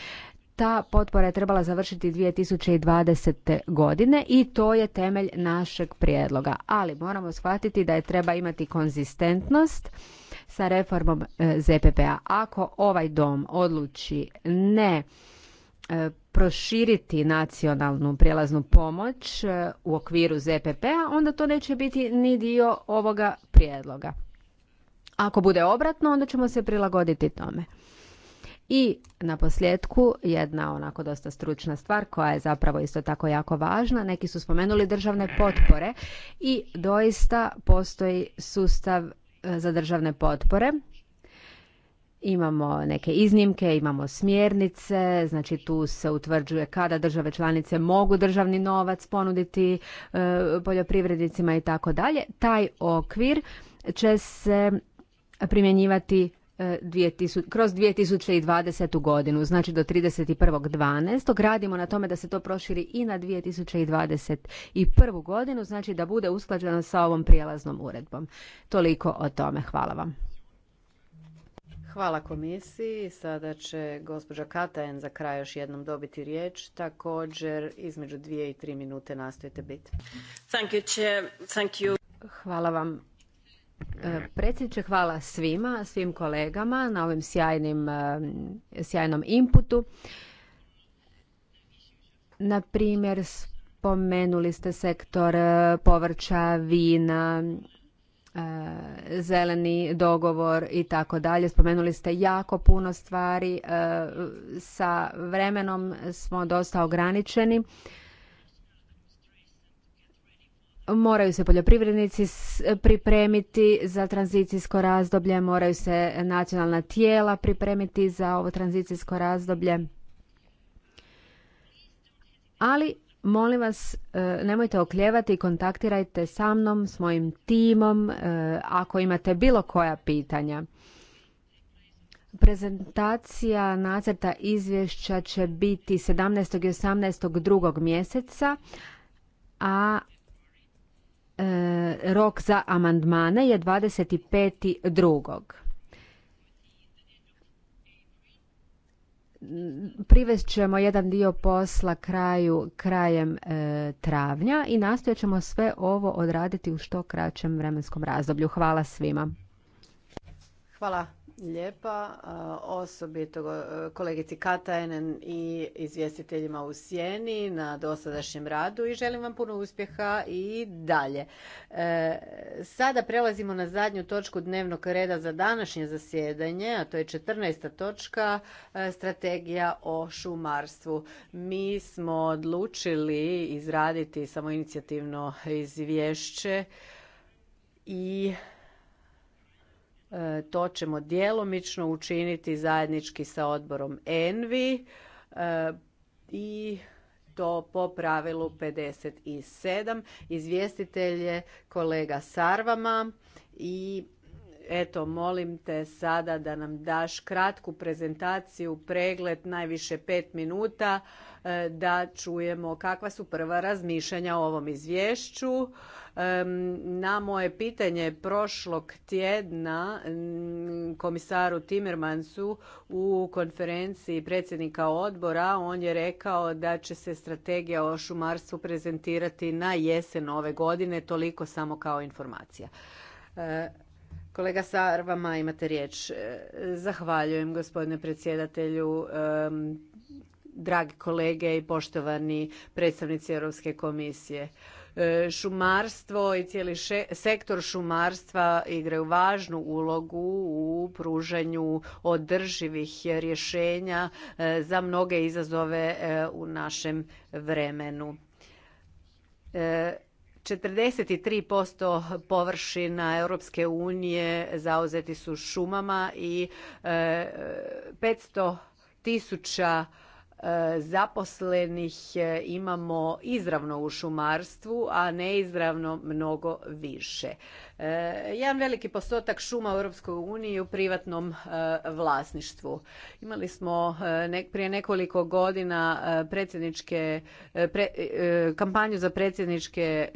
Speaker 3: Ta potpora je trebala završiti 2020. godine i to je temelj našeg prijedloga. Ali moramo shvatiti da je treba imati konzistentnost sa reformom e, ZPP-a. Ako ovaj dom odluči ne e, proširiti nacionalnu prijelaznu pomoć u okviru ZPP-a, onda to neće biti ni dio ovoga prijedloga. Ako bude obratno, onda ćemo se prilagoditi tome. I na posljedku jedna onako dosta stručna stvar koja je zapravo isto tako jako važna. Neki su spomenuli državne potpore i doista postoji sustav e, za državne potpore. Imamo neke iznimke, imamo smjernice, znači tu se utvrđuje kada države članice mogu državni novac ponuditi e, poljoprivrednicima i tako dalje. Taj okvir će se primjenjivati e, kroz 2020. godinu, znači do 31.12. Radimo na tome da se to proširi i na 2021. godinu, znači da bude usklađeno sa ovom prijelaznom uredbom. Toliko o tome. Hvala vam.
Speaker 2: Hvala komisiji. Sada će gospođa Katajen za kraj još jednom dobiti riječ. Također između dvije i tri minute nastojite biti. Hvala vam E,
Speaker 3: predsjedniče, hvala svima, svim kolegama na ovim sjajnim, e, sjajnom inputu. Na primjer, spomenuli ste sektor e, povrća, vina, zeleni dogovor i tako dalje. Spomenuli ste jako puno stvari. Sa vremenom smo dosta ograničeni moraju se poljoprivrednici pripremiti za tranzicijsko razdoblje, moraju se nacionalna tijela pripremiti za ovo tranzicijsko razdoblje. Ali molim vas e, nemojte okljevati i kontaktirajte sa mnom, s mojim timom e, ako imate bilo koja pitanja. Prezentacija nacrta izvješća će biti 17. i 18. drugog mjeseca, a E, rok za amandmane je 25. drugog. Privest ćemo jedan dio posla kraju krajem e, travnja i nastojat ćemo sve ovo odraditi u što kraćem vremenskom razdoblju. Hvala svima.
Speaker 2: Hvala lijepa osobito e, kolegici Katajnen i izvjestiteljima u Sjeni na dosadašnjem radu i želim vam puno uspjeha i dalje. E, sada prelazimo na zadnju točku dnevnog reda za današnje zasjedanje, a to je 14. točka e, strategija o šumarstvu. Mi smo odlučili izraditi samoinicijativno izvješće i E, to ćemo djelomično učiniti zajednički sa odborom ENVI e, i to po pravilu 57. Izvjestitelj je kolega Sarvama i eto molim te sada da nam daš kratku prezentaciju, pregled najviše pet minuta E, da čujemo kakva su prva razmišljanja o ovom izvješću. E, na moje pitanje prošlog tjedna komisaru Timmermansu u konferenciji predsjednika odbora on je rekao da će se strategija o šumarstvu prezentirati na jesen ove godine, toliko samo kao informacija. E, kolega Sar, vama imate riječ. Zahvaljujem gospodine predsjedatelju dragi kolege i poštovani predstavnici Europske komisije. E, šumarstvo i cijeli sektor šumarstva igraju važnu ulogu u pružanju održivih rješenja e, za mnoge izazove e, u našem vremenu. 43% površina Europske unije zauzeti su šumama i 500 tisuća E, zaposlenih e, imamo izravno u šumarstvu, a neizravno mnogo više. E, jedan veliki postotak šuma u Europskoj uniji u privatnom vlasništvu. Imali smo prije nekoliko godina predsjedničke kampanju za predsjedničke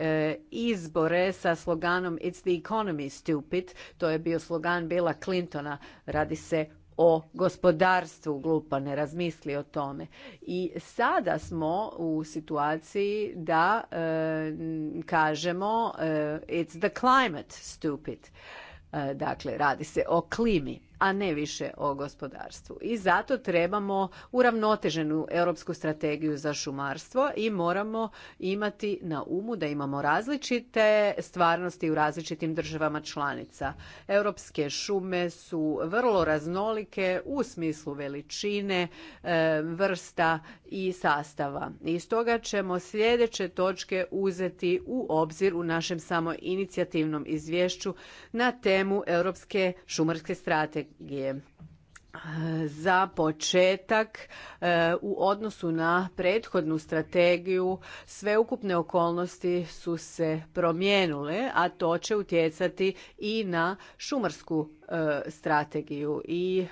Speaker 2: izbore sa sloganom It's the economy stupid. To je bio slogan bila Clintona. Radi se o gospodarstvu glupa, ne razmisli o tome. I sada smo u situaciji da e, kažemo e, it's the climate stupid. E, dakle, radi se o klimi a ne više o gospodarstvu. I zato trebamo uravnoteženu europsku strategiju za šumarstvo i moramo imati na umu da imamo različite stvarnosti u različitim državama članica. Europske šume su vrlo raznolike u smislu veličine, e, vrsta i sastava. I stoga ćemo sljedeće točke uzeti u obzir u našem samo inicijativnom izvješću na temu Europske šumarske strategije je e, Za početak, e, u odnosu na prethodnu strategiju, sve ukupne okolnosti su se promijenule, a to će utjecati i na šumarsku e, strategiju. I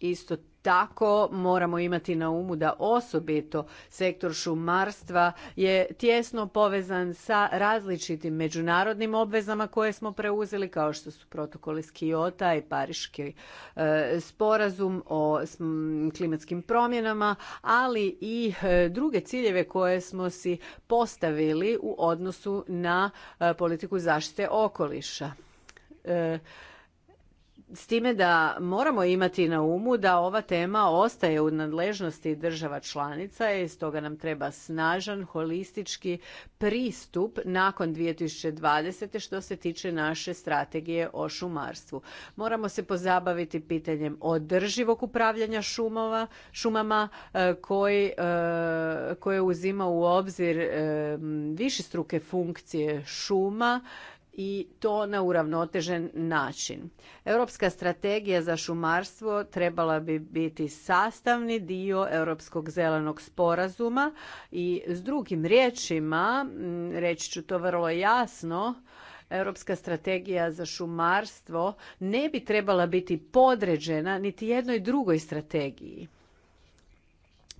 Speaker 2: isto tako moramo imati na umu da osobito sektor šumarstva je tjesno povezan sa različitim međunarodnim obvezama koje smo preuzeli kao što su protokol iz i Pariški e, sporazum o klimatskim promjenama, ali i e, druge ciljeve koje smo si postavili u odnosu na e, politiku zaštite okoliša s time da moramo imati na umu da ova tema ostaje u nadležnosti država članica i stoga nam treba snažan holistički pristup nakon 2020. što se tiče naše strategije o šumarstvu. Moramo se pozabaviti pitanjem održivog upravljanja šumova, šumama e, koji, e, koje uzima u obzir e, višestruke funkcije šuma i to na uravnotežen način. Europska strategija za šumarstvo trebala bi biti sastavni dio Europskog zelenog sporazuma i s drugim riječima, reći ću to vrlo jasno, Europska strategija za šumarstvo ne bi trebala biti podređena niti jednoj drugoj strategiji.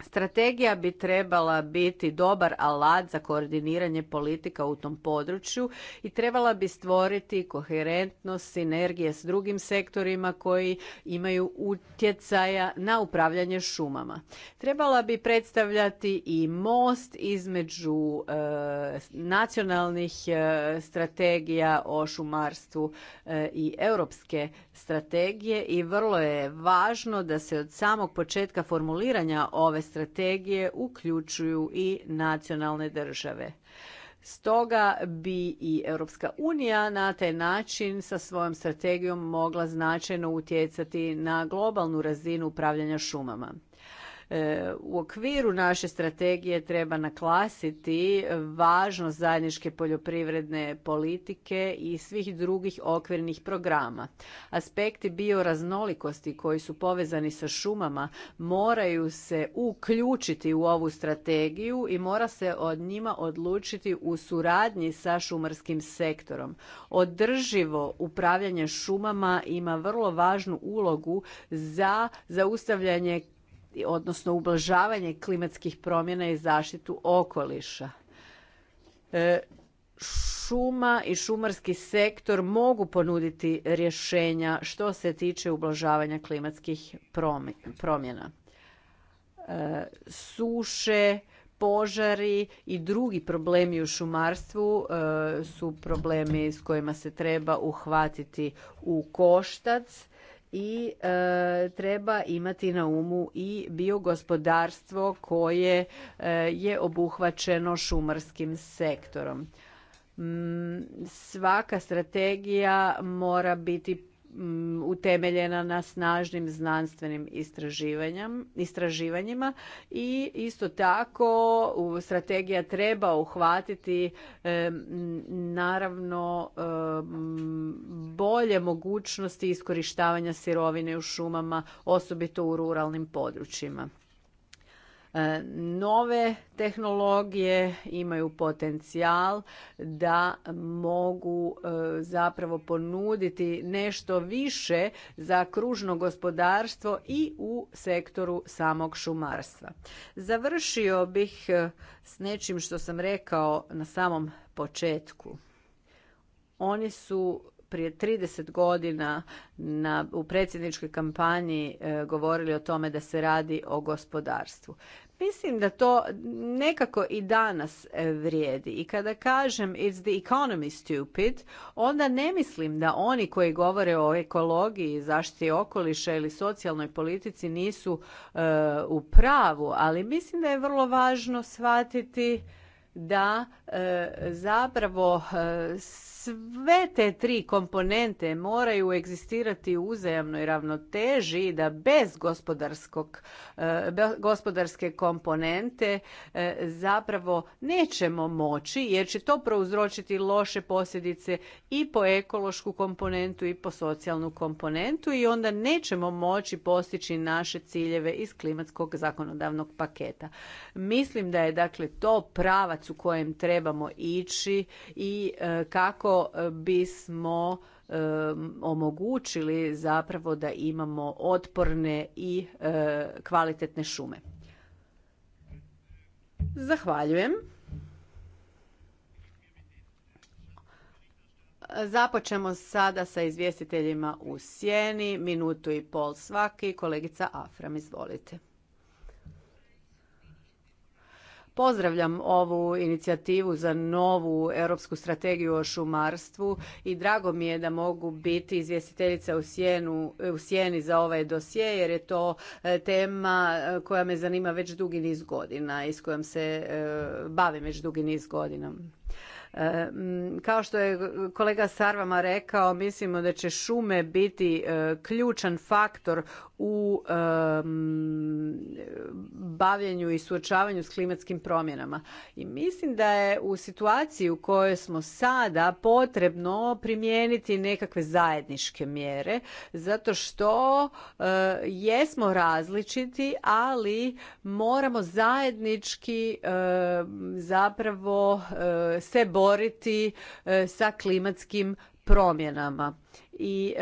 Speaker 2: Strategija bi trebala biti dobar alat za koordiniranje politika u tom području i trebala bi stvoriti koherentnost, sinergije s drugim sektorima koji imaju utjecaja na upravljanje šumama. Trebala bi predstavljati i most između e, nacionalnih e, strategija o šumarstvu e, i europske strategije i vrlo je važno da se od samog početka formuliranja ove strategije uključuju i nacionalne države. Stoga bi i Europska unija na taj način sa svojom strategijom mogla značajno utjecati na globalnu razinu upravljanja šumama. E, u okviru naše strategije treba naklasiti važnost zajedničke poljoprivredne politike i svih drugih okvirnih programa. Aspekti bioraznolikosti koji su povezani sa šumama moraju se uključiti u ovu strategiju i mora se od njima odlučiti u suradnji sa šumarskim sektorom. Održivo upravljanje šumama ima vrlo važnu ulogu za zaustavljanje odnosno ublažavanje klimatskih promjena i zaštitu okoliša. E, šuma i šumarski sektor mogu ponuditi rješenja što se tiče ublažavanja klimatskih promjena. E, suše, požari i drugi problemi u šumarstvu e, su problemi s kojima se treba uhvatiti u koštac i e, treba imati na umu i biogospodarstvo koje e, je obuhvaćeno šumarskim sektorom. svaka strategija mora biti Mm, utemeljena na snažnim znanstvenim istraživanjima i isto tako strategija treba uhvatiti naravno bolje mogućnosti iskorištavanja sirovine u šumama, osobito u ruralnim područjima. E, nove tehnologije imaju potencijal da mogu e, zapravo ponuditi nešto više za kružno gospodarstvo i u sektoru samog šumarstva. Završio bih e, s nečim što sam rekao na samom početku. Oni su prije 30 godina na, u predsjedničkoj kampanji e, govorili o tome da se radi o gospodarstvu. Mislim da to nekako i danas e, vrijedi. I kada kažem it's the economy stupid, onda ne mislim da oni koji govore o ekologiji, zaštiti okoliša ili socijalnoj politici nisu e, u pravu, ali mislim da je vrlo važno shvatiti da e, zapravo sve te tri komponente moraju egzistirati u uzajamnoj ravnoteži da bez gospodarskog, e, gospodarske komponente e, zapravo nećemo moći jer će to prouzročiti loše posljedice i po ekološku komponentu i po socijalnu komponentu i onda nećemo moći postići naše ciljeve iz klimatskog zakonodavnog paketa. Mislim da je dakle to pravac u kojem trebamo ići i e, kako E, bismo e, omogućili zapravo da imamo otporne i e, kvalitetne šume. Zahvaljujem. Započemo sada sa izvjestiteljima u sjeni, minutu i pol svaki. Kolegica Afram, izvolite. Pozdravljam ovu inicijativu za novu europsku strategiju o šumarstvu i drago mi je da mogu biti izvjestiteljica u, sjenu, u sjeni za ovaj dosje jer je to e, tema e, koja me zanima već dugi niz godina i s kojom se e, bavim već dugi niz godina. Kao što je kolega Sarvama rekao, mislimo da će šume biti ključan faktor u um, bavljenju i suočavanju s klimatskim promjenama. I mislim da je u situaciji u kojoj smo sada potrebno primijeniti nekakve zajedničke mjere zato što eh, jesmo različiti, ali moramo zajednički eh, zapravo eh, se boriti sa klimatskim promjenama. I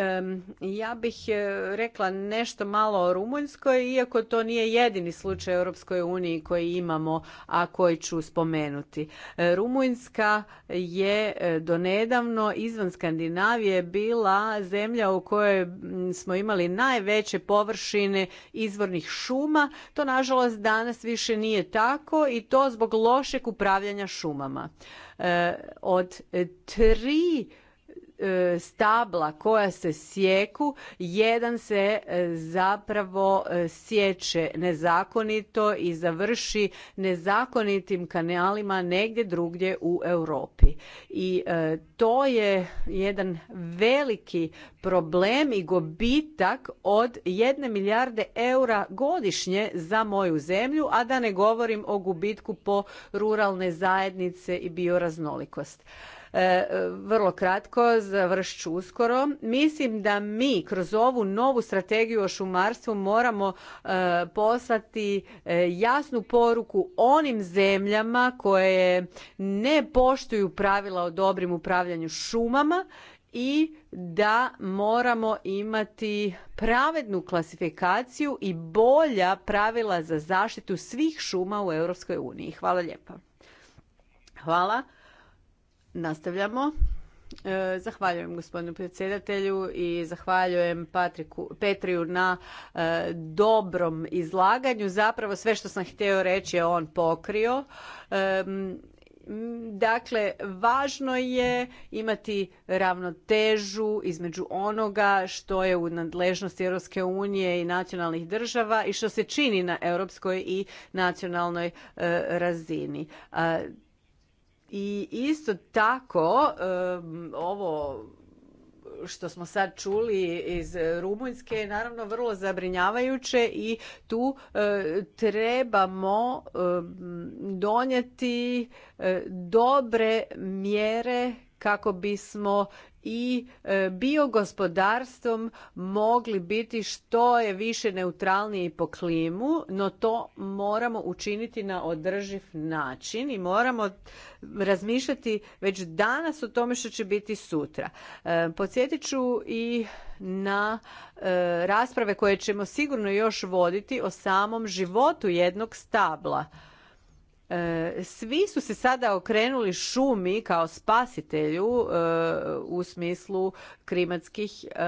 Speaker 2: ja bih e, rekla nešto malo o Rumunjskoj, iako to nije jedini slučaj u Europskoj uniji koji imamo, a koji ću spomenuti. E, Rumunjska je e, donedavno izvan Skandinavije bila zemlja u kojoj smo imali najveće površine izvornih šuma. To nažalost danas više nije tako i to zbog lošeg upravljanja šumama. Od tri E, stabla koja se sjeku, jedan se e, zapravo e, sječe nezakonito i završi nezakonitim kanalima negdje drugdje u Europi. I to je jedan veliki problem i gobitak od jedne milijarde eura godišnje za moju zemlju, a da ne govorim o gubitku po ruralne zajednice i bioraznolikost. E, vrlo kratko, završću uskoro. Mislim da mi kroz ovu novu strategiju o šumarstvu moramo e, poslati e, jasnu poruku onim zemljama koje ne poštuju pravila o dobrim upravljanju šumama i da moramo imati pravednu klasifikaciju i bolja pravila za zaštitu svih šuma u Europskoj uniji. Hvala lijepa. Hvala. Nastavljamo. E, zahvaljujem gospodinu predsjedatelju i zahvaljujem Patriku, Petriju na e, dobrom izlaganju. Zapravo sve što sam htio reći je on pokrio. E, dakle, važno je imati ravnotežu između onoga što je u nadležnosti Europske unije i nacionalnih država i što se čini na europskoj i nacionalnoj e, razini. I isto tako, ovo što smo sad čuli iz Rumunjske je naravno vrlo zabrinjavajuće i tu e, trebamo donijeti e, dobre mjere kako bismo i e, biogospodarstvom mogli biti što je više neutralniji po klimu, no to moramo učiniti na održiv način i moramo razmišljati već danas o tome što će biti sutra. E, podsjetit ću i na e, rasprave koje ćemo sigurno još voditi o samom životu jednog stabla. E, svi su se sada okrenuli šumi kao spasitelju e, u smislu klimatskih e,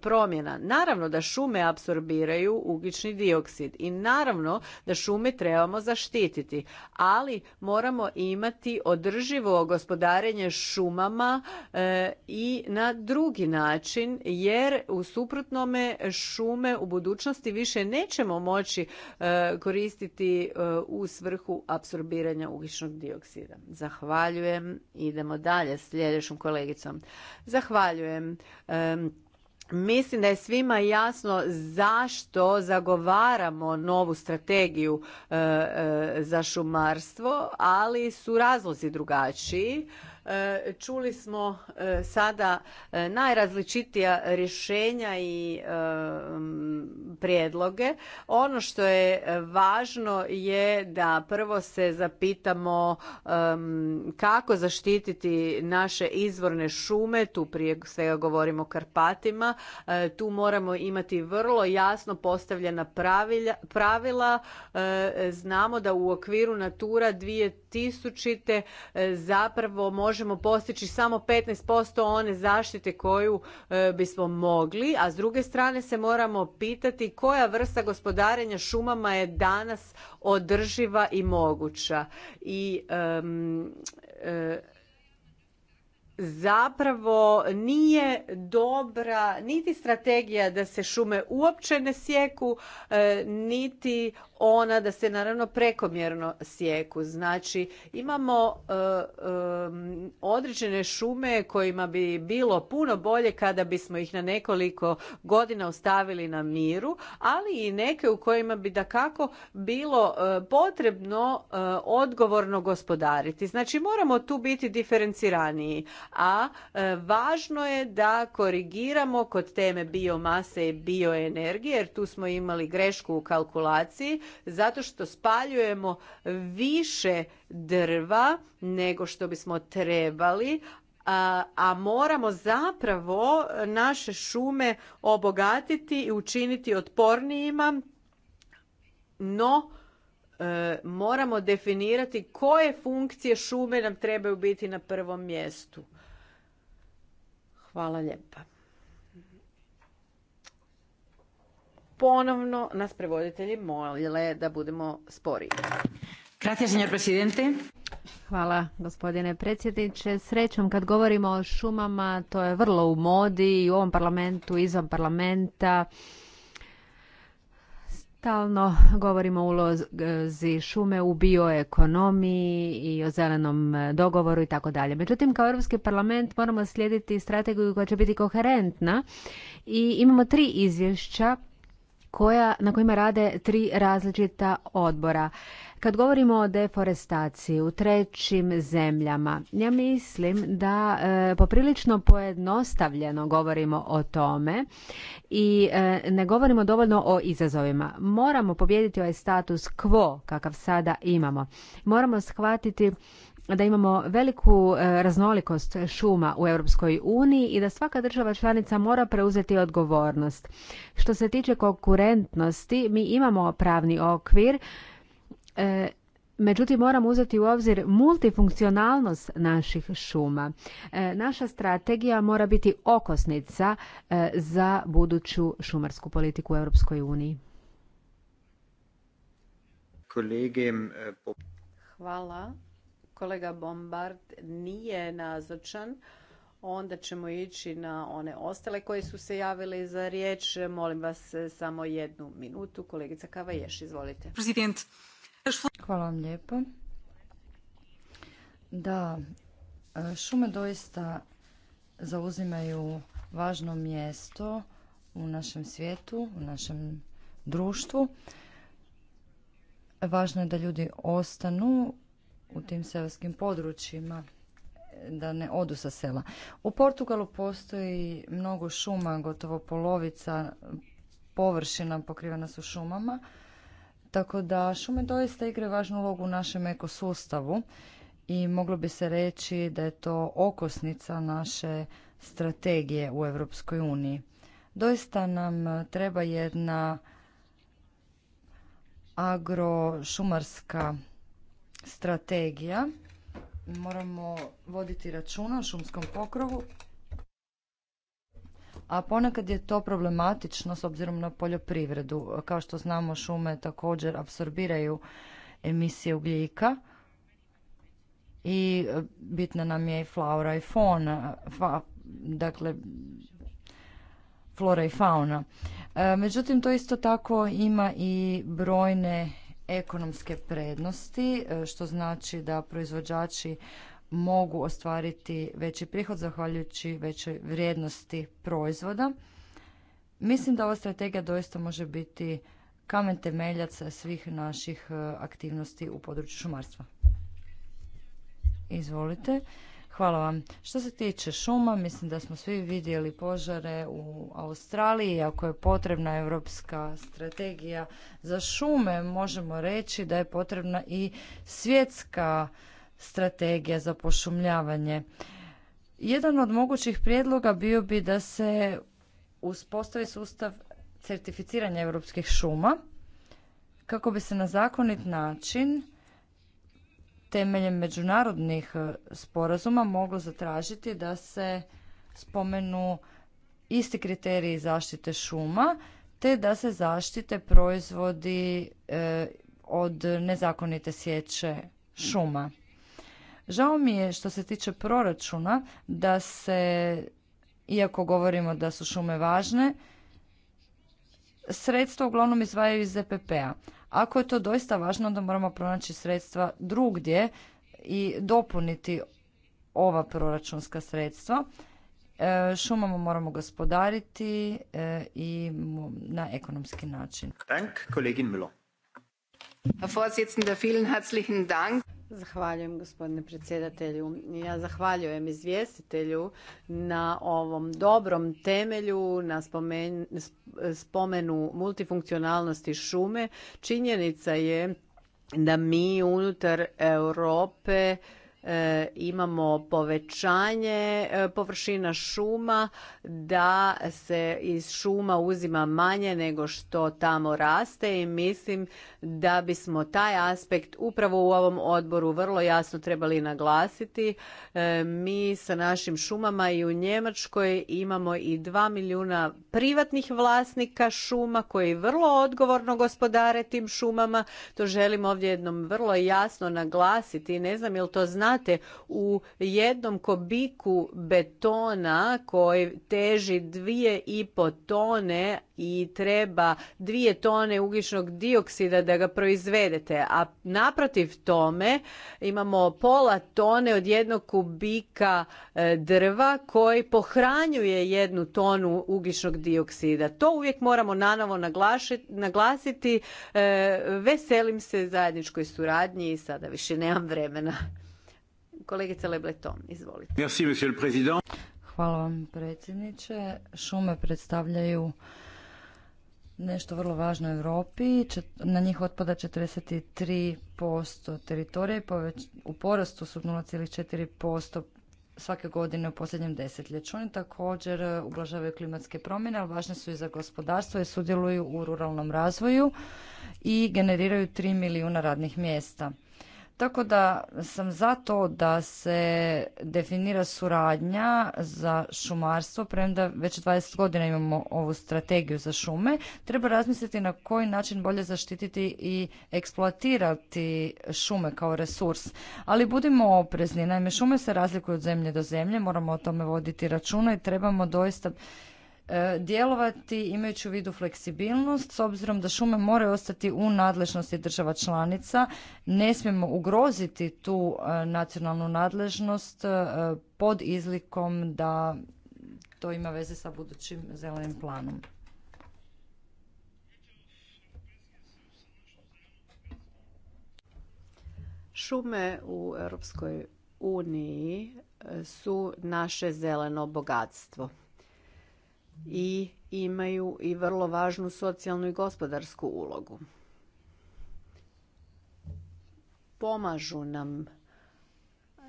Speaker 2: promjena. Naravno da šume apsorbiraju ugljični dioksid i naravno da šume trebamo zaštititi, ali moramo imati održivo gospodarenje šumama i na drugi način jer u suprotnome šume u budućnosti više nećemo moći koristiti u svrhu apsorbiranja biranja ugljičnog dioksida. Zahvaljujem. Idemo dalje s sljedećom kolegicom. Zahvaljujem. Mislim da je svima jasno zašto zagovaramo novu strategiju e, e, za šumarstvo, ali su razlozi drugačiji. E, čuli smo e, sada e, najrazličitija rješenja i prijedloge. Ono što je važno je da prvo se zapitamo kako zaštititi naše izvorne šume, tu prije svega govorimo o Karpatima, tu moramo imati vrlo jasno postavljena pravila. Znamo da u okviru Natura 2000 2000. E, zapravo možemo postići samo 15% one zaštite koju e, bismo mogli, a s druge strane se moramo pitati koja vrsta gospodarenja šumama je danas održiva i moguća. I e, zapravo nije dobra niti strategija da se šume uopće ne sjeku, e, niti ona da se naravno prekomjerno sjeku. Znači imamo e, e, određene šume kojima bi bilo puno bolje kada bismo ih na nekoliko godina ostavili na miru, ali i neke u kojima bi da kako bilo potrebno odgovorno gospodariti. Znači moramo tu biti diferenciraniji a e, važno je da korigiramo kod teme biomase i bioenergije, jer tu smo imali grešku u kalkulaciji, zato što spaljujemo više drva nego što bismo trebali, a, a moramo zapravo naše šume obogatiti i učiniti otpornijima, no e, moramo definirati koje funkcije šume nam trebaju biti na prvom mjestu. Hvala lijepa. Ponovno nas prevoditelji molile da budemo spori. Gracias, señor presidente.
Speaker 3: Hvala gospodine predsjedniče. Srećom kad govorimo o šumama, to je vrlo u modi i u ovom parlamentu, izvan parlamenta. Stalno govorimo o ulozi šume u bioekonomiji i o zelenom dogovoru i tako dalje. Međutim, kao Europski parlament moramo slijediti strategiju koja će biti koherentna i imamo tri izvješća koja, na kojima rade tri različita odbora. Kad govorimo o deforestaciji u trećim zemljama, ja mislim da e, poprilično pojednostavljeno govorimo o tome i e, ne govorimo dovoljno o izazovima. Moramo pobijediti ovaj status quo kakav sada imamo. Moramo shvatiti da imamo veliku e, raznolikost šuma u Europskoj uniji i da svaka država članica mora preuzeti odgovornost. Što se tiče konkurentnosti, mi imamo pravni okvir E, međutim, moramo uzeti u obzir multifunkcionalnost naših šuma. E, naša strategija mora biti okosnica e, za buduću šumarsku politiku u Europskoj uniji.
Speaker 2: Hvala. Kolega Bombard nije nazočan. Onda ćemo ići na one ostale koji su se javili za riječ. Molim vas samo jednu minutu. Kolegica Ješ, izvolite. Prezident,
Speaker 4: Hvala vam lijepo. Da, e, šume doista zauzimaju važno mjesto u našem svijetu, u našem društvu. Važno je da ljudi ostanu u tim selskim područjima, da ne odu sa sela. U Portugalu postoji mnogo šuma, gotovo polovica površina pokrivena su šumama. Tako da šume doista igraju važnu ulogu u našem ekosustavu i moglo bi se reći da je to okosnica naše strategije u Europskoj uniji. Doista nam treba jedna agrošumarska strategija. Moramo voditi računa o šumskom pokrovu a ponekad je to problematično s obzirom na poljoprivredu. Kao što znamo, šume također apsorbiraju emisije ugljika i e, bitna nam je i flora i fauna, dakle flora i fauna. E, međutim, to isto tako ima i brojne ekonomske prednosti, e, što znači da proizvođači mogu ostvariti veći prihod zahvaljujući većoj vrijednosti proizvoda. Mislim da ova strategija doista može biti kamen temeljac svih naših e, aktivnosti u području šumarstva. Izvolite. Hvala vam. Što se tiče šuma, mislim da smo svi vidjeli požare u Australiji. Ako je potrebna europska strategija za šume, možemo reći da je potrebna i svjetska strategija za pošumljavanje. Jedan od mogućih prijedloga bio bi da se uspostavi sustav certificiranja europskih šuma kako bi se na zakonit način temeljem međunarodnih e, sporazuma moglo zatražiti da se spomenu isti kriteriji zaštite šuma te da se zaštite proizvodi e, od nezakonite sječe šuma. Žao mi je što se tiče proračuna da se, iako govorimo da su šume važne, sredstva uglavnom izdvajaju iz ZPP-a. Ako je to doista važno, onda moramo pronaći sredstva drugdje i dopuniti ova proračunska sredstva. E, šumama moramo gospodariti e, i na ekonomski način.
Speaker 1: Dank, kolegin Müller.
Speaker 2: Herr Dank. Zahvaljujem gospodine predsjedatelju. Ja zahvaljujem izvjestitelju na ovom dobrom temelju, na spomenu multifunkcionalnosti šume. Činjenica je da mi unutar Europe E, imamo povećanje e, površina šuma, da se iz šuma uzima manje nego što tamo raste i mislim da bismo taj aspekt upravo u ovom odboru vrlo jasno trebali naglasiti. E, mi sa našim šumama i u Njemačkoj imamo i 2 milijuna privatnih vlasnika šuma koji vrlo odgovorno gospodare tim šumama. To želim ovdje jednom vrlo jasno naglasiti. Ne znam je to zna znate u jednom kobiku betona koji teži dvije i po tone i treba dvije tone ugljičnog dioksida da ga proizvedete, a naprotiv tome imamo pola tone od jednog kubika e, drva koji pohranjuje jednu tonu ugljičnog dioksida. To uvijek moramo nanovo naglasiti. E, veselim se zajedničkoj suradnji i sada više nemam vremena. Kolegica Lebleton, izvolite.
Speaker 6: Merci, monsieur le président.
Speaker 4: Hvala vam predsjedniče. Šume predstavljaju nešto vrlo važno u Europi. Na njih otpada 43% teritorije, u porastu su 0,4% svake godine u posljednjem desetljeću. Oni također e, ublažavaju klimatske promjene, ali važne su i za gospodarstvo jer sudjeluju u ruralnom razvoju i generiraju 3 milijuna radnih mjesta. Tako da sam za to da se definira suradnja za šumarstvo, premda već 20 godina imamo ovu strategiju za šume, treba razmisliti na koji način bolje zaštititi i eksploatirati šume kao resurs. Ali budimo oprezni, naime šume se razlikuju od zemlje do zemlje, moramo o tome voditi računa i trebamo doista E, djelovati imajući u vidu fleksibilnost s obzirom da šume moraju ostati u nadležnosti država članica. Ne smijemo ugroziti tu e, nacionalnu nadležnost e, pod izlikom da to ima veze sa budućim zelenim planom.
Speaker 2: Šume u Europskoj uniji su naše zeleno bogatstvo i imaju i vrlo važnu socijalnu i gospodarsku ulogu. Pomažu nam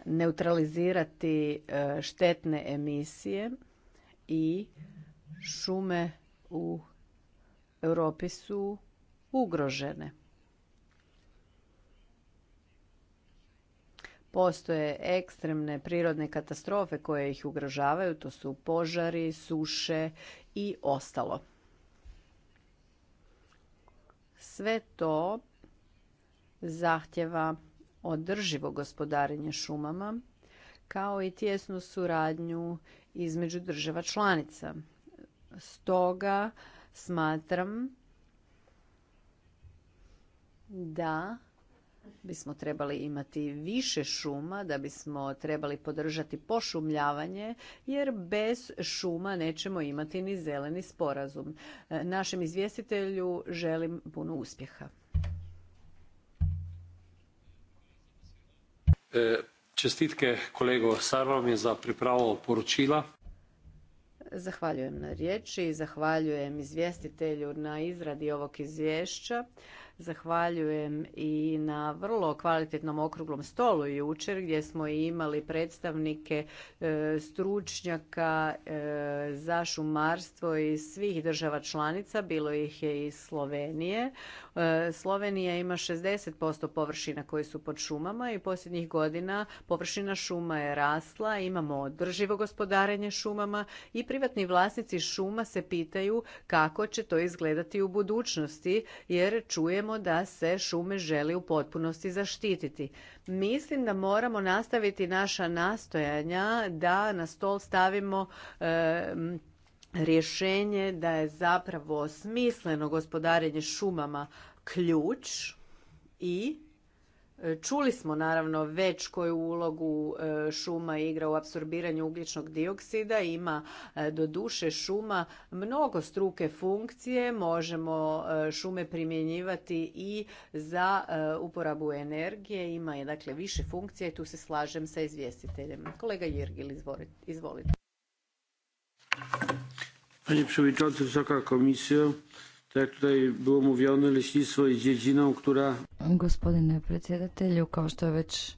Speaker 2: neutralizirati e, štetne emisije i šume u Europi su ugrožene. Postoje ekstremne prirodne katastrofe koje ih ugrožavaju, to su požari, suše i ostalo. Sve to zahtjeva održivo gospodarenje šumama kao i tjesnu suradnju između država članica. Stoga smatram da bismo trebali imati više šuma, da bismo trebali podržati pošumljavanje, jer bez šuma nećemo imati ni zeleni sporazum. E, našem izvjestitelju želim puno uspjeha.
Speaker 3: E,
Speaker 6: čestitke kolego Sarvam za pripravo poručila.
Speaker 2: Zahvaljujem na riječi, zahvaljujem izvjestitelju na izradi ovog izvješća. Zahvaljujem i na vrlo kvalitetnom okruglom stolu jučer gdje smo imali predstavnike e, stručnjaka e, za šumarstvo iz svih država članica, bilo ih je iz Slovenije. E, Slovenija ima 60% površina koje su pod šumama i posljednjih godina površina šuma je rasla, imamo održivo gospodarenje šumama i privatni vlasnici šuma se pitaju kako će to izgledati u budućnosti jer čuje da se šume želi u potpunosti zaštititi. Mislim da moramo nastaviti naša nastojanja da na stol stavimo rješenje da je zapravo smisleno gospodarenje šumama ključ i Čuli smo naravno već koju ulogu e, šuma igra u apsorbiranju ugljičnog dioksida. Ima e, do duše šuma mnogo struke funkcije. Možemo e, šume primjenjivati i za uporabu energije. Ima je dakle više funkcija i tu se slažem sa izvjestiteljem. Kolega Jirgil, izvolite.
Speaker 6: Panie Przewodniczący, tak tutaj było mówione, leśnictwo jest dziedziną, która...
Speaker 4: Gospodine predsjedatelju, kao što je već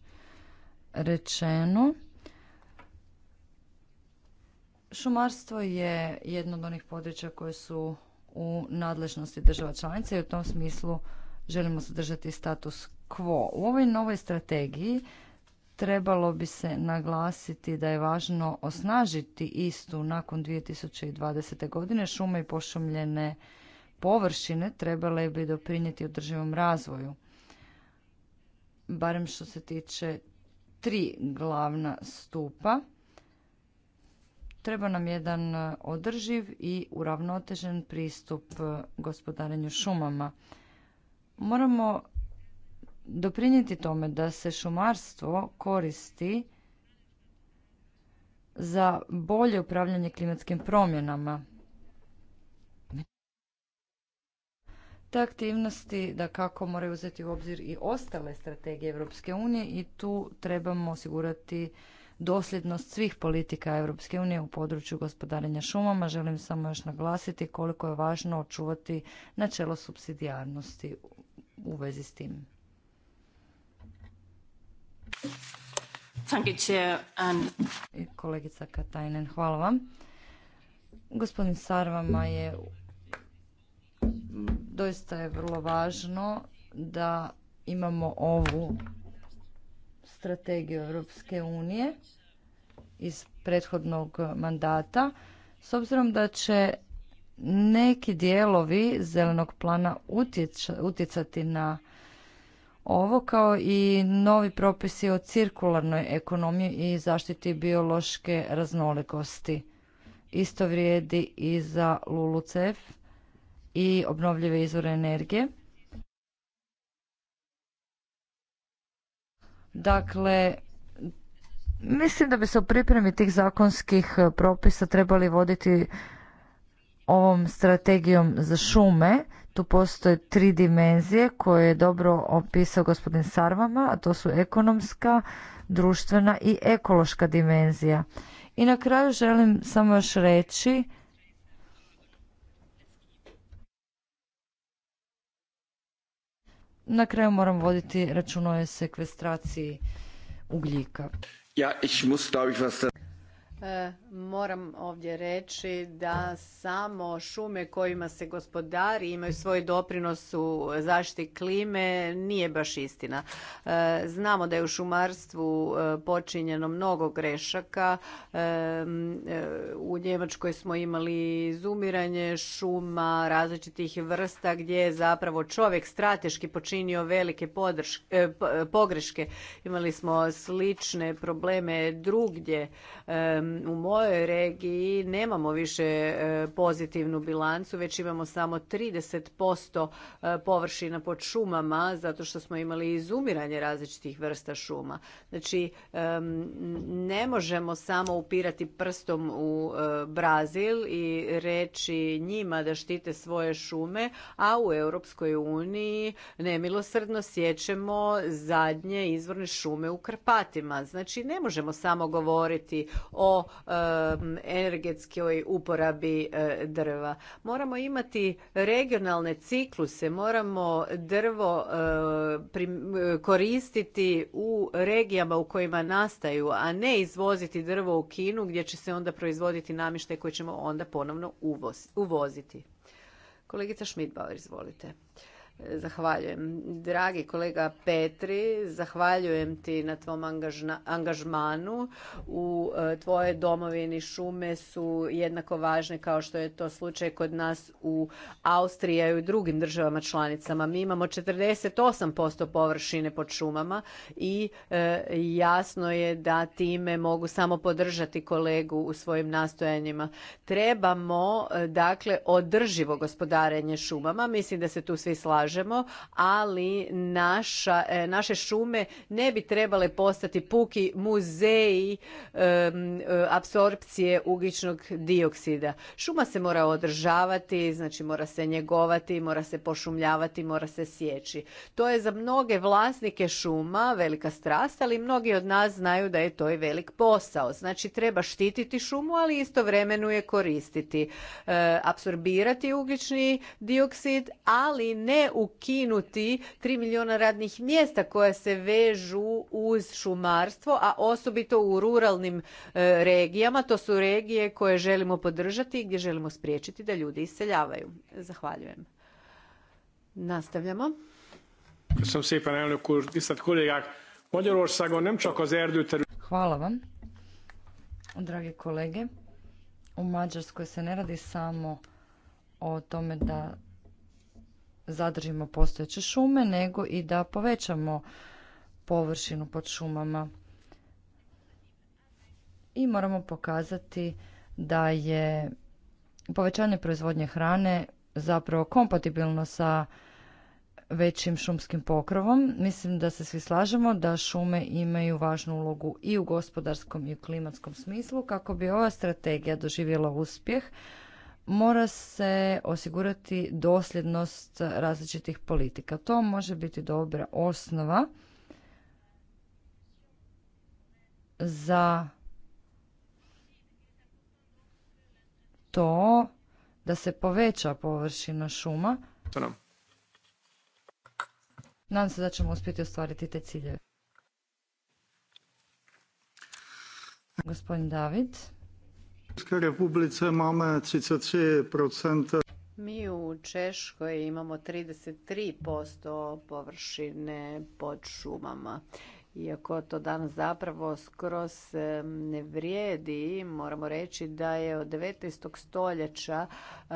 Speaker 4: rečeno, šumarstvo je jedno od onih područja koje su u nadležnosti država članica i u tom smislu želimo zadržati status quo. U ovoj novoj strategiji trebalo bi se naglasiti da je važno osnažiti istu nakon 2020. godine šume i pošumljene površine trebale bi doprinijeti održivom razvoju. Barem što se tiče tri glavna stupa. Treba nam jedan održiv i uravnotežen pristup gospodarenju šumama. Moramo doprinijeti tome da se šumarstvo koristi za bolje upravljanje klimatskim promjenama aktivnosti da kako moraju uzeti u obzir i ostale strategije Europske unije i tu trebamo osigurati dosljednost svih politika Europske unije u području gospodarenja šumama. Želim samo još naglasiti koliko je važno očuvati načelo subsidijarnosti u vezi s tim. Kolegica Katajnen, hvala vam. Gospodin Sarvama je doista je vrlo važno da imamo ovu strategiju Europske unije iz prethodnog mandata s obzirom da će neki dijelovi zelenog plana utjecati na ovo kao i novi propisi o cirkularnoj ekonomiji i zaštiti biološke raznolikosti. Isto vrijedi i za LULUCEF i obnovljive izvore energije. Dakle, mislim da bi se u pripremi tih zakonskih e, propisa trebali voditi ovom strategijom za šume. Tu postoje tri dimenzije koje je dobro opisao gospodin Sarvama, a to su ekonomska, društvena i ekološka dimenzija. I na kraju želim samo još reći na kraju moram voditi računa o sekvestraciji ugljika.
Speaker 6: Ja, ich
Speaker 2: E, moram ovdje reći da samo šume kojima se gospodari imaju svoj doprinos u zaštiti klime nije baš istina. E, znamo da je u šumarstvu e, počinjeno mnogo grešaka. U Njemačkoj smo imali izumiranje šuma različitih vrsta gdje je zapravo čovjek strateški počinio velike pogreške. Imali smo slične probleme drugdje u mojoj regiji nemamo više e, pozitivnu bilancu, već imamo samo 30% e, površina pod šumama zato što smo imali izumiranje različitih vrsta šuma. Znači, ne možemo samo upirati prstom u e, Brazil i reći njima da štite svoje šume, a u Europskoj uniji nemilosrdno sjećemo zadnje izvorne šume u Krpatima Znači, ne možemo samo govoriti o Eh, energetskoj uporabi eh, drva. Moramo imati regionalne cikluse, moramo drvo eh, koristiti u regijama u kojima nastaju, a ne izvoziti drvo u Kinu gdje će se onda proizvoditi namještaj koji ćemo onda ponovno uvoziti. Kolegica Šmidbauer, izvolite. Zahvaljujem. Dragi kolega Petri, zahvaljujem ti na tvom angažmanu. U e, tvoje domovini šume su jednako važne kao što je to slučaj kod nas u Austriji i u drugim državama članicama. Mi imamo 48% površine pod šumama i e, jasno je da time mogu samo podržati kolegu u svojim nastojanjima. Trebamo e, dakle održivo gospodarenje šumama. Mislim da se tu svi slažu slažemo, ali naša, e, naše šume ne bi trebale postati puki muzeji e, apsorpcije ugljičnog dioksida. Šuma se mora održavati, znači mora se njegovati, mora se pošumljavati, mora se sjeći. To je za mnoge vlasnike šuma velika strast, ali mnogi od nas znaju da je to i velik posao. Znači treba štititi šumu, ali istovremeno je koristiti. E, apsorbirati ugljični dioksid, ali ne ukinuti tri milijuna radnih mjesta koja se vežu uz šumarstvo, a osobito u ruralnim e, regijama. To su regije koje želimo podržati i gdje želimo spriječiti da ljudi iseljavaju. Zahvaljujem. Nastavljamo.
Speaker 6: Hvala vam.
Speaker 4: Dragi kolege, u Mađarskoj se ne radi samo o tome da zadržimo postojeće šume, nego i da povećamo površinu pod šumama. I moramo pokazati da je povećanje proizvodnje hrane zapravo kompatibilno sa većim šumskim pokrovom. Mislim da se svi slažemo da šume imaju važnu ulogu i u gospodarskom i u klimatskom smislu kako bi ova strategija doživjela uspjeh mora se osigurati dosljednost različitih politika. To može biti dobra osnova za to da se poveća površina šuma. Nadam se da ćemo uspjeti ostvariti te ciljeve. Gospodin David.
Speaker 2: Mi u Češkoj imamo 33% površine pod šumama. Iako to danas zapravo skroz ne vrijedi, moramo reći da je od 19. stoljeća e,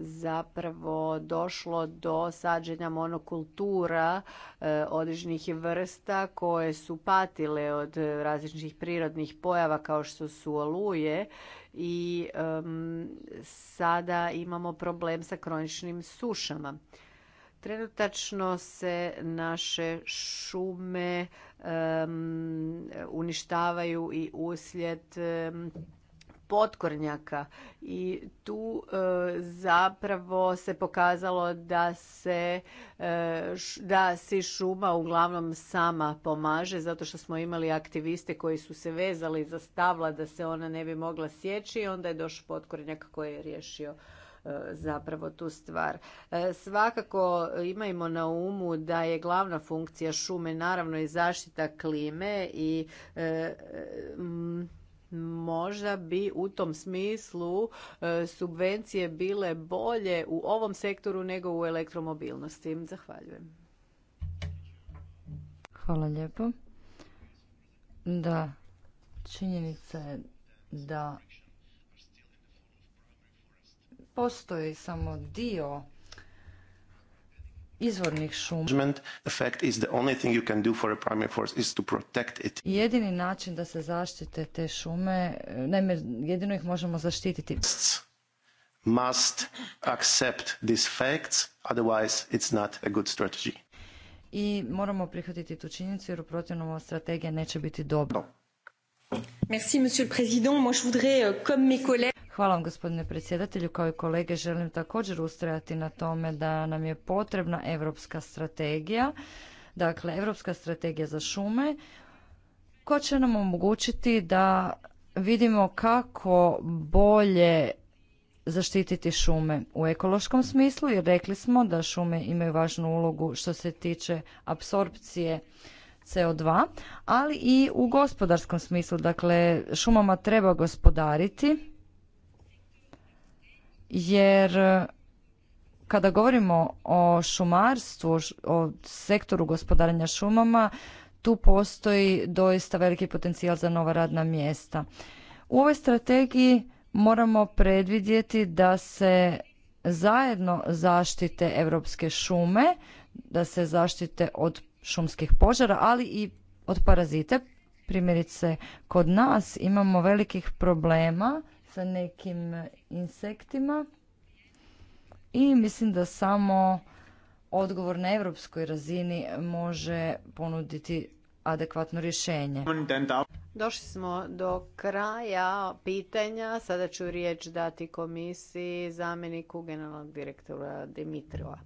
Speaker 2: zapravo došlo do sađenja monokultura e, određenih vrsta koje su patile od različitih prirodnih pojava kao što su oluje i sada imamo problem sa kroničnim sušama. Trenutačno se naše šume uništavaju i uslijed potkornjaka i tu e, zapravo se pokazalo da se e, da si šuma uglavnom sama pomaže zato što smo imali aktiviste koji su se vezali za stavla da se ona ne bi mogla sjeći i onda je došao potkornjak koji je riješio e, zapravo tu stvar. Svakako imajmo na umu da je glavna funkcija šume naravno i zaštita klime i možda bi u tom smislu e, subvencije bile bolje u ovom sektoru nego u elektromobilnosti. Zahvaljujem.
Speaker 4: Hvala lijepo. Da, činjenica je da postoji samo dio
Speaker 5: izvornih šuma.
Speaker 4: Jedini način da se zaštite te šume, naime, jedino ih možemo zaštititi.
Speaker 6: Must accept these facts, otherwise it's not a good strategy.
Speaker 4: I moramo prihvatiti tu činjenicu jer u protivnom strategija neće biti dobra. Merci, Monsieur le Président. Moi, je voudrais, euh, comme mes collègues... Hvala vam gospodine predsjedatelju, kao i kolege želim također ustrajati na tome da nam je potrebna europska strategija, dakle europska strategija za šume koja će nam omogućiti da vidimo kako bolje zaštititi šume u ekološkom smislu jer rekli smo da šume imaju važnu ulogu što se tiče apsorpcije CO2, ali i u gospodarskom smislu. Dakle, šumama treba gospodariti jer e, kada govorimo o šumarstvu, o sektoru gospodarenja šumama, tu postoji doista veliki potencijal za nova radna mjesta. U ovoj strategiji moramo predvidjeti da se zajedno zaštite europske šume, da se zaštite od šumskih požara, ali i od parazite. Primjerice, kod nas imamo velikih problema nekim insektima i mislim da samo odgovor na europskoj razini može ponuditi adekvatno rješenje.
Speaker 2: Došli smo do kraja pitanja. Sada ću riječ dati komisiji zamjeniku generalnog direktora Dimitrova.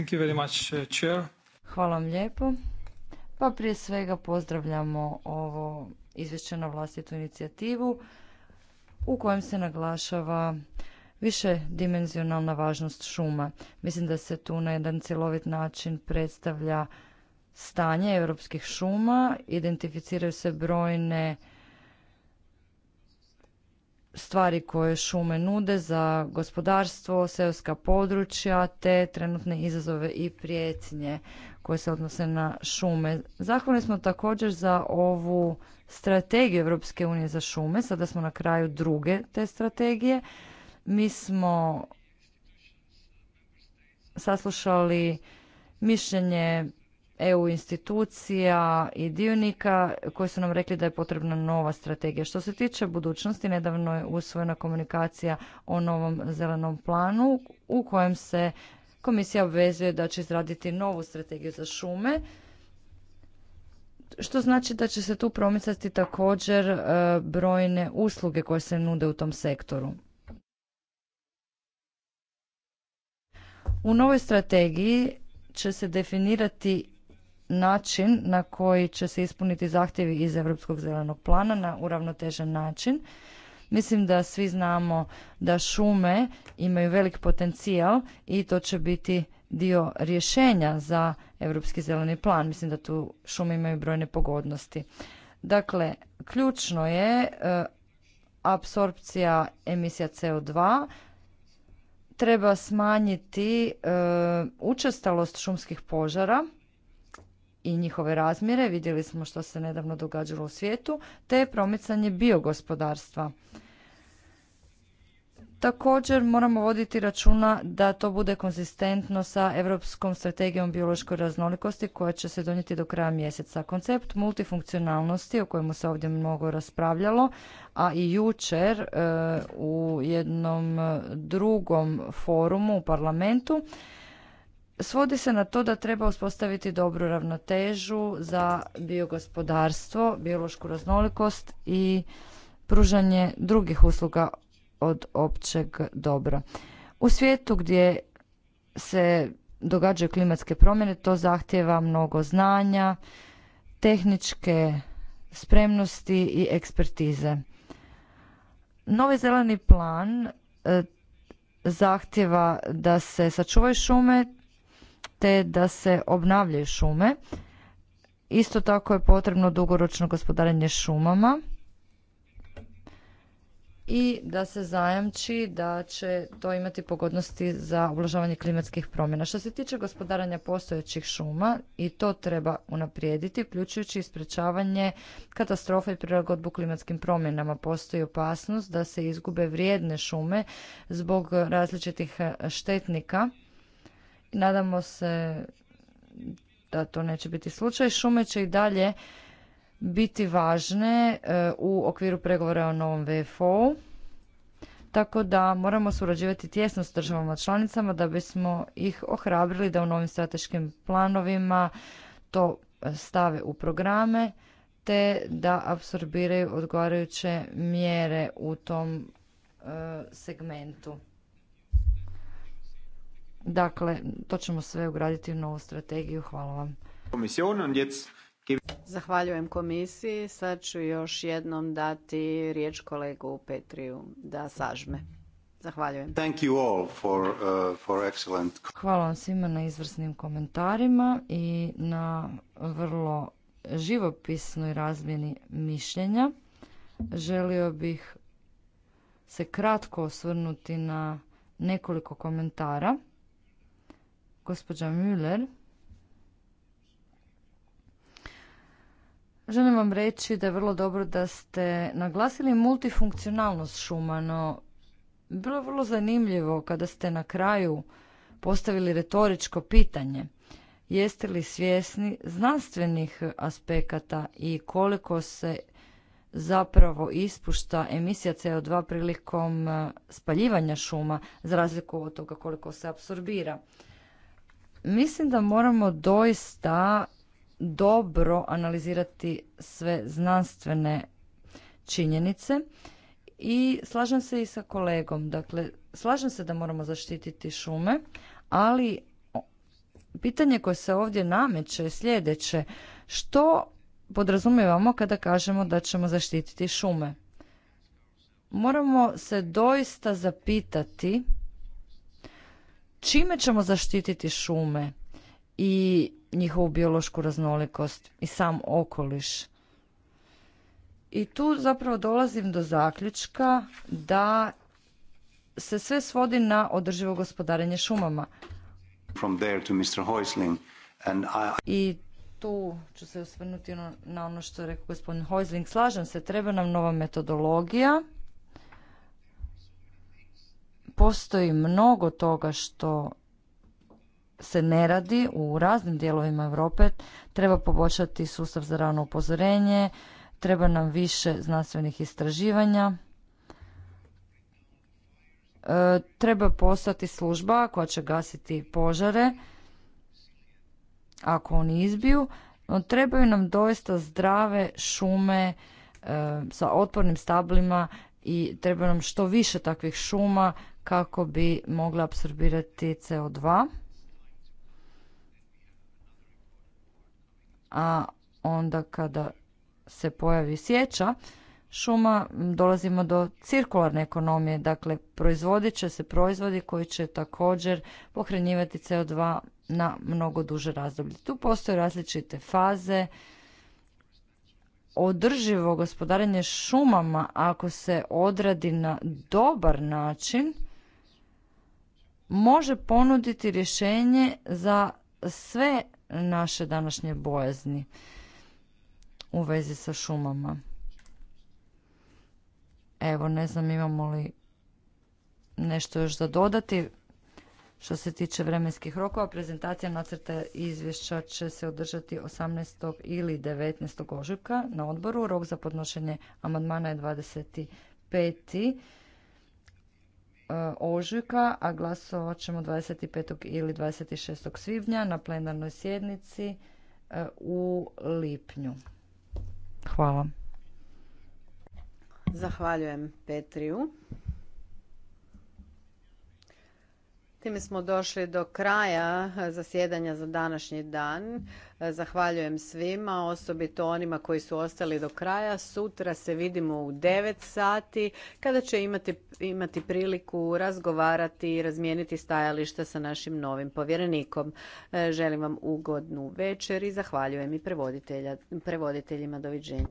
Speaker 6: Uh,
Speaker 4: Hvala vam lijepo. Pa prije svega pozdravljamo ovo izvješće na vlastitu inicijativu u kojem se naglašava više dimenzionalna važnost šuma. Mislim da se tu na jedan cjelovit način predstavlja stanje europskih šuma, identificiraju se brojne stvari koje šume nude za gospodarstvo, seoska područja te trenutne izazove i prijetnje koje se odnose na šume. Zahvalni smo također za ovu strategiju Europske unije za šume. Sada smo na kraju druge te strategije. Mi smo saslušali mišljenje EU institucija i dionika koji su nam rekli da je potrebna nova strategija. Što se tiče budućnosti, nedavno je usvojena komunikacija o novom zelenom planu u kojem se komisija obvezuje da će izraditi novu strategiju za šume što znači da će se tu promicati također e, brojne usluge koje se nude u tom sektoru. U novoj strategiji će se definirati način na koji će se ispuniti zahtjevi iz Europskog zelenog plana na uravnotežen način. Mislim da svi znamo da šume imaju velik potencijal i to će biti dio rješenja za Europski zeleni plan. Mislim da tu šume imaju brojne pogodnosti. Dakle, ključno je e, apsorpcija emisija CO2, treba smanjiti e, učestalost šumskih požara i njihove razmjere, vidjeli smo što se nedavno događalo u svijetu, te promicanje biogospodarstva. Također moramo voditi računa da to bude konzistentno sa Europskom strategijom biološke raznolikosti koja će se donijeti do kraja mjeseca. Koncept multifunkcionalnosti o kojemu se ovdje mnogo raspravljalo, a i jučer e, u jednom drugom forumu u parlamentu svodi se na to da treba uspostaviti dobru ravnotežu za biogospodarstvo, biološku raznolikost i pružanje drugih usluga od općeg dobra. U svijetu gdje se događaju klimatske promjene, to zahtjeva mnogo znanja, tehničke spremnosti i ekspertize. Novi zeleni plan e, zahtjeva da se sačuvaju šume te da se obnavljaju šume. Isto tako je potrebno dugoročno gospodarenje šumama i da se zajamči da će to imati pogodnosti za ublažavanje klimatskih promjena. Što se tiče gospodaranja postojećih šuma i to treba unaprijediti, uključujući sprečavanje katastrofe i prilagodbu klimatskim promjenama. Postoji opasnost da se izgube vrijedne šume zbog različitih e, štetnika. Nadamo se da to neće biti slučaj. Šume će i dalje biti važne e, u okviru pregovora o novom vfo Tako da moramo surađivati tjesno s državama članicama da bismo ih ohrabrili da u novim strateškim planovima to e, stave u programe te da apsorbiraju odgovarajuće mjere u tom e, segmentu. Dakle, to ćemo sve ugraditi u novu strategiju. Hvala vam.
Speaker 2: Zahvaljujem komisiji. Sad ću još jednom dati riječ kolegu Petriju da sažme. Zahvaljujem.
Speaker 6: Thank uh,
Speaker 4: Hvala vam svima na izvrsnim komentarima i na vrlo živopisnoj razmjeni mišljenja. Želio bih se kratko osvrnuti na nekoliko komentara. Gospođa Müller Želim vam reći da je vrlo dobro da ste naglasili multifunkcionalnost šuma, no bilo je vrlo zanimljivo kada ste na kraju postavili retoričko pitanje. Jeste li svjesni znanstvenih aspekata i koliko se zapravo ispušta emisija CO2 prilikom e, spaljivanja šuma, za razliku od toga koliko se apsorbira? Mislim da moramo doista dobro analizirati sve znanstvene činjenice i slažem se i sa kolegom. Dakle, slažem se da moramo zaštititi šume, ali pitanje koje se ovdje nameće je sljedeće. Što podrazumijevamo kada kažemo da ćemo zaštititi šume? Moramo se doista zapitati čime ćemo zaštititi šume i njihovu biološku raznolikost i sam okoliš. I tu zapravo dolazim do zaključka da se sve svodi na održivo gospodarenje šumama. I tu ću se osvrnuti na ono što je rekao gospodin Hoisling. Slažem se, treba nam nova metodologija. Postoji mnogo toga što se ne radi u raznim dijelovima Europe. Treba poboljšati sustav za rano upozorenje, treba nam više znanstvenih istraživanja. E, treba postati služba koja će gasiti požare ako oni izbiju. trebaju nam doista zdrave šume e, sa otpornim stablima i treba nam što više takvih šuma kako bi mogla apsorbirati CO2. a onda kada se pojavi sjeća šuma dolazimo do cirkularne ekonomije, dakle proizvodit će se proizvodi koji će također pohranjivati CO2 na mnogo duže razdoblje. Tu postoje različite faze, održivo gospodarenje šumama ako se odradi na dobar način može ponuditi rješenje za sve naše današnje bojazni u vezi sa šumama. Evo, ne znam imamo li nešto još za dodati. Što se tiče vremenskih rokova, prezentacija nacrta izvješća će se održati 18. ili 19. ožujka na odboru. Rok za podnošenje amandmana je 25. E, ožujka, a glasovat ćemo 25. ili 26. svibnja na plenarnoj sjednici e, u lipnju. Hvala.
Speaker 2: Zahvaljujem Petriju. Time smo došli do kraja eh, zasjedanja za današnji dan. Eh, zahvaljujem svima, osobito onima koji su ostali do kraja. Sutra se vidimo u 9 sati kada će imati, imati priliku razgovarati i razmijeniti stajališta sa našim novim povjerenikom. Eh, želim vam ugodnu večer i zahvaljujem i prevoditeljima. Doviđenja.